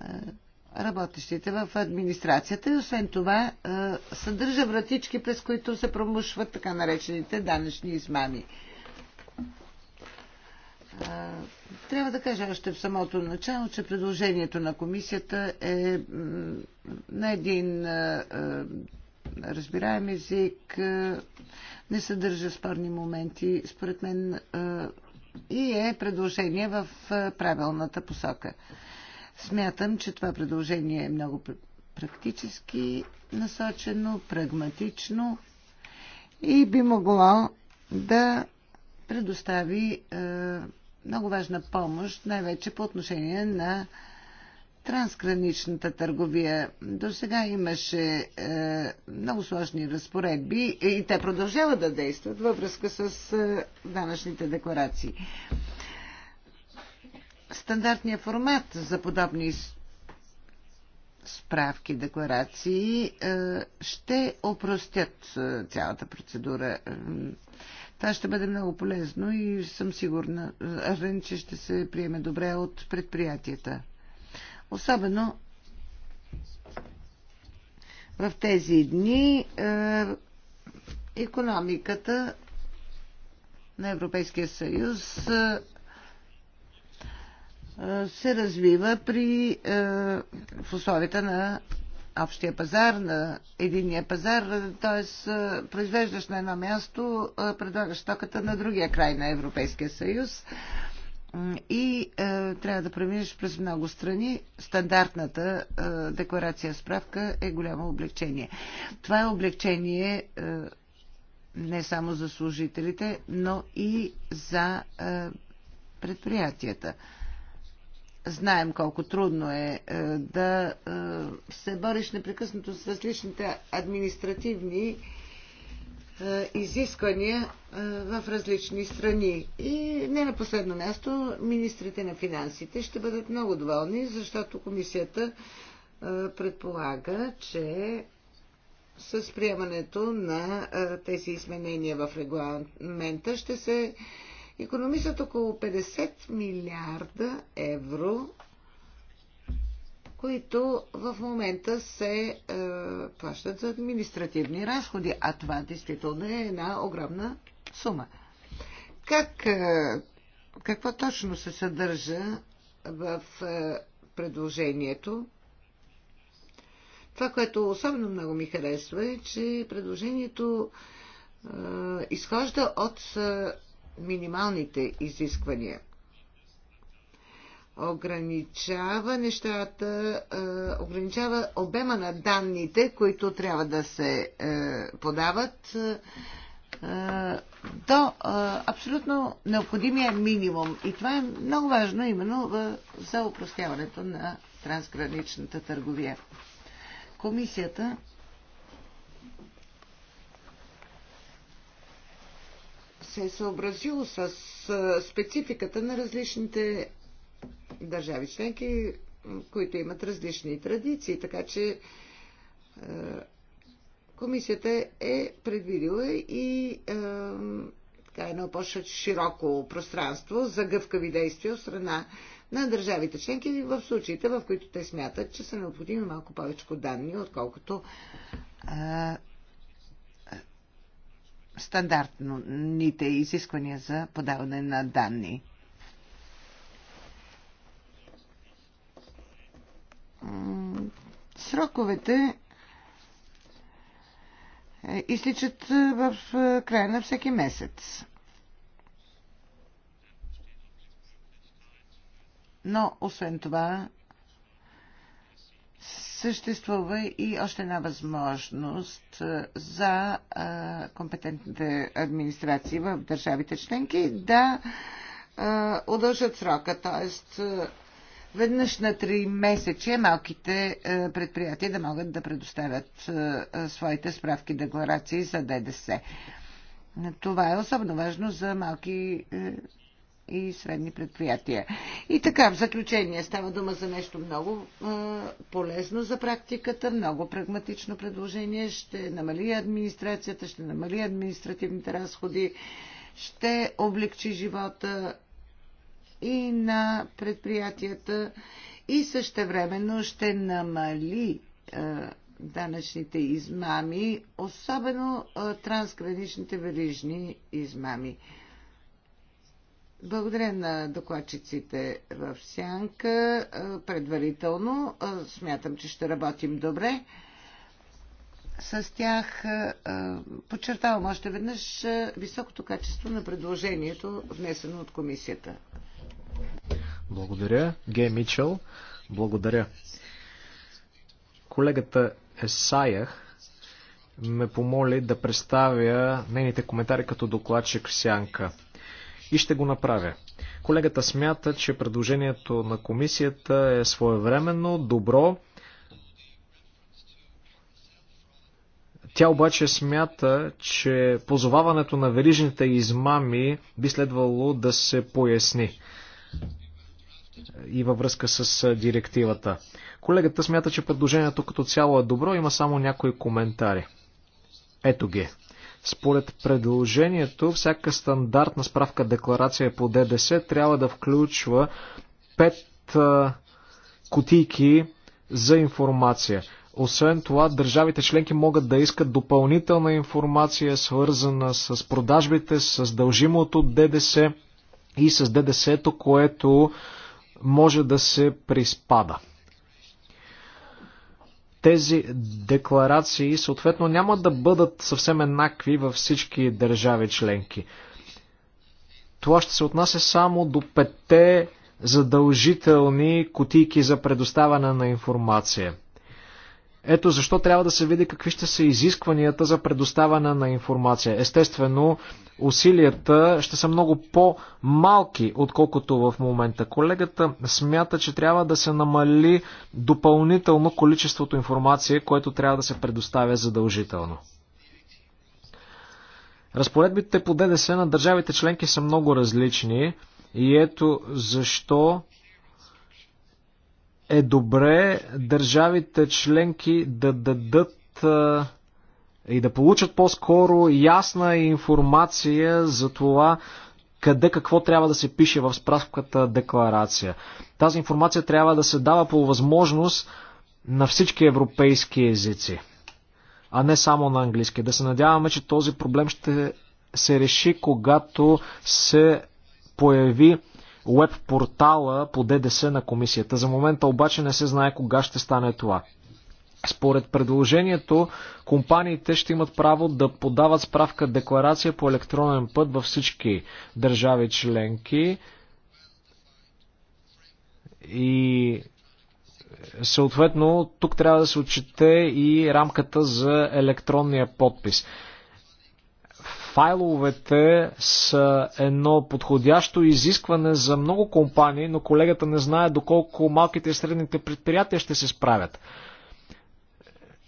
е, работещите в администрацията и освен това е, съдържа вратички, през които се промушват така наречените данъчни измами. Е, трябва да кажа още в самото начало, че предложението на комисията е на един е, разбираем език, не съдържа спорни моменти, според мен и е предложение в правилната посока. Смятам, че това предложение е много практически насочено, прагматично и би могло да предостави е, много важна помощ, най-вече по отношение на трансграничната търговия. До сега имаше е, много сложни разпоредби и те продължават да действат във връзка с е, данъчните декларации стандартния формат за подобни справки, декларации е, ще опростят е, цялата процедура. Е, това ще бъде много полезно и съм сигурна, че ще се приеме добре от предприятията. Особено в тези дни економиката на Европейския съюз се развива при, в условията на общия пазар, на единия пазар, т.е. произвеждаш на едно място, предлагаш стоката на другия край на Европейския съюз и трябва да преминеш през много страни. Стандартната декларация справка е голямо облегчение. Това е облегчение не само за служителите, но и за предприятията. Знаем колко трудно е, е да е, се бориш непрекъснато с различните административни е, изисквания в различни страни. И не на последно място, министрите на финансите ще бъдат много доволни, защото комисията предполага, че с приемането на тези изменения в регламента ще се економисат около 50 милиарда евро, които в момента се е, плащат за административни разходи, а това действително е една огромна сума. Как, е, какво точно се съдържа в е, предложението? Това, което особено много ми харесва е, че предложението е, изхожда от е, минималните изисквания. Ограничава нещата, ограничава обема на данните, които трябва да се подават до абсолютно необходимия минимум. И това е много важно именно за упростяването на трансграничната търговия. Комисията се е съобразило с спецификата на различните държави членки, които имат различни традиции. Така че комисията е предвидила и така едно по-широко пространство за гъвкави действия от страна на държавите членки в случаите, в които те смятат, че са необходими малко повече данни, отколкото стандартните изисквания за подаване на данни. Сроковете е, изличат е, в е, края на всеки месец. Но, освен това, съществува и още една възможност за компетентните администрации в държавите членки да удължат срока, т.е. веднъж на три месече малките предприятия да могат да предоставят своите справки декларации за ДДС. Това е особено важно за малки и средни предприятия. И така, в заключение става дума за нещо много а, полезно за практиката, много прагматично предложение. Ще намали администрацията, ще намали административните разходи, ще облегчи живота и на предприятията и същевременно ще намали а, данъчните измами, особено а, трансграничните верижни измами. Благодаря на докладчиците в Сянка. Предварително смятам, че ще работим добре. С тях подчертавам още веднъж високото качество на предложението, внесено от комисията. Благодаря. Гей Мичел, благодаря. Колегата Есаях ме помоли да представя нейните коментари като докладчик в Сянка и ще го направя. Колегата смята, че предложението на комисията е своевременно, добро. Тя обаче смята, че позоваването на верижните измами би следвало да се поясни и във връзка с директивата. Колегата смята, че предложението като цяло е добро, има само някои коментари. Ето ги. Според предложението, всяка стандартна справка декларация по ДДС трябва да включва 5 кутийки за информация. Освен това, държавите членки могат да искат допълнителна информация, свързана с продажбите, с дължимото ДДС и с ДДС-то, което може да се приспада тези декларации съответно няма да бъдат съвсем еднакви във всички държави членки. Това ще се отнася само до петте задължителни кутийки за предоставяне на информация – ето защо трябва да се види какви ще са изискванията за предоставяне на информация. Естествено, усилията ще са много по-малки, отколкото в момента. Колегата смята, че трябва да се намали допълнително количеството информация, което трябва да се предоставя задължително. Разпоредбите по ДДС на държавите членки са много различни и ето защо е добре държавите членки да дадат и да получат по-скоро ясна информация за това къде какво трябва да се пише в справката декларация. Тази информация трябва да се дава по възможност на всички европейски езици, а не само на английски. Да се надяваме, че този проблем ще се реши, когато се появи веб портала по ДДС на комисията. За момента обаче не се знае кога ще стане това. Според предложението, компаниите ще имат право да подават справка декларация по електронен път във всички държави членки и съответно тук трябва да се отчете и рамката за електронния подпис файловете са едно подходящо изискване за много компании, но колегата не знае доколко малките и средните предприятия ще се справят.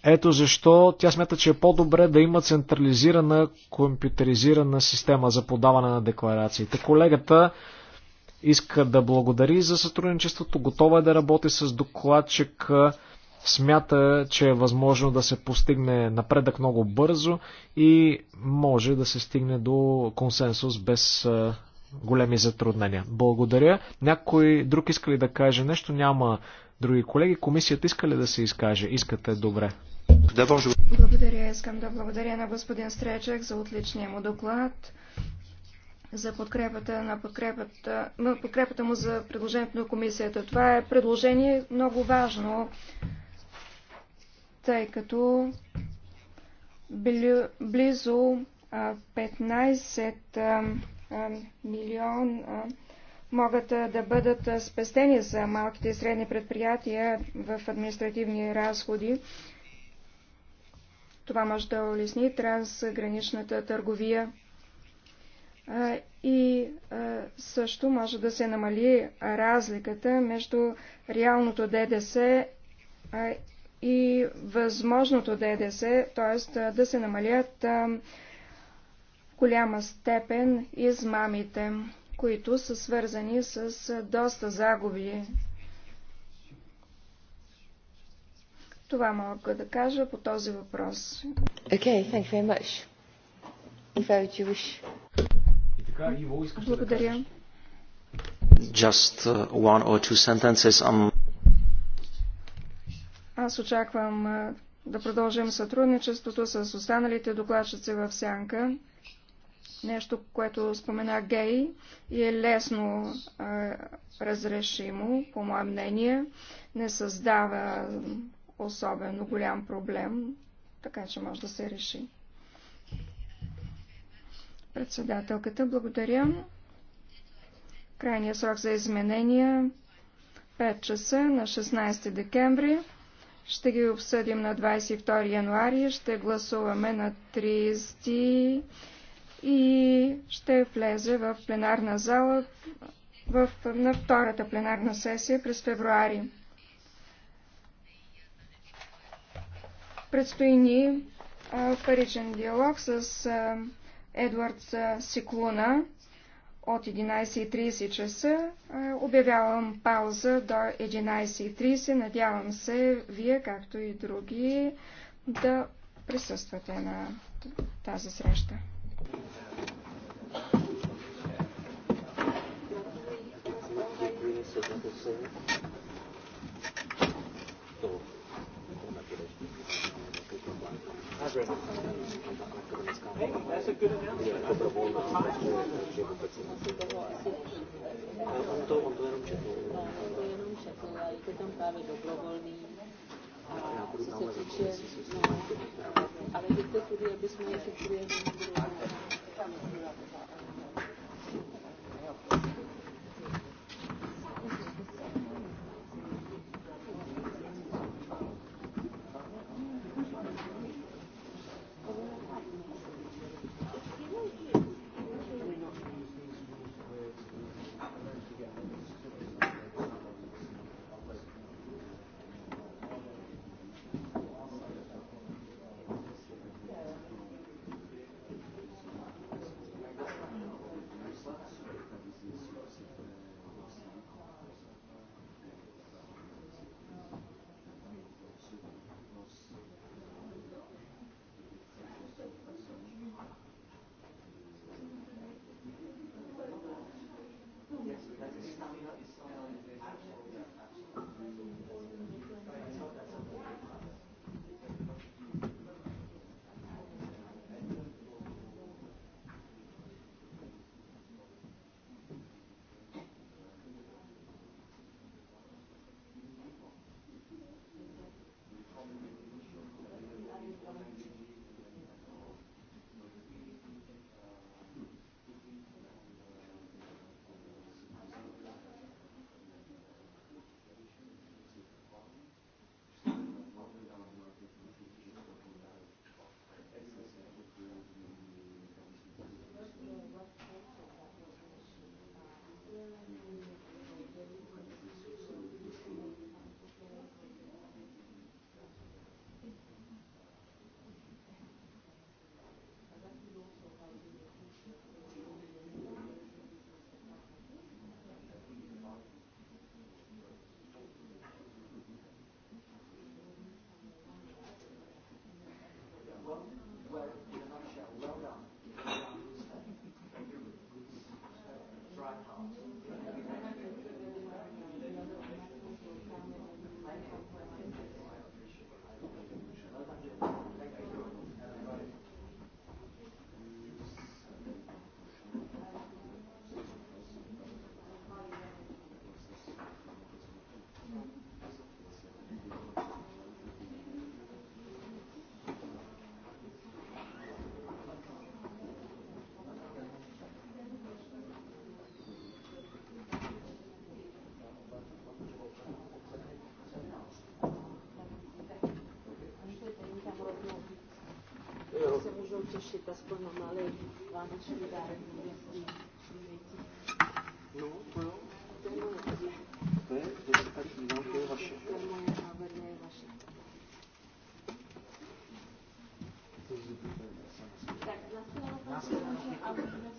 Ето защо тя смята, че е по-добре да има централизирана компютеризирана система за подаване на декларациите. Колегата иска да благодари за сътрудничеството, готова е да работи с докладчик смята, че е възможно да се постигне напредък много бързо и може да се стигне до консенсус без големи затруднения. Благодаря. Някой друг иска ли да каже нещо? Няма други колеги. Комисията иска ли да се изкаже? Искате добре. Благодаря. Искам да благодаря на господин Стречек за отличния му доклад, за подкрепата, на подкрепата, на подкрепата му за предложението на комисията. Това е предложение много важно тъй като близо 15 милион могат да бъдат спестени за малките и средни предприятия в административни разходи. Това може да улесни трансграничната търговия и също може да се намали разликата между реалното ДДС и възможното ДДС, т.е. да се намалят в голяма степен измамите, които са свързани с доста загуби. Това мога да кажа по този въпрос. Okay, thank you very much. If you wish. Благодаря. Да кажеш? Just uh, one or two sentences I'm um, аз очаквам да продължим сътрудничеството с останалите докладчици в Сянка. Нещо, което спомена Гей и е лесно а, разрешимо, по мое мнение. Не създава особено голям проблем, така че може да се реши. Председателката, благодаря. Крайният срок за изменения 5 часа на 16 декември. Ще ги обсъдим на 22 януари, ще гласуваме на 30 и ще влезе в пленарна зала в, на втората пленарна сесия през февруари. Предстои ни паричен диалог с Едвард Сиклуна от 11.30 часа. Обявявам пауза до 11.30. Надявам се, вие, както и други, да присъствате на тази среща. Thank you. On to, on to jenom četl. On to jenom četl a je to tam právě dobrovolný. A co se týče, no, ale ty studie bychom, jestli studie, utěšit aspoň na malý vánoční dárek. No, to jo. To je, to je takový, no, to je vaše. To je moje a vedle je vaše. Tak, na stole, na stole, a můžeme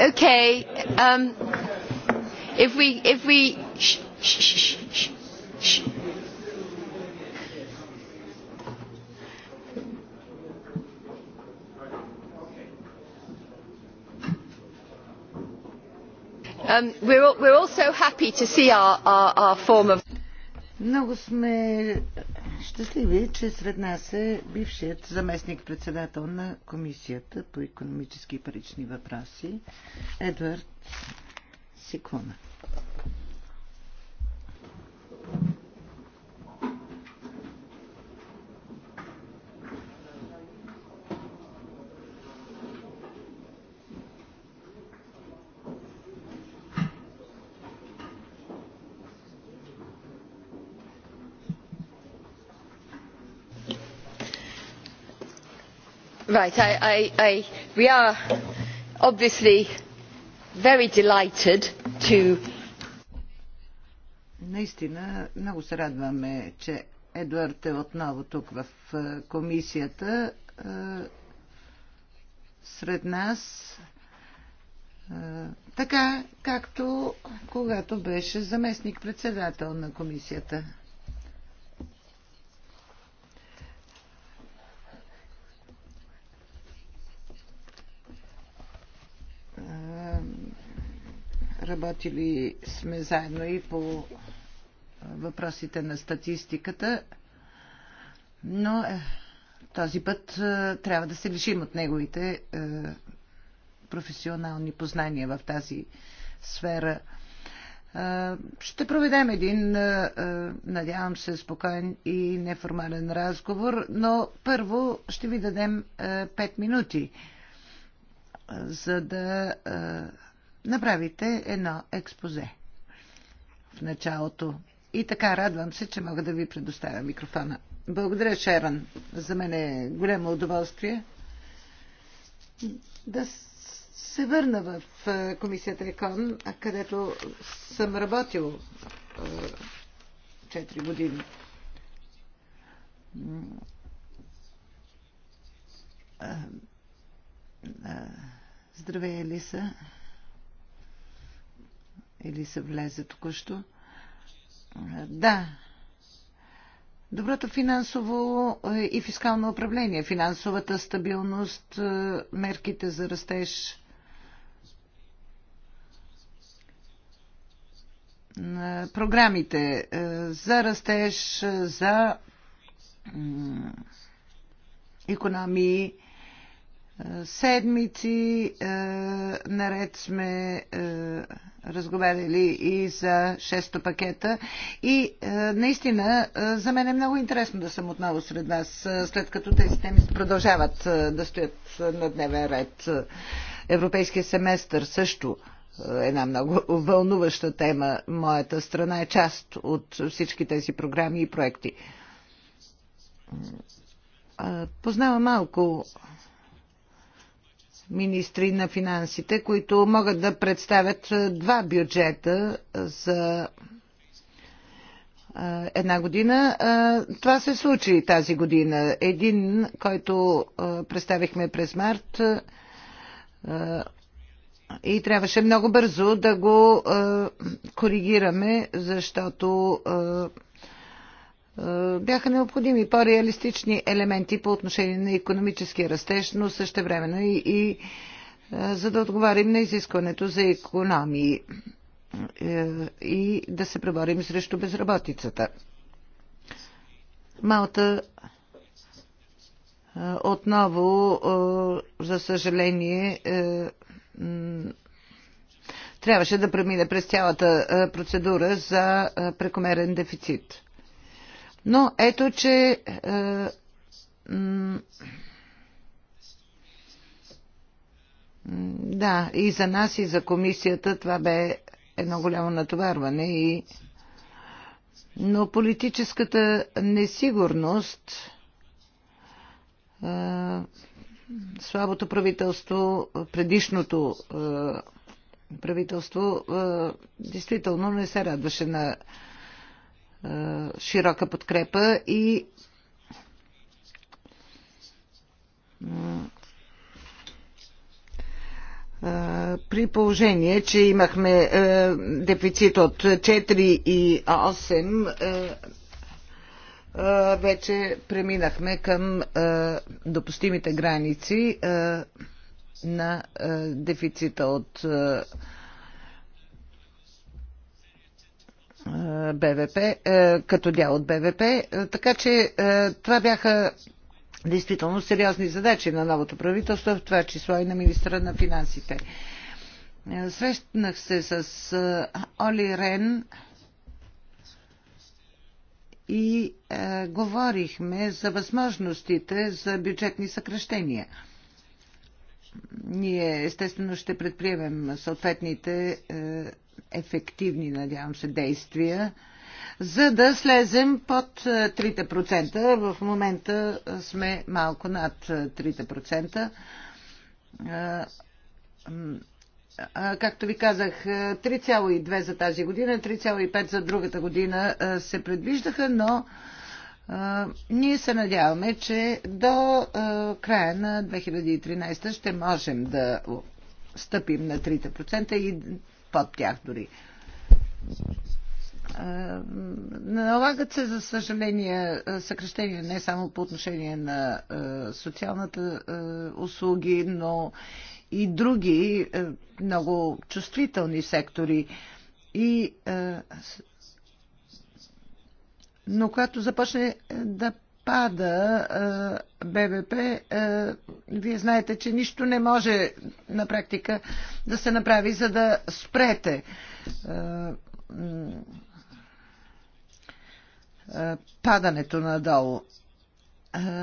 Okay. Um, if we, if we, shh, shh, shh, shh. Um, we're, we're also happy to see our, our, our form of. Много сме Щастливи, че сред нас е бившият заместник-председател на Комисията по економически и парични въпроси Едвард Сикуна. Right, we are obviously very delighted to... Наистина много се радваме, че Едуард е отново тук в комисията. Сред нас така, както когато беше заместник-председател на комисията. Работили сме заедно и по въпросите на статистиката, но е, този път трябва да се лишим от неговите е, професионални познания в тази сфера. Ще проведем един, надявам се, спокоен и неформален разговор, но първо ще ви дадем 5 минути, за да направите едно експозе в началото. И така радвам се, че мога да ви предоставя микрофона. Благодаря, Шеран. За мен е голямо удоволствие да се върна в комисията ЕКОН, където съм работил 4 години. Здравей, Елиса или се влезе току-що. Да. Доброто финансово и фискално управление, финансовата стабилност, мерките за растеж. Програмите за растеж, за економии е, седмици е, наред сме е, разговаряли и за шесто пакета. И е, наистина е, за мен е много интересно да съм отново сред вас, е, след като тези теми продължават е, да стоят е, на дневен ред. Европейския семестър също е, една много вълнуваща тема. Моята страна е част от всички тези програми и проекти. Познава малко министри на финансите, които могат да представят е, два бюджета за е, една година. Е, това се случи тази година. Един, който представихме през март и трябваше много бързо да го коригираме, защото е, бяха необходими по-реалистични елементи по отношение на економическия растеж, но също времено и, и е, за да отговарим на изискването за економии е, и да се преборим срещу безработицата. Малта отново, за съжаление, трябваше да премине през цялата процедура за прекомерен дефицит. Но ето, че е, да, и за нас, и за комисията това бе едно голямо натоварване и но политическата несигурност е, слабото правителство, предишното е, правителство е, действително не се радваше на широка подкрепа и при положение, че имахме дефицит от 4 и 8, вече преминахме към допустимите граници на дефицита от БВП, е, като дял от БВП. Е, така че е, това бяха действително сериозни задачи на новото правителство, в това число и на министра на финансите. Срещнах се с Оли Рен и говорихме за възможностите за бюджетни съкрещения. Ние естествено ще предприемем съответните е, ефективни, надявам се, действия, за да слезем под 3%. Е, В момента е, сме малко над 3%. Е, както ви казах, 3,2 за тази година, 3,5 за другата година се предвиждаха, но ние се надяваме, че до края на 2013 ще можем да стъпим на 3% и под тях дори. Налагат се, за съжаление, съкрещения не само по отношение на социалната услуги, но и други много чувствителни сектори. И, но когато започне да пада БВП, вие знаете, че нищо не може на практика да се направи, за да спрете падането надолу.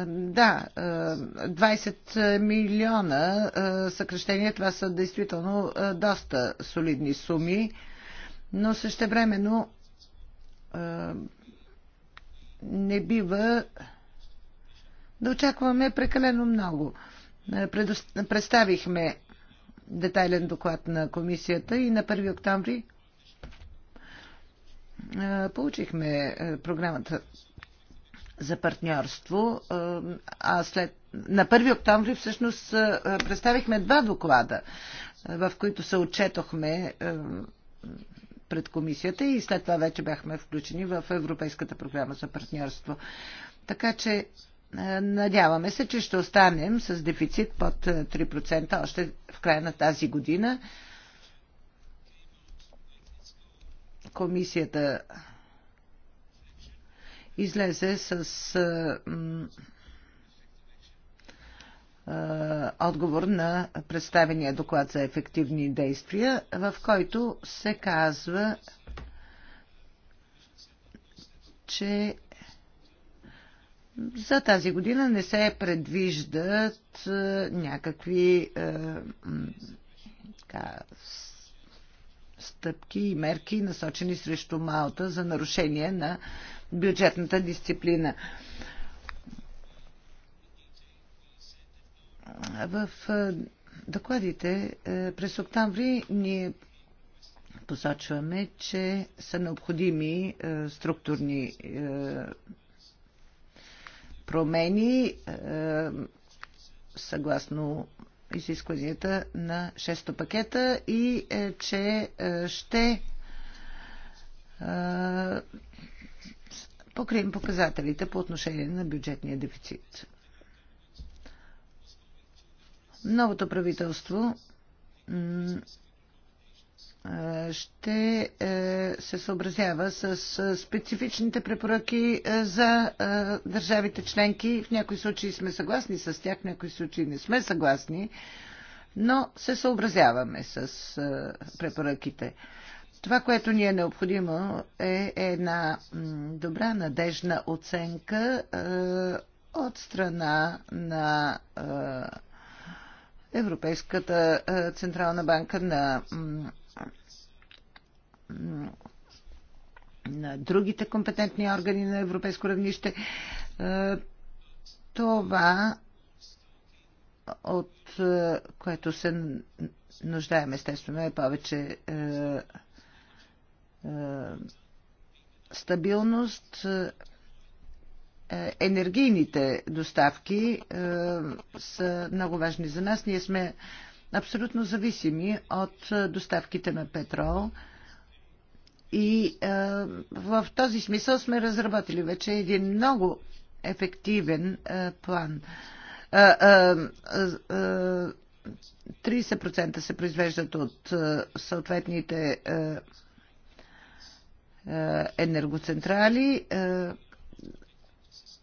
Да, 20 милиона съкрещения, това са действително доста солидни суми, но същевременно не бива да очакваме прекалено много. Представихме детайлен доклад на комисията и на 1 октомври получихме програмата за партньорство, а след на 1 октомври всъщност представихме два доклада, в които се отчетохме пред комисията и след това вече бяхме включени в Европейската програма за партньорство. Така че е, надяваме се, че ще останем с дефицит под 3% е, още в края на тази година. Комисията излезе с е, е, отговор на представения доклад за ефективни действия, в който се казва, че за тази година не се предвиждат е, някакви е, така, стъпки и мерки, насочени срещу Малта за нарушение на бюджетната дисциплина. В докладите през октомври ние посочваме, че са необходими структурни промени съгласно изискванията на 6 пакета и е, че ще покрием показателите по отношение на бюджетния дефицит. Новото правителство е, ще е, се съобразява с е, специфичните препоръки за държавите членки. В някои случаи сме съгласни с тях, в някои случаи не сме съгласни, но се съобразяваме с препоръките. Това, което ни е необходимо, е една добра, надежна оценка от страна на Европейската е, Централна банка, на, на другите компетентни органи на европейско равнище. Е, това, от е, което се нуждаем, естествено, е повече стабилност, е, енергийните доставки е, са много важни за нас. Ние сме абсолютно зависими от е, доставките на петрол. И в този смисъл сме разработили вече един много ефективен план. 30% се произвеждат от съответните енергоцентрали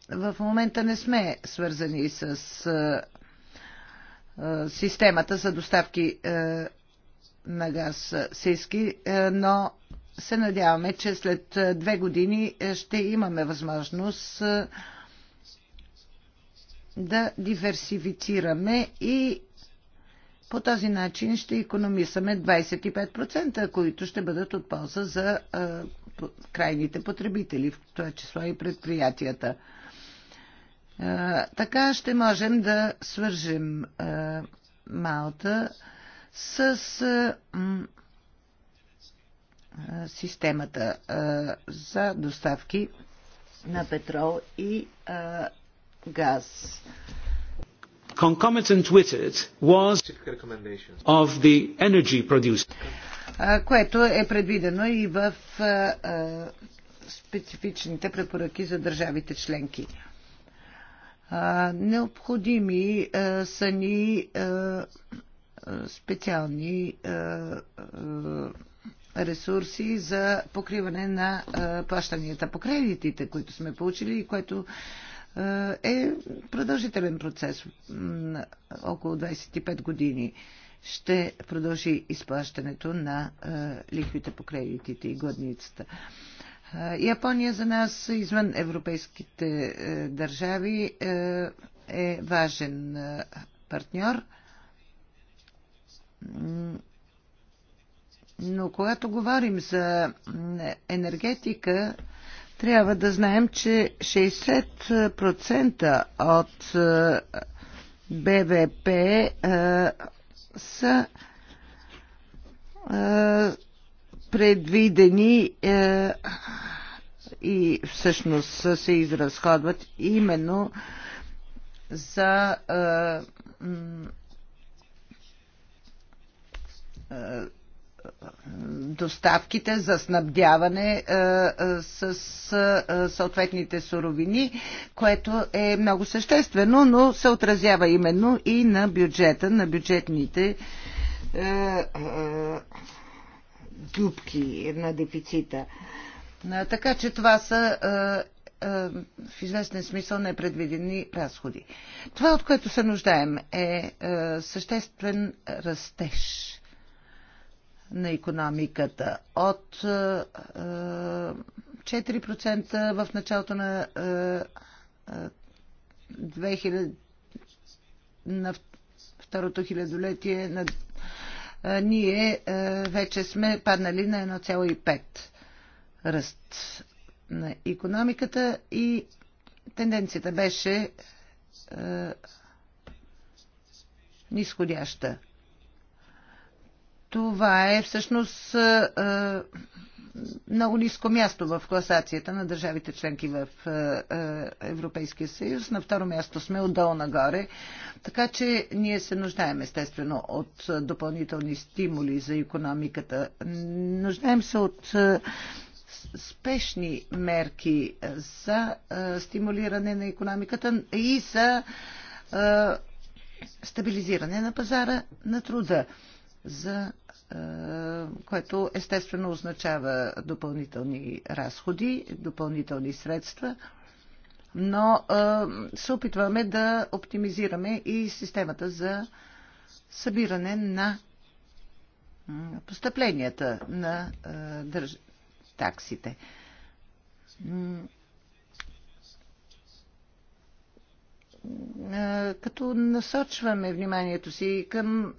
в момента не сме свързани с системата за доставки на газ Сиски, но се надяваме, че след две години ще имаме възможност да диверсифицираме и по този начин ще економисаме 25%, които ще бъдат от полза за крайните потребители, в това число и предприятията. Така ще можем да свържем Малта с системата за доставки на петрол и газ. Concomitant with it was of the energy produced. Което е предвидено и в специфичните препоръки за държавите членки необходими са ни специални ресурси за покриване на плащанията по кредитите, които сме получили и което е продължителен процес около 25 години ще продължи изплащането на лихвите по кредитите и гладницата. Е, Япония за нас извън европейските е, държави е, е важен партньор. Но когато говорим за енергетика, трябва да знаем, че 60% от БВП са предвидени е, и всъщност се изразходват именно за е, е доставките за снабдяване е, е, с съответните суровини, което е много съществено, но се отразява именно и на бюджета, на бюджетните дюбки на дефицита. Така че това са в известен смисъл непредвидени разходи. Това, от което се нуждаем, е съществен растеж на економиката от 4% в началото на 2000 на второто хилядолетие на ние вече сме паднали на 1,5 ръст на економиката и тенденцията беше нисходяща. Това е всъщност много ниско място в класацията на държавите членки в е, е, Европейския съюз. На второ място сме отдолу нагоре, така че ние се нуждаем естествено от е, допълнителни стимули за економиката. Нуждаем се от спешни мерки за стимулиране на економиката и за стабилизиране на пазара на труда, за е, което естествено означава допълнителни разходи, допълнителни средства, но е, се опитваме да оптимизираме и системата за събиране на постъпленията на е, държ... таксите. Като насочваме вниманието си към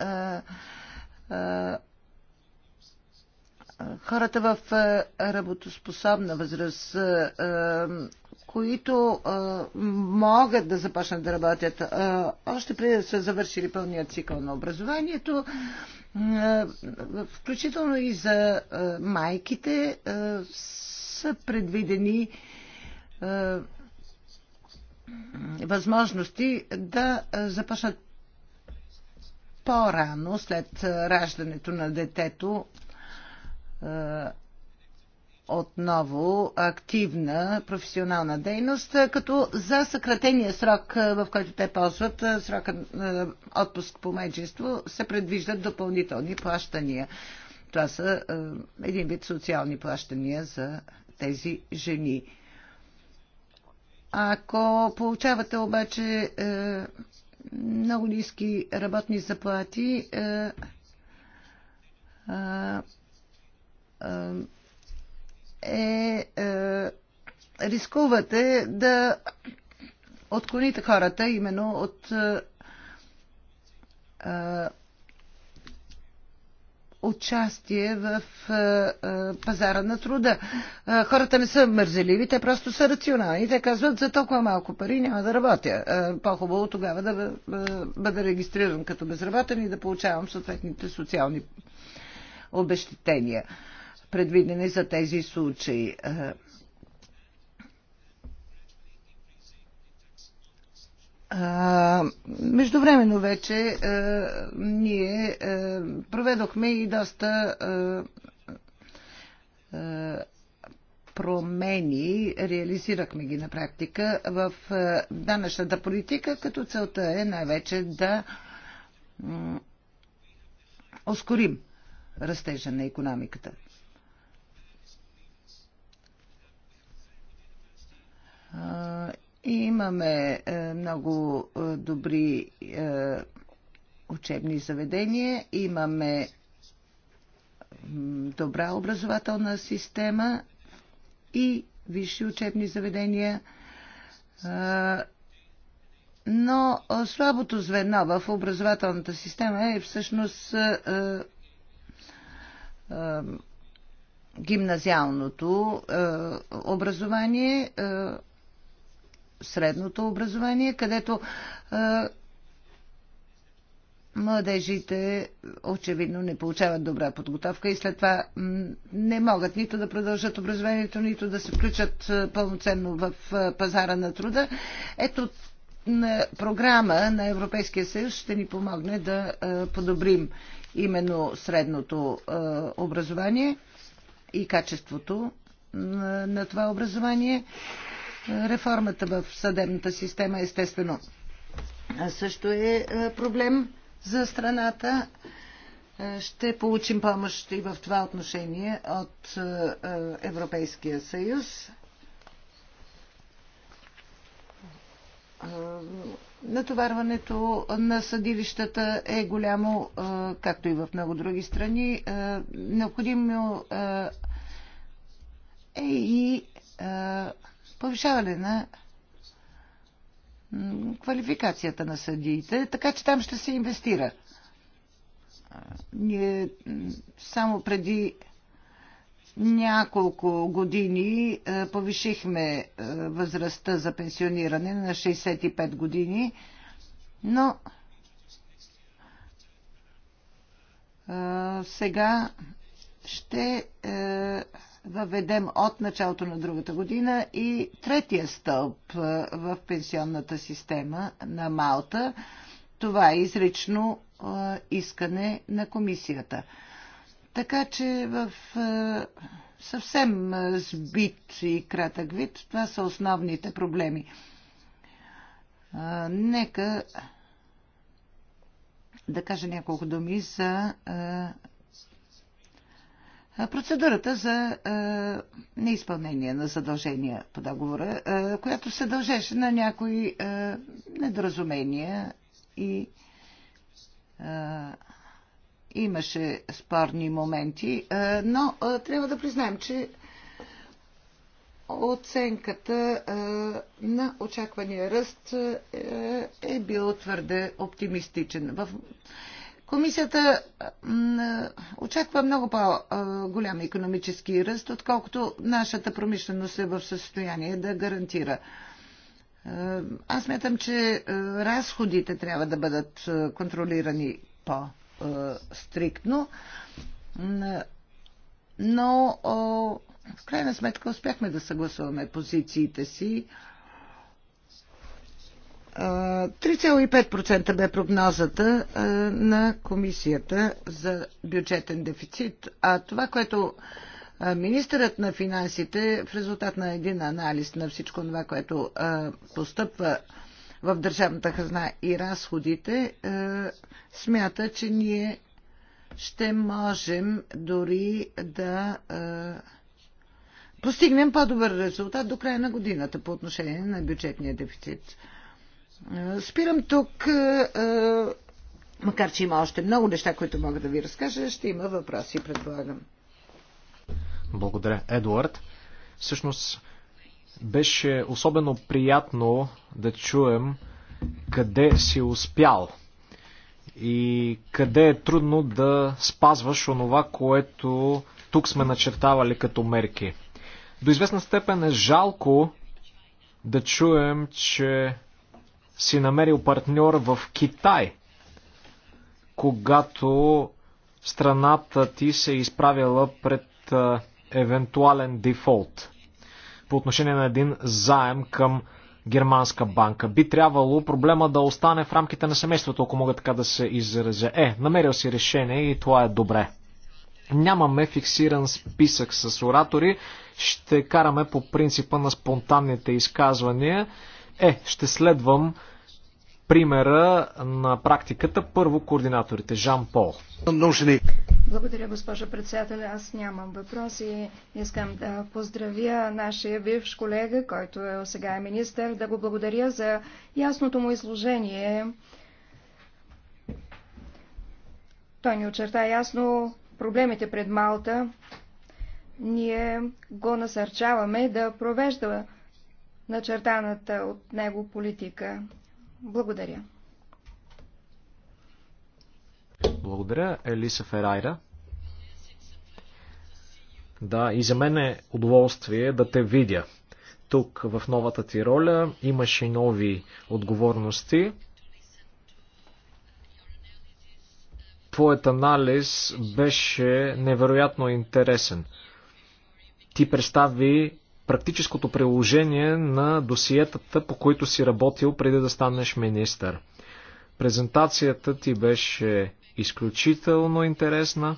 хората в е, работоспособна възраст, е, е, които могат да започнат да работят още преди да са завършили пълния цикъл на образованието, включително и за майките са предвидени възможности да започнат по-рано след раждането на детето е, отново активна професионална дейност, е, като за съкратения срок, е, в който те ползват срока отпуск по майчество, се предвиждат допълнителни плащания. Това са един вид социални плащания за тези жени. Ако получавате обаче много ниски работни заплати, е, е рискувате да отклоните хората именно от е, е участие в е, е, пазара на труда. Е, хората не са мързеливи, те просто са рационални. Те казват, за толкова малко пари няма да работя. Е, по-хубаво тогава да е, бъда регистриран като безработен и да получавам съответните социални обещетения. Е, предвидени за тези случаи. Е, е, междувременно вече е, ние проведохме и доста промени, реализирахме ги на практика в данъчната политика, като целта е най-вече да ускорим растежа на економиката. И имаме е, много е, добри е, учебни заведения, имаме добра образователна система и висши учебни заведения. Но слабото звено в образователната система е всъщност гимназиалното образование средното образование, където младежите очевидно не получават добра подготовка и след това не могат нито да продължат образованието, нито да се включат пълноценно в пазара на труда. Ето програма на Европейския съюз ще ни помогне да подобрим именно средното образование и качеството на това образование реформата в съдебната система, естествено, също е, е проблем за страната. Е, ще получим помощ и в това отношение от е, Европейския съюз. Натоварването на съдилищата е голямо, както и в много други страни. Необходимо е и повишаване на квалификацията на съдиите, така че там ще се инвестира. Ние само преди няколко години е, повишихме е, възрастта за пенсиониране на 65 години, но е, сега ще въведем от началото на другата година и третия стълб в пенсионната система на Малта. Това е изрично искане на комисията. Така че в съвсем сбит и кратък вид това са основните проблеми. Нека да кажа няколко думи за процедурата за неизпълнение на задължения по договора, която се дължеше на някои недоразумения и имаше спорни моменти, но трябва да признаем, че оценката на очаквания ръст е бил твърде оптимистичен. В Комисията очаква много по-голям економически ръст, отколкото нашата промишленост е в състояние да гарантира. Аз мятам, че разходите трябва да бъдат контролирани по-стриктно, но в крайна сметка успяхме да съгласуваме позициите си. 3,5% бе прогнозата на комисията за бюджетен дефицит, а това, което министърът на финансите в резултат на един анализ на всичко това, което постъпва в държавната хазна и разходите, смята, че ние ще можем дори да постигнем по-добър резултат до края на годината по отношение на бюджетния дефицит. Е, спирам тук. Е, е, макар, че има още много неща, които мога да ви разкажа, ще има въпроси, предполагам. Благодаря, Едуард. Всъщност, беше особено приятно да чуем къде си успял и къде е трудно да спазваш онова, което тук сме начертавали като мерки. До известна степен е жалко да чуем, че си намерил партньор в Китай, когато страната ти се е изправила пред а, евентуален дефолт по отношение на един заем към германска банка. Би трябвало проблема да остане в рамките на семейството, ако мога така да се изразя. Е, намерил си решение и това е добре. Нямаме фиксиран списък с оратори. Ще караме по принципа на спонтанните изказвания. Е, ще следвам примера на практиката. Първо координаторите. Жан Пол. Благодаря, госпожа председател. Аз нямам въпроси. Искам да поздравя нашия бивш колега, който е сега е министър, да го благодаря за ясното му изложение. Той ни очерта ясно проблемите пред Малта. Ние го насърчаваме да провежда начертаната от него политика. Благодаря. Благодаря, Елиса Ферайра. Да, и за мен е удоволствие да те видя. Тук в новата ти роля имаше нови отговорности. Твоят анализ беше невероятно интересен. Ти представи практическото приложение на досиетата, по които си работил преди да станеш министър. Презентацията ти беше изключително интересна.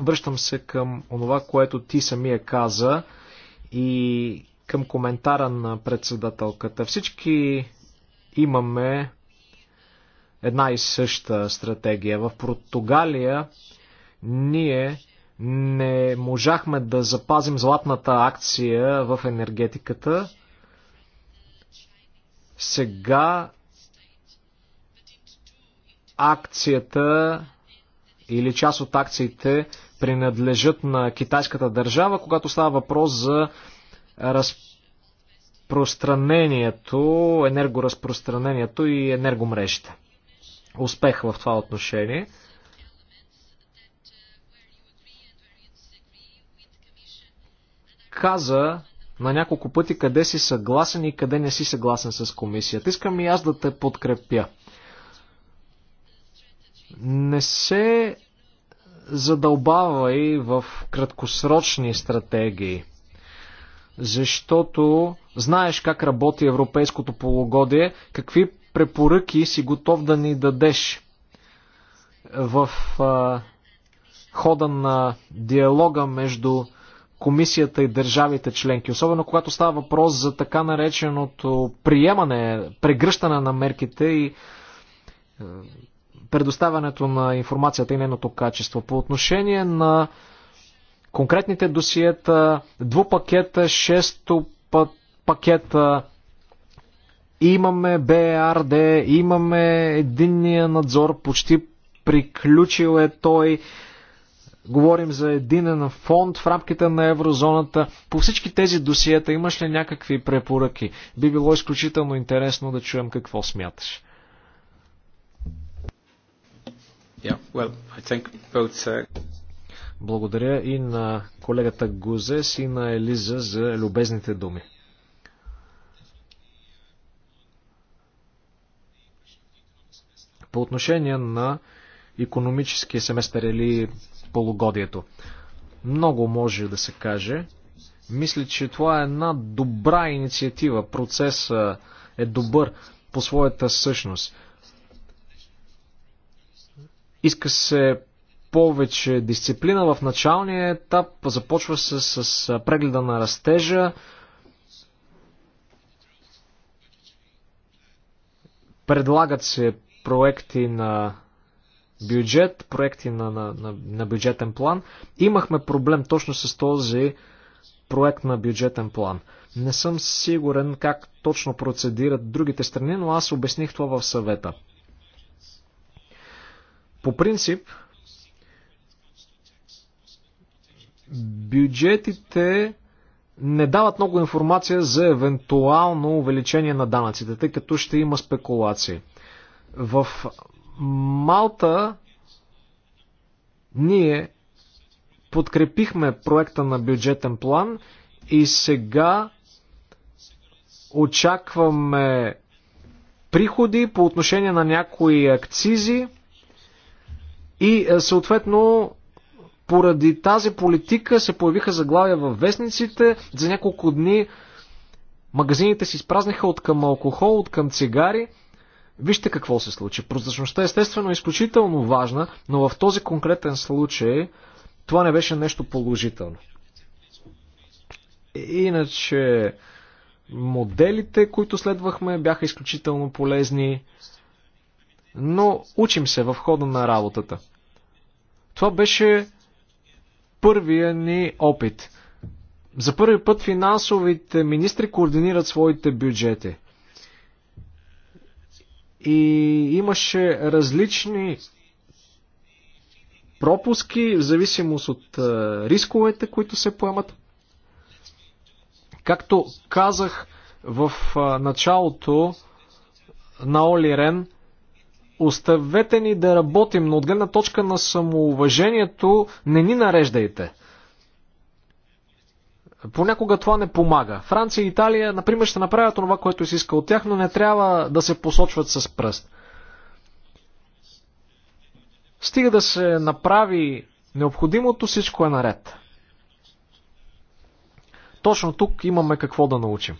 Връщам се към онова, което ти самия каза и към коментара на председателката. Всички имаме една и съща стратегия. В Португалия ние не можахме да запазим златната акция в енергетиката. Сега акцията или част от акциите принадлежат на китайската държава, когато става въпрос за разпространението, енергоразпространението и енергомрежите. Успех в това отношение – каза на няколко пъти къде си съгласен и къде не си съгласен с комисията. Искам и аз да те подкрепя. Не се задълбавай в краткосрочни стратегии, защото знаеш как работи европейското полугодие, какви препоръки си готов да ни дадеш в а, хода на диалога между комисията и държавите членки, особено когато става въпрос за така нареченото приемане, прегръщане на мерките и е, предоставянето на информацията и нейното качество. По отношение на конкретните досиета, двупакета, шесто пакета, имаме БРД, е имаме единния надзор, почти приключил е той, Говорим за единен фонд в рамките на еврозоната. По всички тези досиета имаш ли някакви препоръки? Би било изключително интересно да чуем какво смяташ. Yeah, well, both... Uh, Благодаря и на колегата Гузес и на Елиза за любезните думи. По отношение на економическия семестър или полугодието. Много може да се каже. Мисля, че това е една добра инициатива. Процесът е добър по своята същност. Иска се повече дисциплина в началния етап. Започва се с прегледа на растежа. Предлагат се проекти на бюджет, проекти на, на, на, на бюджетен план. Имахме проблем точно с този проект на бюджетен план. Не съм сигурен как точно процедират другите страни, но аз обясних това в съвета. По принцип, бюджетите не дават много информация за евентуално увеличение на данъците, тъй като ще има спекулации. В Малта ние подкрепихме проекта на бюджетен план и сега очакваме приходи по отношение на някои акцизи и е, съответно поради тази политика се появиха заглавия във вестниците. За няколко дни магазините си изпразниха от към алкохол, от към цигари – Вижте какво се случи. Прозрачността естествено е изключително важна, но в този конкретен случай това не беше нещо положително. Иначе моделите, които следвахме, бяха изключително полезни, но учим се в хода на работата. Това беше първия ни опит. За първи път финансовите министри координират своите бюджети – и имаше различни пропуски в зависимост от е, рисковете, които се поемат. Както казах в е, началото на Оли Рен, оставете ни да работим, но от гледна точка на самоуважението не ни нареждайте. Понякога това не помага. Франция и Италия, например, ще направят това, което се иска от тях, но не трябва да се посочват с пръст. Стига да се направи необходимото, всичко е наред. Точно тук имаме какво да научим.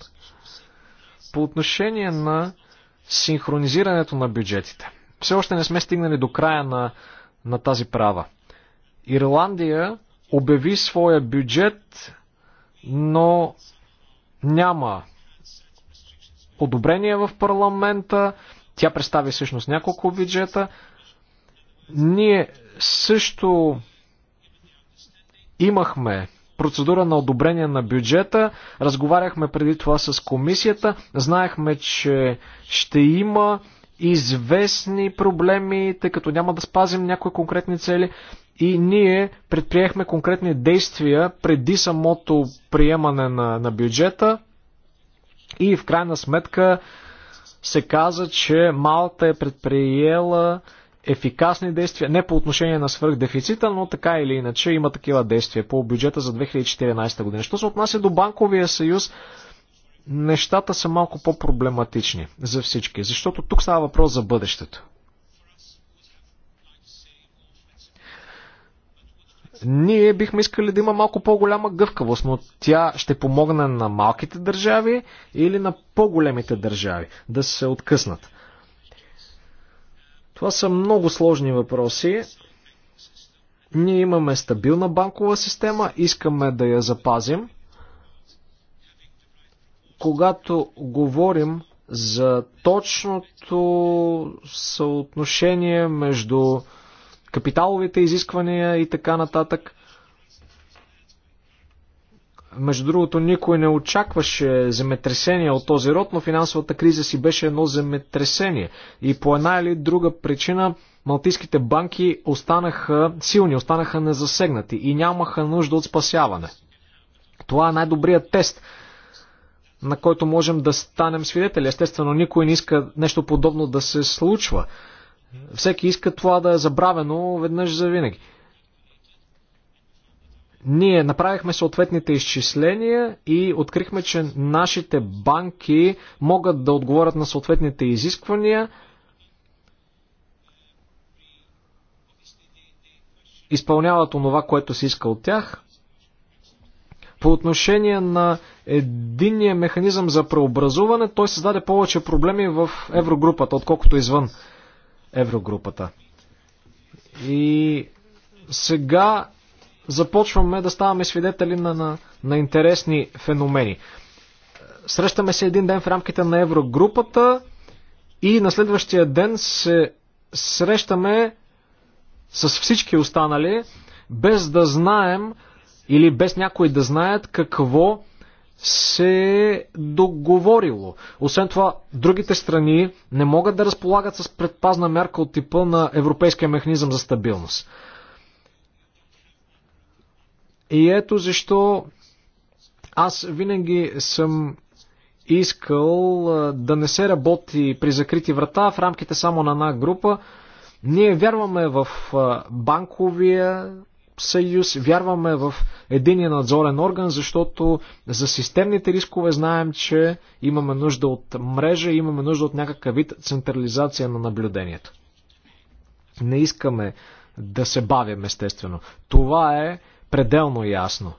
По отношение на синхронизирането на бюджетите. Все още не сме стигнали до края на, на тази права. Ирландия обяви своя бюджет но няма одобрение в парламента. Тя представи всъщност няколко бюджета. Ние също имахме процедура на одобрение на бюджета. Разговаряхме преди това с комисията. Знаехме, че ще има известни проблеми, тъй като няма да спазим някои конкретни цели и ние предприехме конкретни действия преди самото приемане на, на бюджета и в крайна сметка се каза, че Малта е предприела ефикасни действия, не по отношение на свръхдефицита, но така или иначе има такива действия по бюджета за 2014 година. Що се отнася до банковия съюз, нещата са малко по-проблематични за всички, защото тук става въпрос за бъдещето. Ние бихме искали да има малко по-голяма гъвкавост, но тя ще помогне на малките държави или на по-големите държави да се откъснат. Това са много сложни въпроси. Ние имаме стабилна банкова система, искаме да я запазим. Когато говорим за точното съотношение между капиталовите изисквания и така нататък. Между другото, никой не очакваше земетресение от този род, но финансовата криза си беше едно земетресение. И по една или друга причина малтийските банки останаха силни, останаха незасегнати и нямаха нужда от спасяване. Това е най-добрият тест, на който можем да станем свидетели. Естествено, никой не иска нещо подобно да се случва. Всеки иска това да е забравено веднъж за винаги. Ние направихме съответните изчисления и открихме, че нашите банки могат да отговорят на съответните изисквания. Изпълняват онова, което се иска от тях. По отношение на единния механизъм за преобразуване, той създаде повече проблеми в еврогрупата, отколкото извън еврогрупата. И сега започваме да ставаме свидетели на, на, на интересни феномени. Срещаме се един ден в рамките на еврогрупата и на следващия ден се срещаме с всички останали, без да знаем или без някой да знаят какво се е договорило. Освен това, другите страни не могат да разполагат с предпазна мярка от типа на Европейския механизъм за стабилност. И ето защо аз винаги съм искал да не се работи при закрити врата в рамките само на една група. Ние вярваме в банковия съюз, вярваме в единия надзорен орган, защото за системните рискове знаем, че имаме нужда от мрежа, имаме нужда от някакъв вид централизация на наблюдението. Не искаме да се бавим, естествено. Това е пределно ясно.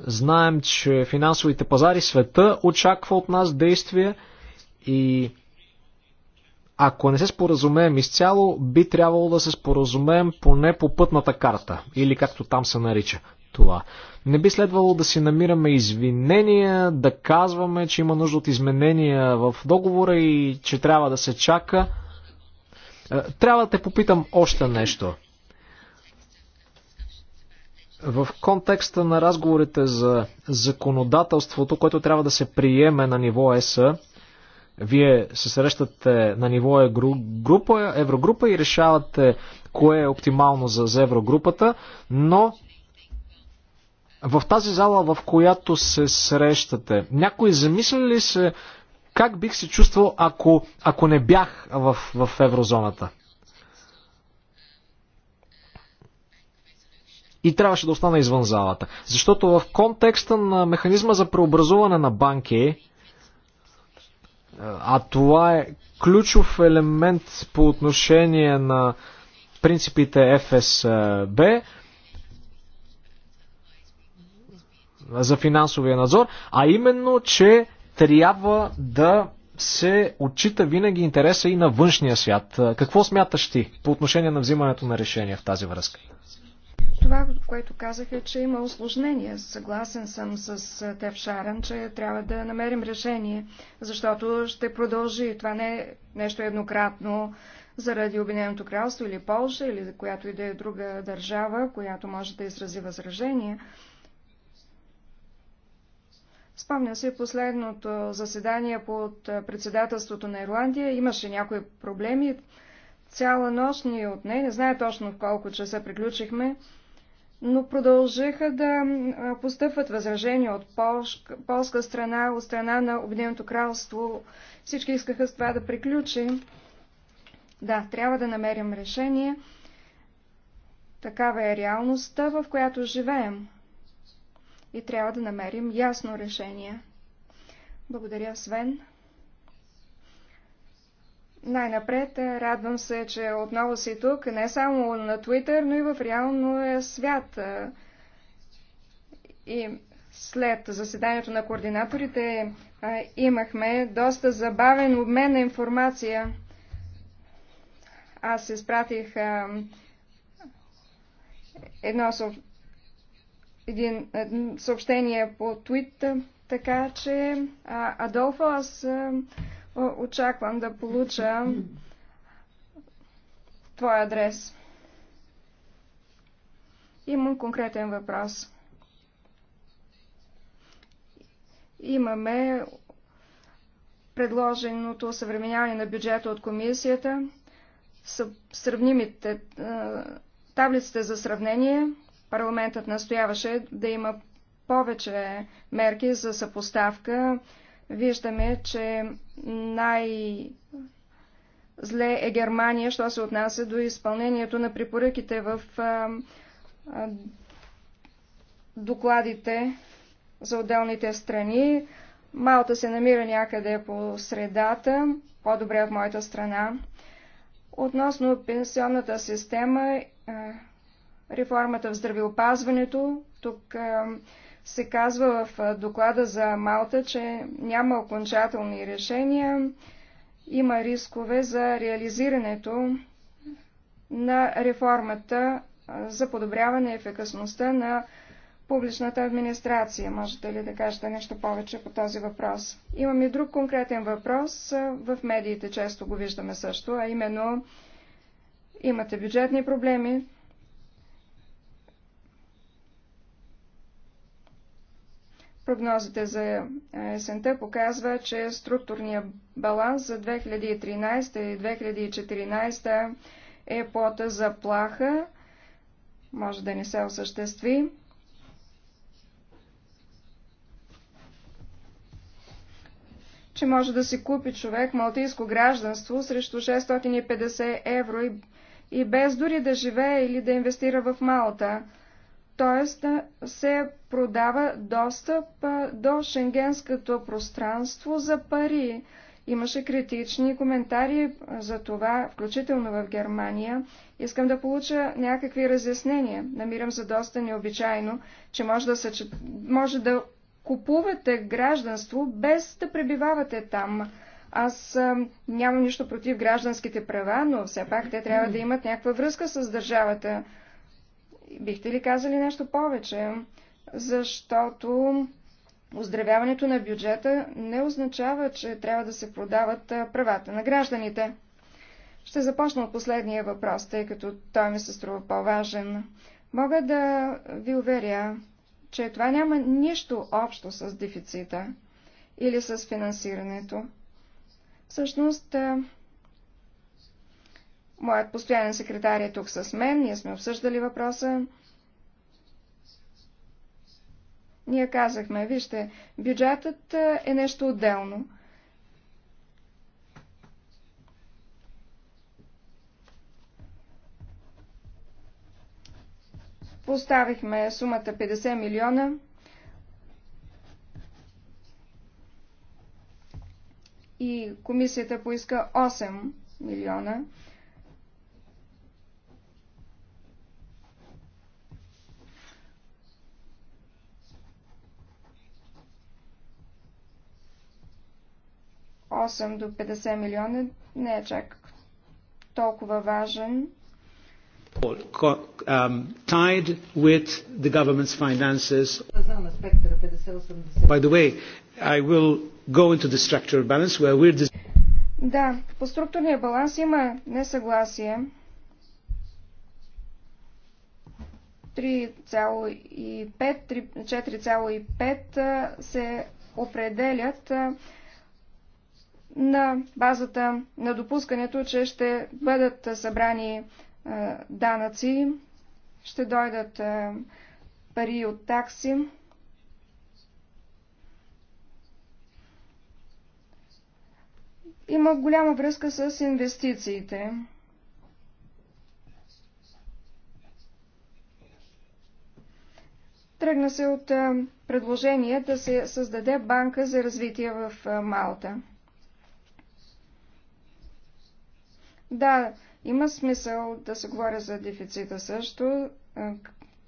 Знаем, че финансовите пазари света очаква от нас действия и ако не се споразумеем изцяло, би трябвало да се споразумеем поне по пътната карта, или както там се нарича това. Не би следвало да си намираме извинения, да казваме, че има нужда от изменения в договора и че трябва да се чака. Е, трябва да те попитам още нещо. В контекста на разговорите за законодателството, което трябва да се приеме на ниво ЕС, вие се срещате на ниво група, еврогрупа и решавате кое е оптимално за, за еврогрупата, но в тази зала, в която се срещате, някой замисли ли се как бих се чувствал, ако, ако не бях в, в еврозоната? И трябваше да остана извън залата. Защото в контекста на механизма за преобразуване на банки, а това е ключов елемент по отношение на принципите ФСБ за финансовия надзор, а именно, че трябва да се отчита винаги интереса и на външния свят. Какво смяташ ти по отношение на взимането на решения в тази връзка? Това, което казах е, че има осложнения. Съгласен съм с Тев Шаран, че трябва да намерим решение, защото ще продължи. Това не е нещо еднократно заради Обединеното кралство или Полша, или която и да е друга държава, която може да изрази възражение. Спомня си последното заседание под председателството на Ирландия. Имаше някои проблеми. Цяла нощ ни от нея, не знае точно в колко часа приключихме но продължиха да постъпват възражения от полска, полска страна, от страна на Обединеното кралство. Всички искаха с това да приключи. Да, трябва да намерим решение. Такава е реалността, в която живеем. И трябва да намерим ясно решение. Благодаря, Свен. Най-напред е, радвам се, че отново си тук, не само на Твитър, но и в реалния е, свят. Е, и след заседанието на координаторите имахме доста забавен обмен на информация. Аз изпратих едно един, съобщение по твит, така че Адолфо, аз очаквам да получа твой адрес. Имам конкретен въпрос. Имаме предложеното съвременяване на бюджета от комисията, сравнимите таблиците за сравнение. Парламентът настояваше да има повече мерки за съпоставка виждаме, че най-зле е Германия, що се отнася до изпълнението на препоръките в а, а, докладите за отделните страни. Малта се намира някъде по средата, по-добре в моята страна. Относно пенсионната система, реформата в здравеопазването, тук се казва в доклада за Малта, че няма окончателни решения, има рискове за реализирането на реформата за подобряване ефикасността на публичната администрация. Можете ли да кажете нещо повече по този въпрос? Имам и друг конкретен въпрос. В медиите често го виждаме също, а именно имате бюджетни проблеми, Прогнозите за е, есента показва, че структурният баланс за 2013 и 2014 е под заплаха, може да не се осъществи. че може да си купи човек малтийско гражданство срещу 650 евро и, и без дори да живее или да инвестира в Малта т.е. се продава достъп до шенгенското пространство за пари. Имаше критични коментари за това, включително в Германия. Искам да получа някакви разяснения. Намирам за доста необичайно, че може да, се, може да купувате гражданство без да пребивавате там. Аз нямам нищо против гражданските права, но все пак те трябва да имат някаква връзка с държавата, Бихте ли казали нещо повече? Защото оздравяването на бюджета не означава, че трябва да се продават правата на гражданите. Ще започна от последния въпрос, тъй като той ми се струва по-важен. Мога да ви уверя, че това няма нищо общо с дефицита или с финансирането. Всъщност, Моят постоянен секретар е тук с мен, ние сме обсъждали въпроса. Ние казахме, вижте, бюджетът е, е нещо отделно. Поставихме сумата 50 милиона. И комисията поиска 8 милиона. 8 до 50 милиона не е чак толкова важен. Tied with the government's finances. By the way, I will go into the structural balance where we're... Да, по структурния баланс има несъгласие. 3,5, 4,5 се определят на базата на допускането, че ще бъдат събрани е, данъци, ще дойдат е, пари от такси. Има голяма връзка с инвестициите. Тръгна се от е, предложение да се създаде банка за развитие в Малта. Да, има смисъл да се говори за дефицита също,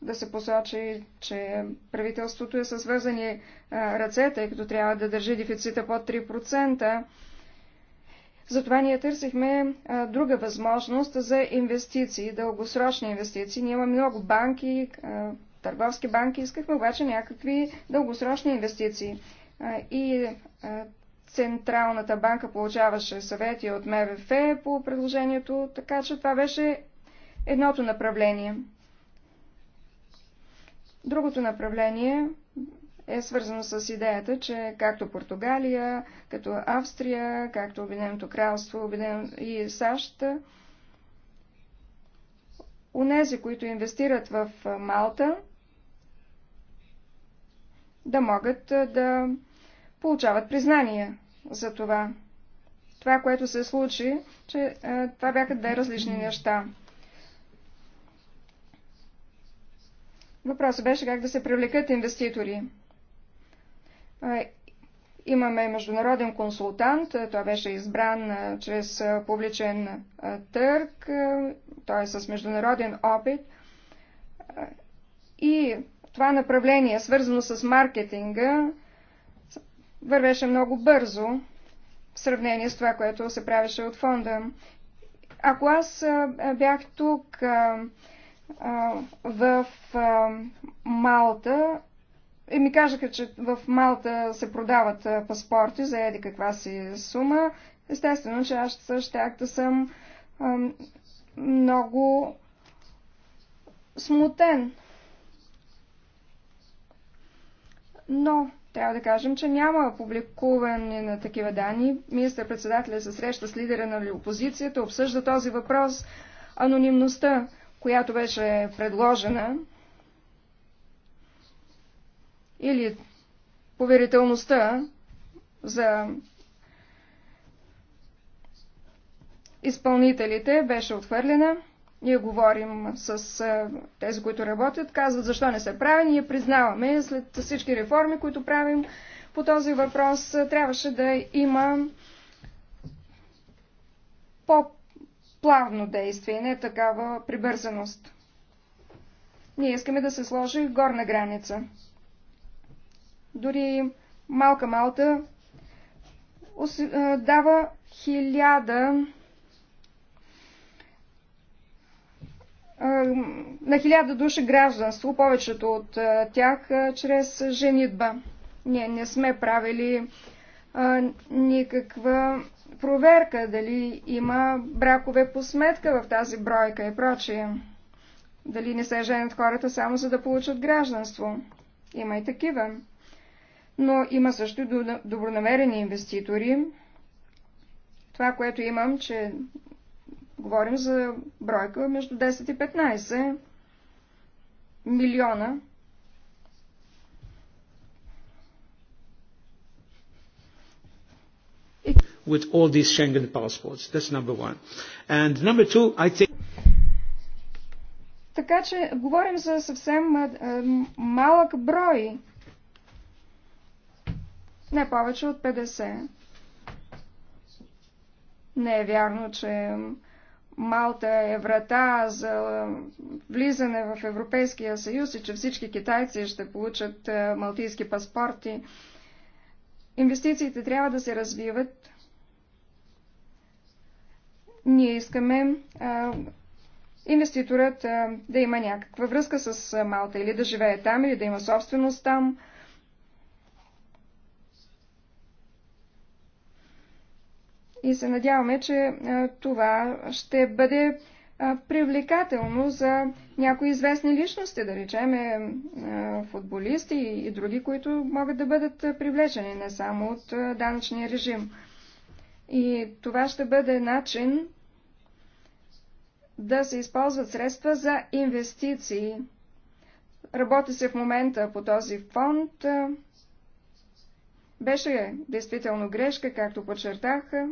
да се посочи, че правителството е със свързани ръце, тъй като трябва да държи дефицита под 3%. Затова ние търсихме а, друга възможност за инвестиции, дългосрочни инвестиции. Ние имаме много банки, а, търговски банки, искахме обаче някакви дългосрочни инвестиции. А, и а, Централната банка получаваше съвети от МВФ по предложението, така че това беше едното направление. Другото направление е свързано с идеята, че както Португалия, като Австрия, както Обединеното кралство и САЩ, унези, които инвестират в Малта, да могат да получават признание за това. Това, което се случи, че е, това бяха две различни неща. Въпросът беше как да се привлекат инвеститори. Е, имаме международен консултант, той беше избран е, чрез е, публичен е, търг, е, той е с международен опит. Е, и това направление, свързано с маркетинга, вървеше много бързо в сравнение с това, което се правеше от фонда. Ако аз бях тук в Малта, и ми кажаха, че в Малта се продават паспорти за еди каква си сума, естествено, че аз щях да съм много смутен. Но трябва да кажем, че няма публикуване на такива данни. Министър-председателя се среща с лидера на опозицията, обсъжда този въпрос. Анонимността, която беше предложена, или поверителността за изпълнителите беше отхвърлена. Ние говорим с е, тези, които работят, казват защо не се прави. Ние признаваме, след всички реформи, които правим по този въпрос, е, трябваше да има по-плавно действие, не такава прибързаност. Ние искаме да се сложи горна граница. Дори малка Малта е, дава хиляда на хиляда души гражданство, повечето от тях чрез женитба. Ние не сме правили никаква проверка дали има бракове по сметка в тази бройка и прочие. Дали не се женят хората само за да получат гражданство. Има и такива. Но има също добронамерени инвеститори. Това, което имам, че Говорим за бройка между 10 и 15 милиона. With all these Schengen passports. That's number one. And number two, I think... Така че говорим за съвсем малък брой. Не повече от 50. Не е вярно, че Малта е врата за влизане в Европейския съюз и че всички китайци ще получат е, малтийски паспорти. Инвестициите трябва да се развиват. Ние искаме а, е, инвеститорът а, е, да има някаква връзка с Малта или да живее там, или да има собственост там. И се надяваме, че е, това ще бъде е, привлекателно за някои известни личности, да речем е, футболисти и други, които могат да бъдат привлечени не само от данъчния режим. И това ще бъде начин да се използват средства за инвестиции. Работи се в момента по този фонд. Беше действително грешка, както подчертаха,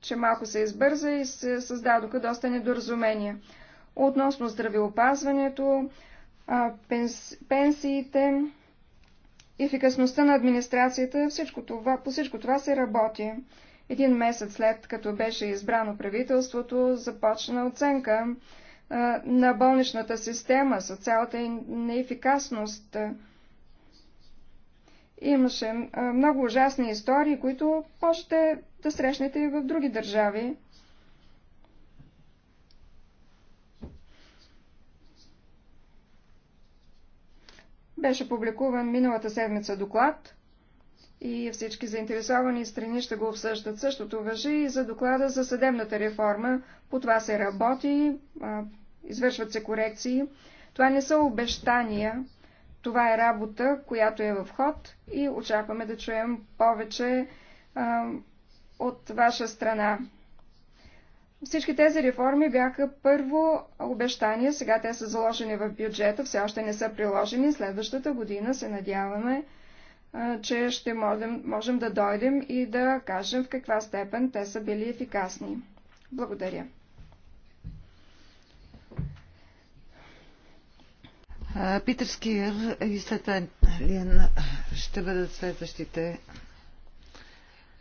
че малко се избърза и се създадоха доста недоразумения. Относно здравеопазването, пенсиите, ефикасността на администрацията, всичко това, по всичко това се работи. Един месец след като беше избрано правителството, започна оценка на болничната система за цялата неефикасност. Имаше много ужасни истории, които можете да срещнете и в други държави. Беше публикуван миналата седмица доклад и всички заинтересовани страни ще го обсъждат. Същото въжи и за доклада за съдебната реформа. По това се работи, извършват се корекции. Това не са обещания, това е работа, която е в ход и очакваме да чуем повече а, от ваша страна. Всички тези реформи бяха първо обещания, сега те са заложени в бюджета, все още не са приложени. Следващата година се надяваме, а, че ще можем, можем да дойдем и да кажем в каква степен те са били ефикасни. Благодаря. Питър Скиер и Светлен ще бъдат следващите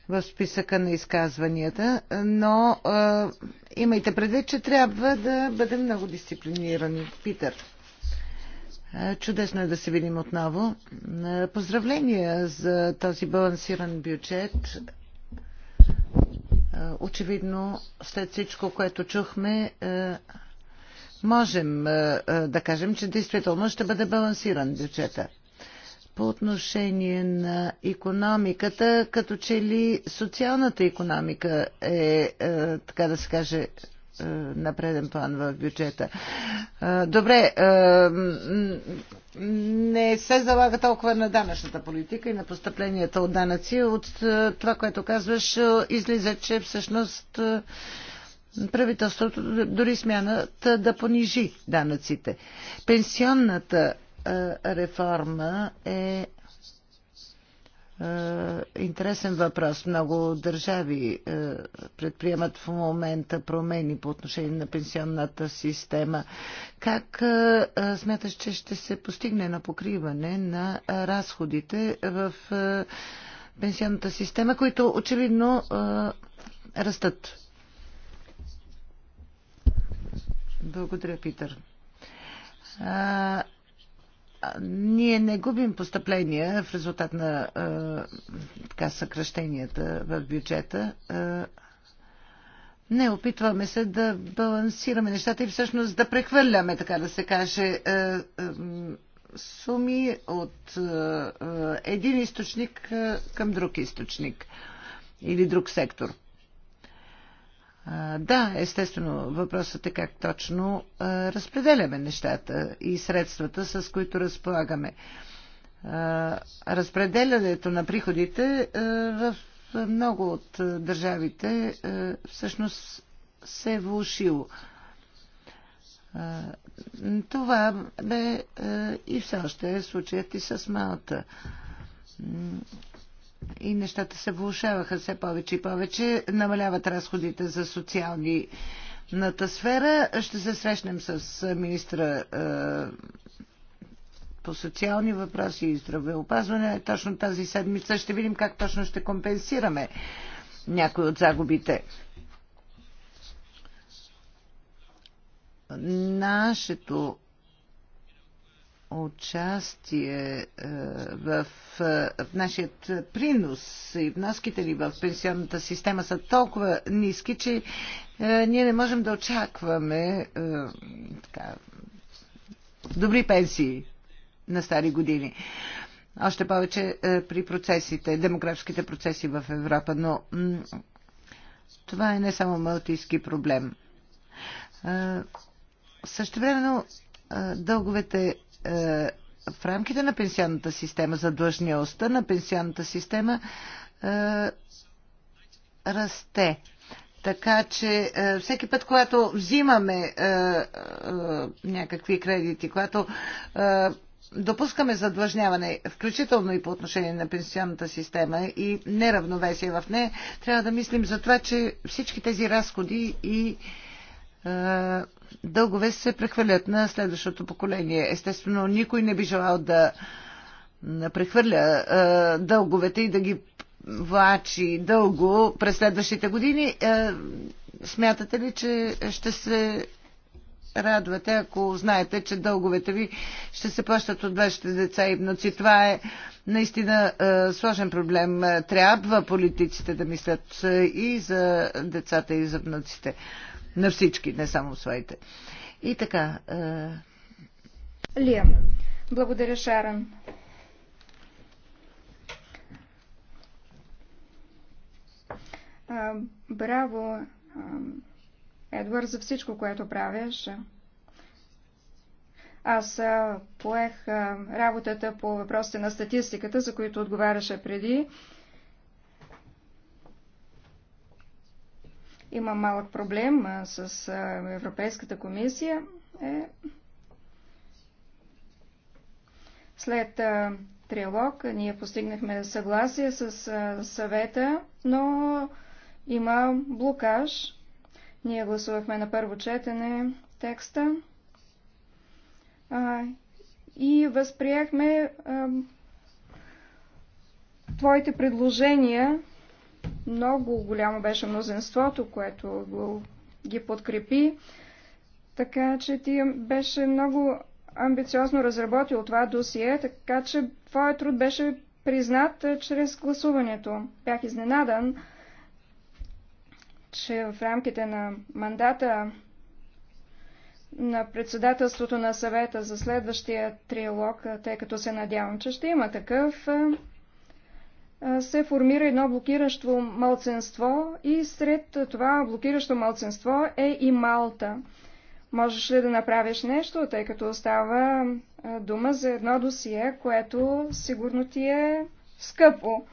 в списъка на изказванията, но а, имайте предвид, че трябва да бъдем много дисциплинирани. Питър, а, чудесно е да се видим отново. А, поздравления за този балансиран бюджет. А, очевидно, след всичко, което чухме, а, можем е, е, да кажем, че действително ще бъде балансиран бюджета. По отношение на економиката, като че ли социалната економика е, е, така да се каже, на преден план в бюджета. Добре, не се залага толкова на данъчната политика и на постъпленията от данъци. От това, което казваш, излиза, че всъщност правителството дори смянат да понижи данъците. Пенсионната реформа е интересен въпрос. Много държави предприемат в момента промени по отношение на пенсионната система. Как смяташ, че ще се постигне на покриване на разходите в пенсионната система, които очевидно растат? Благодаря, Питър. А, ние не губим постъпления в резултат на а, така, съкръщенията в бюджета. А, не, опитваме се да балансираме нещата и всъщност да прехвърляме, така да се каже, суми от един източник към друг източник или друг сектор. Да, естествено, въпросът е как точно разпределяме нещата и средствата, с които разполагаме. Разпределянето на приходите в много от държавите всъщност се е влушило. Това бе и все още е случаят и с Малта и нещата се влушаваха все повече и повече. Намаляват разходите за социални Ната сфера ще се срещнем с министра по социални въпроси и здравеопазване. Точно тази седмица ще видим как точно ще компенсираме някои от загубите. Нашето участие е, в, е, в нашият принос и вноските ни в пенсионната система са толкова ниски, че е, ние не можем да очакваме така, добри пенсии на стари години. Още повече при процесите, демографските процеси в Европа, но това е не само малтийски проблем. Също времено дълговете е, в рамките на пенсионната система, за длъжнялостта на пенсионната система е, расте. Така че е, всеки път, когато взимаме някакви кредити, когато допускаме задлъжняване, включително и по отношение на пенсионната система и неравновесие в нея, трябва да мислим за това, че всички тези разходи и дългове се прехвърлят на следващото поколение. Естествено, никой не би желал да прехвърля дълговете и да ги влачи дълго през следващите години. Смятате ли, че ще се радвате, ако знаете, че дълговете ви ще се плащат от вашите деца и внуци. Това е наистина е, сложен проблем. Трябва политиците да мислят и за децата, и за внуците на всички, не само своите. И така. Е... Лия. Благодаря, Шаран. браво, Едвард, за всичко, което правиш. Аз поех работата по въпросите на статистиката, за които отговаряше преди. има малък проблем с Европейската комисия е след триалог ние постигнахме съгласие с съвета, но има блокаж. Ние гласувахме на първо четене текста а, и възприехме а, твоите предложения много голямо беше мнозинството, което го, ги подкрепи. Така че ти беше много амбициозно разработил това досие, така че твоят труд беше признат чрез гласуването. Бях изненадан, че в рамките на мандата на председателството на съвета за следващия триалог, тъй като се надявам, че ще има такъв, се формира едно блокиращо мълценство и сред това блокиращо мълценство е и Малта. Можеш ли да направиш нещо, тъй като остава дума за едно досие, което сигурно ти е скъпо?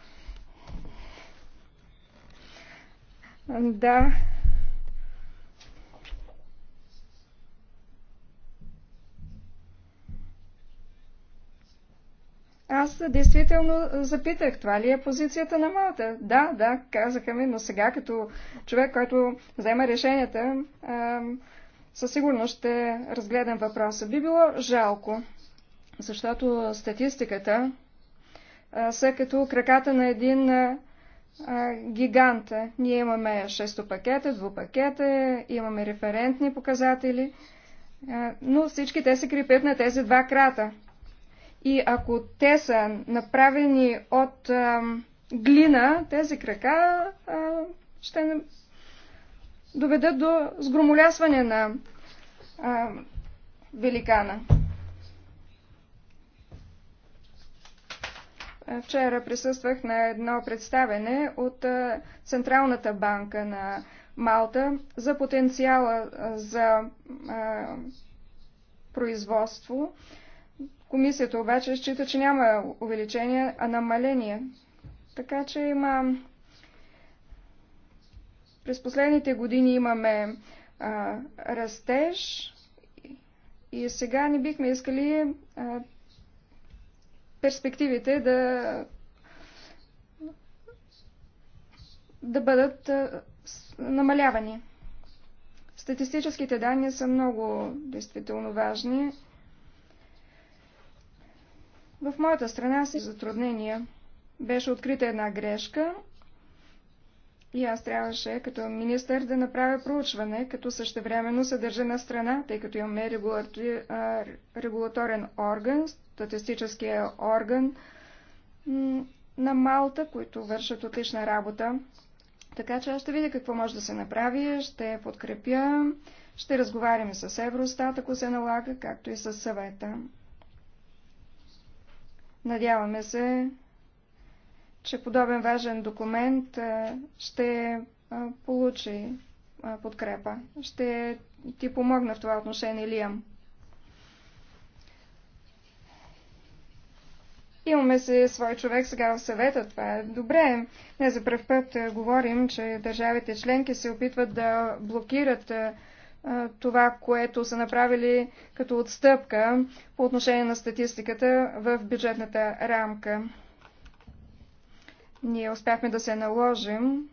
Да, Аз действително запитах, това ли е позицията на Малта? Да, да, казаха ми, но сега като човек, който взема решенията, със сигурност ще разгледам въпроса. Би било жалко, защото статистиката са като краката на един гигант. Ние имаме шестопакета, двупакета, имаме референтни показатели, но всички те се крепят на тези два крата – и ако те са направени от а, глина, тези крака а, ще доведат до сгромолясване на а, великана. Вчера присъствах на едно представене от Централната банка на Малта за потенциала за производство. Комисията обаче счита, че няма увеличение, а намаление. Така че има... През последните години имаме а, растеж и сега не бихме искали а, перспективите да да бъдат а, намалявани. Статистическите данни са много действително важни в моята страна си затруднения. Беше открита една грешка и аз трябваше като министър да направя проучване, като същевременно се държа на страна, тъй като имаме регулаторен орган, статистическия орган на Малта, които вършат отлична работа. Така че аз ще видя какво може да се направи, ще подкрепя, ще разговаряме с Евростат, ако се налага, както и с съвета. Надяваме се, че подобен важен документ ще получи подкрепа. Ще ти помогна в това отношение, Лиам. Имаме се свой човек сега в съвета, това е добре. Не за първ път говорим, че държавите членки се опитват да блокират това, което са направили като отстъпка по отношение на статистиката в бюджетната рамка. Ние успяхме да се наложим.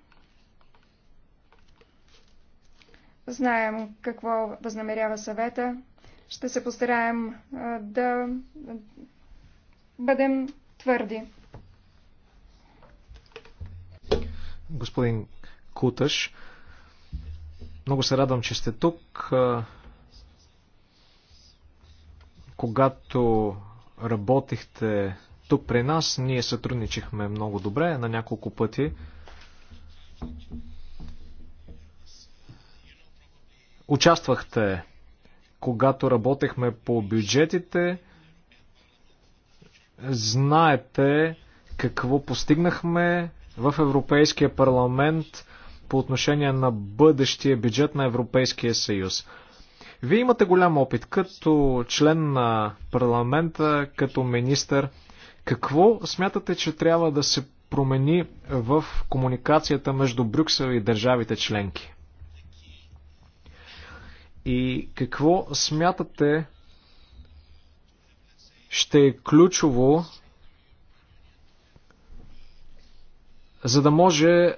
Знаем какво възнамерява съвета. Ще се постараем да бъдем твърди. Господин Куташ, много се радвам, че сте тук. Когато работихте тук при нас, ние сътрудничихме много добре на няколко пъти. Участвахте, когато работехме по бюджетите. Знаете какво постигнахме в Европейския парламент – по отношение на бъдещия бюджет на Европейския съюз. Вие имате голям опит като член на парламента, като министър. Какво смятате, че трябва да се промени в комуникацията между Брюксел и държавите членки? И какво смятате ще е ключово, за да може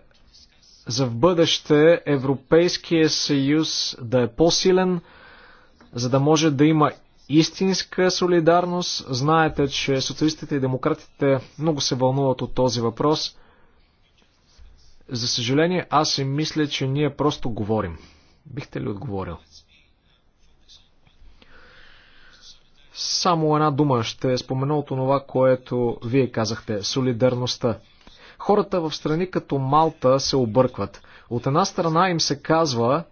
за в бъдеще Европейския съюз да е по-силен, за да може да има истинска солидарност. Знаете, че социалистите и демократите много се вълнуват от този въпрос. За съжаление, аз и мисля, че ние просто говорим. Бихте ли отговорил? Само една дума ще спомена от това, което вие казахте. Солидарността. Хората в страни като Малта се объркват. От една страна им се казва,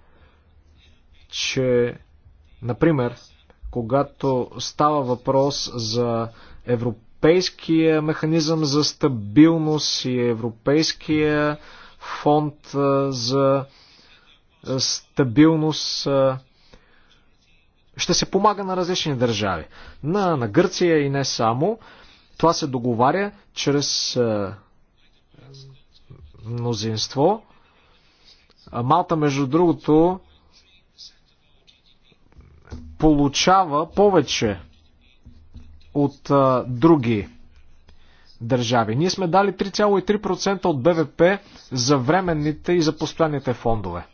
че, например, когато става въпрос за европейския механизъм за стабилност и европейския фонд за стабилност, ще се помага на различни държави. На, на Гърция и не само. Това се договаря чрез мнозинство. Малта, между другото, получава повече от а, други държави. Ние сме дали 3,3% от БВП за временните и за постоянните фондове.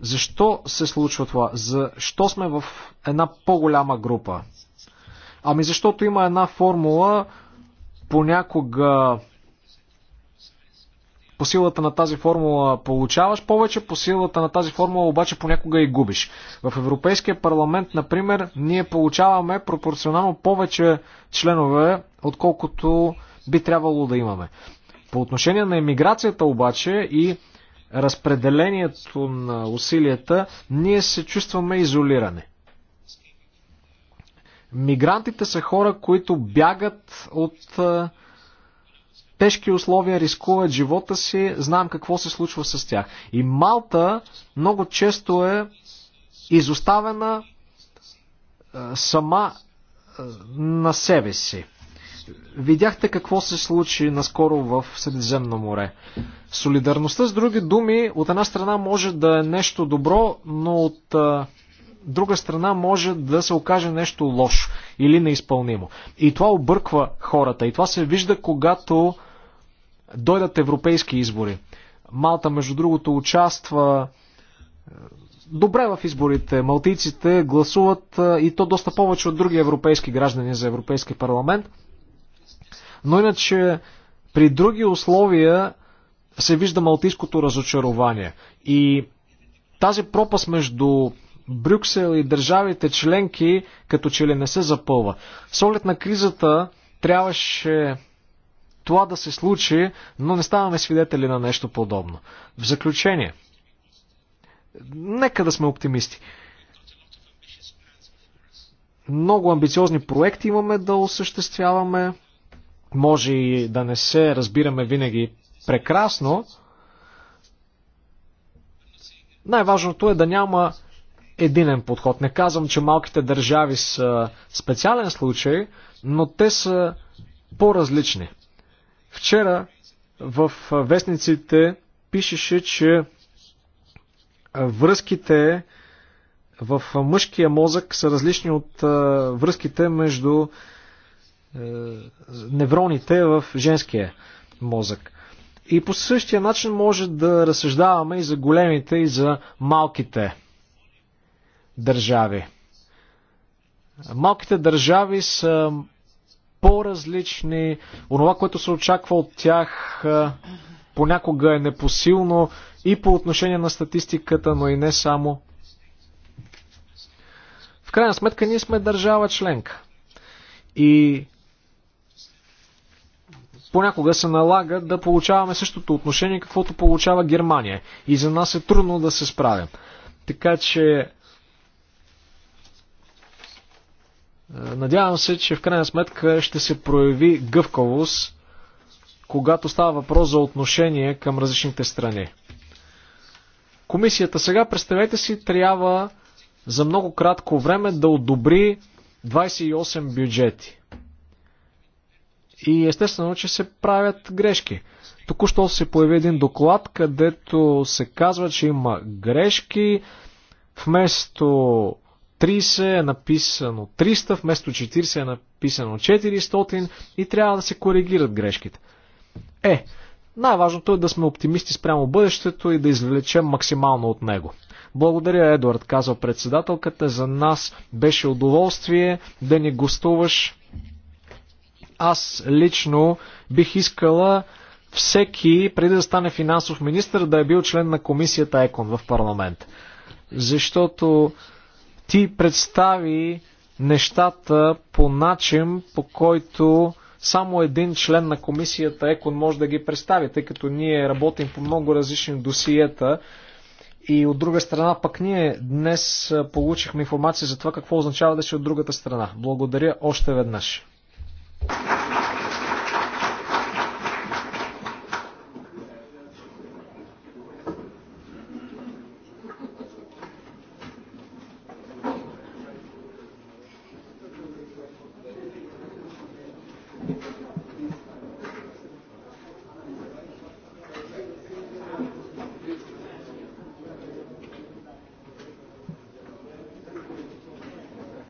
Защо се случва това? Защо сме в една по-голяма група? Ами защото има една формула, Понякога по силата на тази формула получаваш повече, по силата на тази формула обаче понякога и губиш. В Европейския парламент, например, ние получаваме пропорционално повече членове, отколкото би трябвало да имаме. По отношение на емиграцията обаче и разпределението на усилията, ние се чувстваме изолирани. Мигрантите са хора, които бягат от е, тежки условия, рискуват живота си, знам какво се случва с тях. И Малта много често е изоставена е, сама е, на себе си. Видяхте какво се случи наскоро в Средиземно море. Солидарността, с други думи, от една страна може да е нещо добро, но от друга страна може да се окаже нещо лошо или неизпълнимо. И това обърква хората. И това се вижда, когато дойдат европейски избори. Малта, между другото, участва е, добре в изборите. Малтийците гласуват е, и то доста повече от други европейски граждани за Европейски парламент. Но иначе при други условия се вижда малтийското разочарование. И тази пропаст между Брюксел и държавите членки като че ли не се запълва. С оглед на кризата трябваше това да се случи, но не ставаме свидетели на нещо подобно. В заключение, нека да сме оптимисти. Много амбициозни проекти имаме да осъществяваме. Може и да не се разбираме винаги прекрасно. Най-важното е да няма единен подход. Не казвам, че малките държави са специален случай, но те са по-различни. Вчера в вестниците пишеше, че връзките в мъжкия мозък са различни от връзките между невроните в женския мозък. И по същия начин може да разсъждаваме и за големите, и за малките държави. Малките държави са по-различни, онова, което се очаква от тях понякога е непосилно и по отношение на статистиката, но и не само. В крайна сметка ние сме държава членка. И понякога се налага да получаваме същото отношение, каквото получава Германия. И за нас е трудно да се справим. Така че Надявам се, че в крайна сметка ще се прояви гъвкавост, когато става въпрос за отношение към различните страни. Комисията сега, представете си, трябва за много кратко време да одобри 28 бюджети. И естествено, че се правят грешки. Току-що се появи един доклад, където се казва, че има грешки. Вместо 30 е написано 300, вместо 40 е написано 400 и трябва да се коригират грешките. Е, най-важното е да сме оптимисти спрямо бъдещето и да извлечем максимално от него. Благодаря, Едуард, казва председателката. За нас беше удоволствие да ни гостуваш. Аз лично бих искала всеки, преди да стане финансов министр, да е бил член на комисията ЕКОН в парламент. Защото ти представи нещата по начин, по който само един член на комисията ЕКОН може да ги представи, тъй като ние работим по много различни досиета. И от друга страна, пък ние днес получихме информация за това какво означава да си от другата страна. Благодаря още веднъж.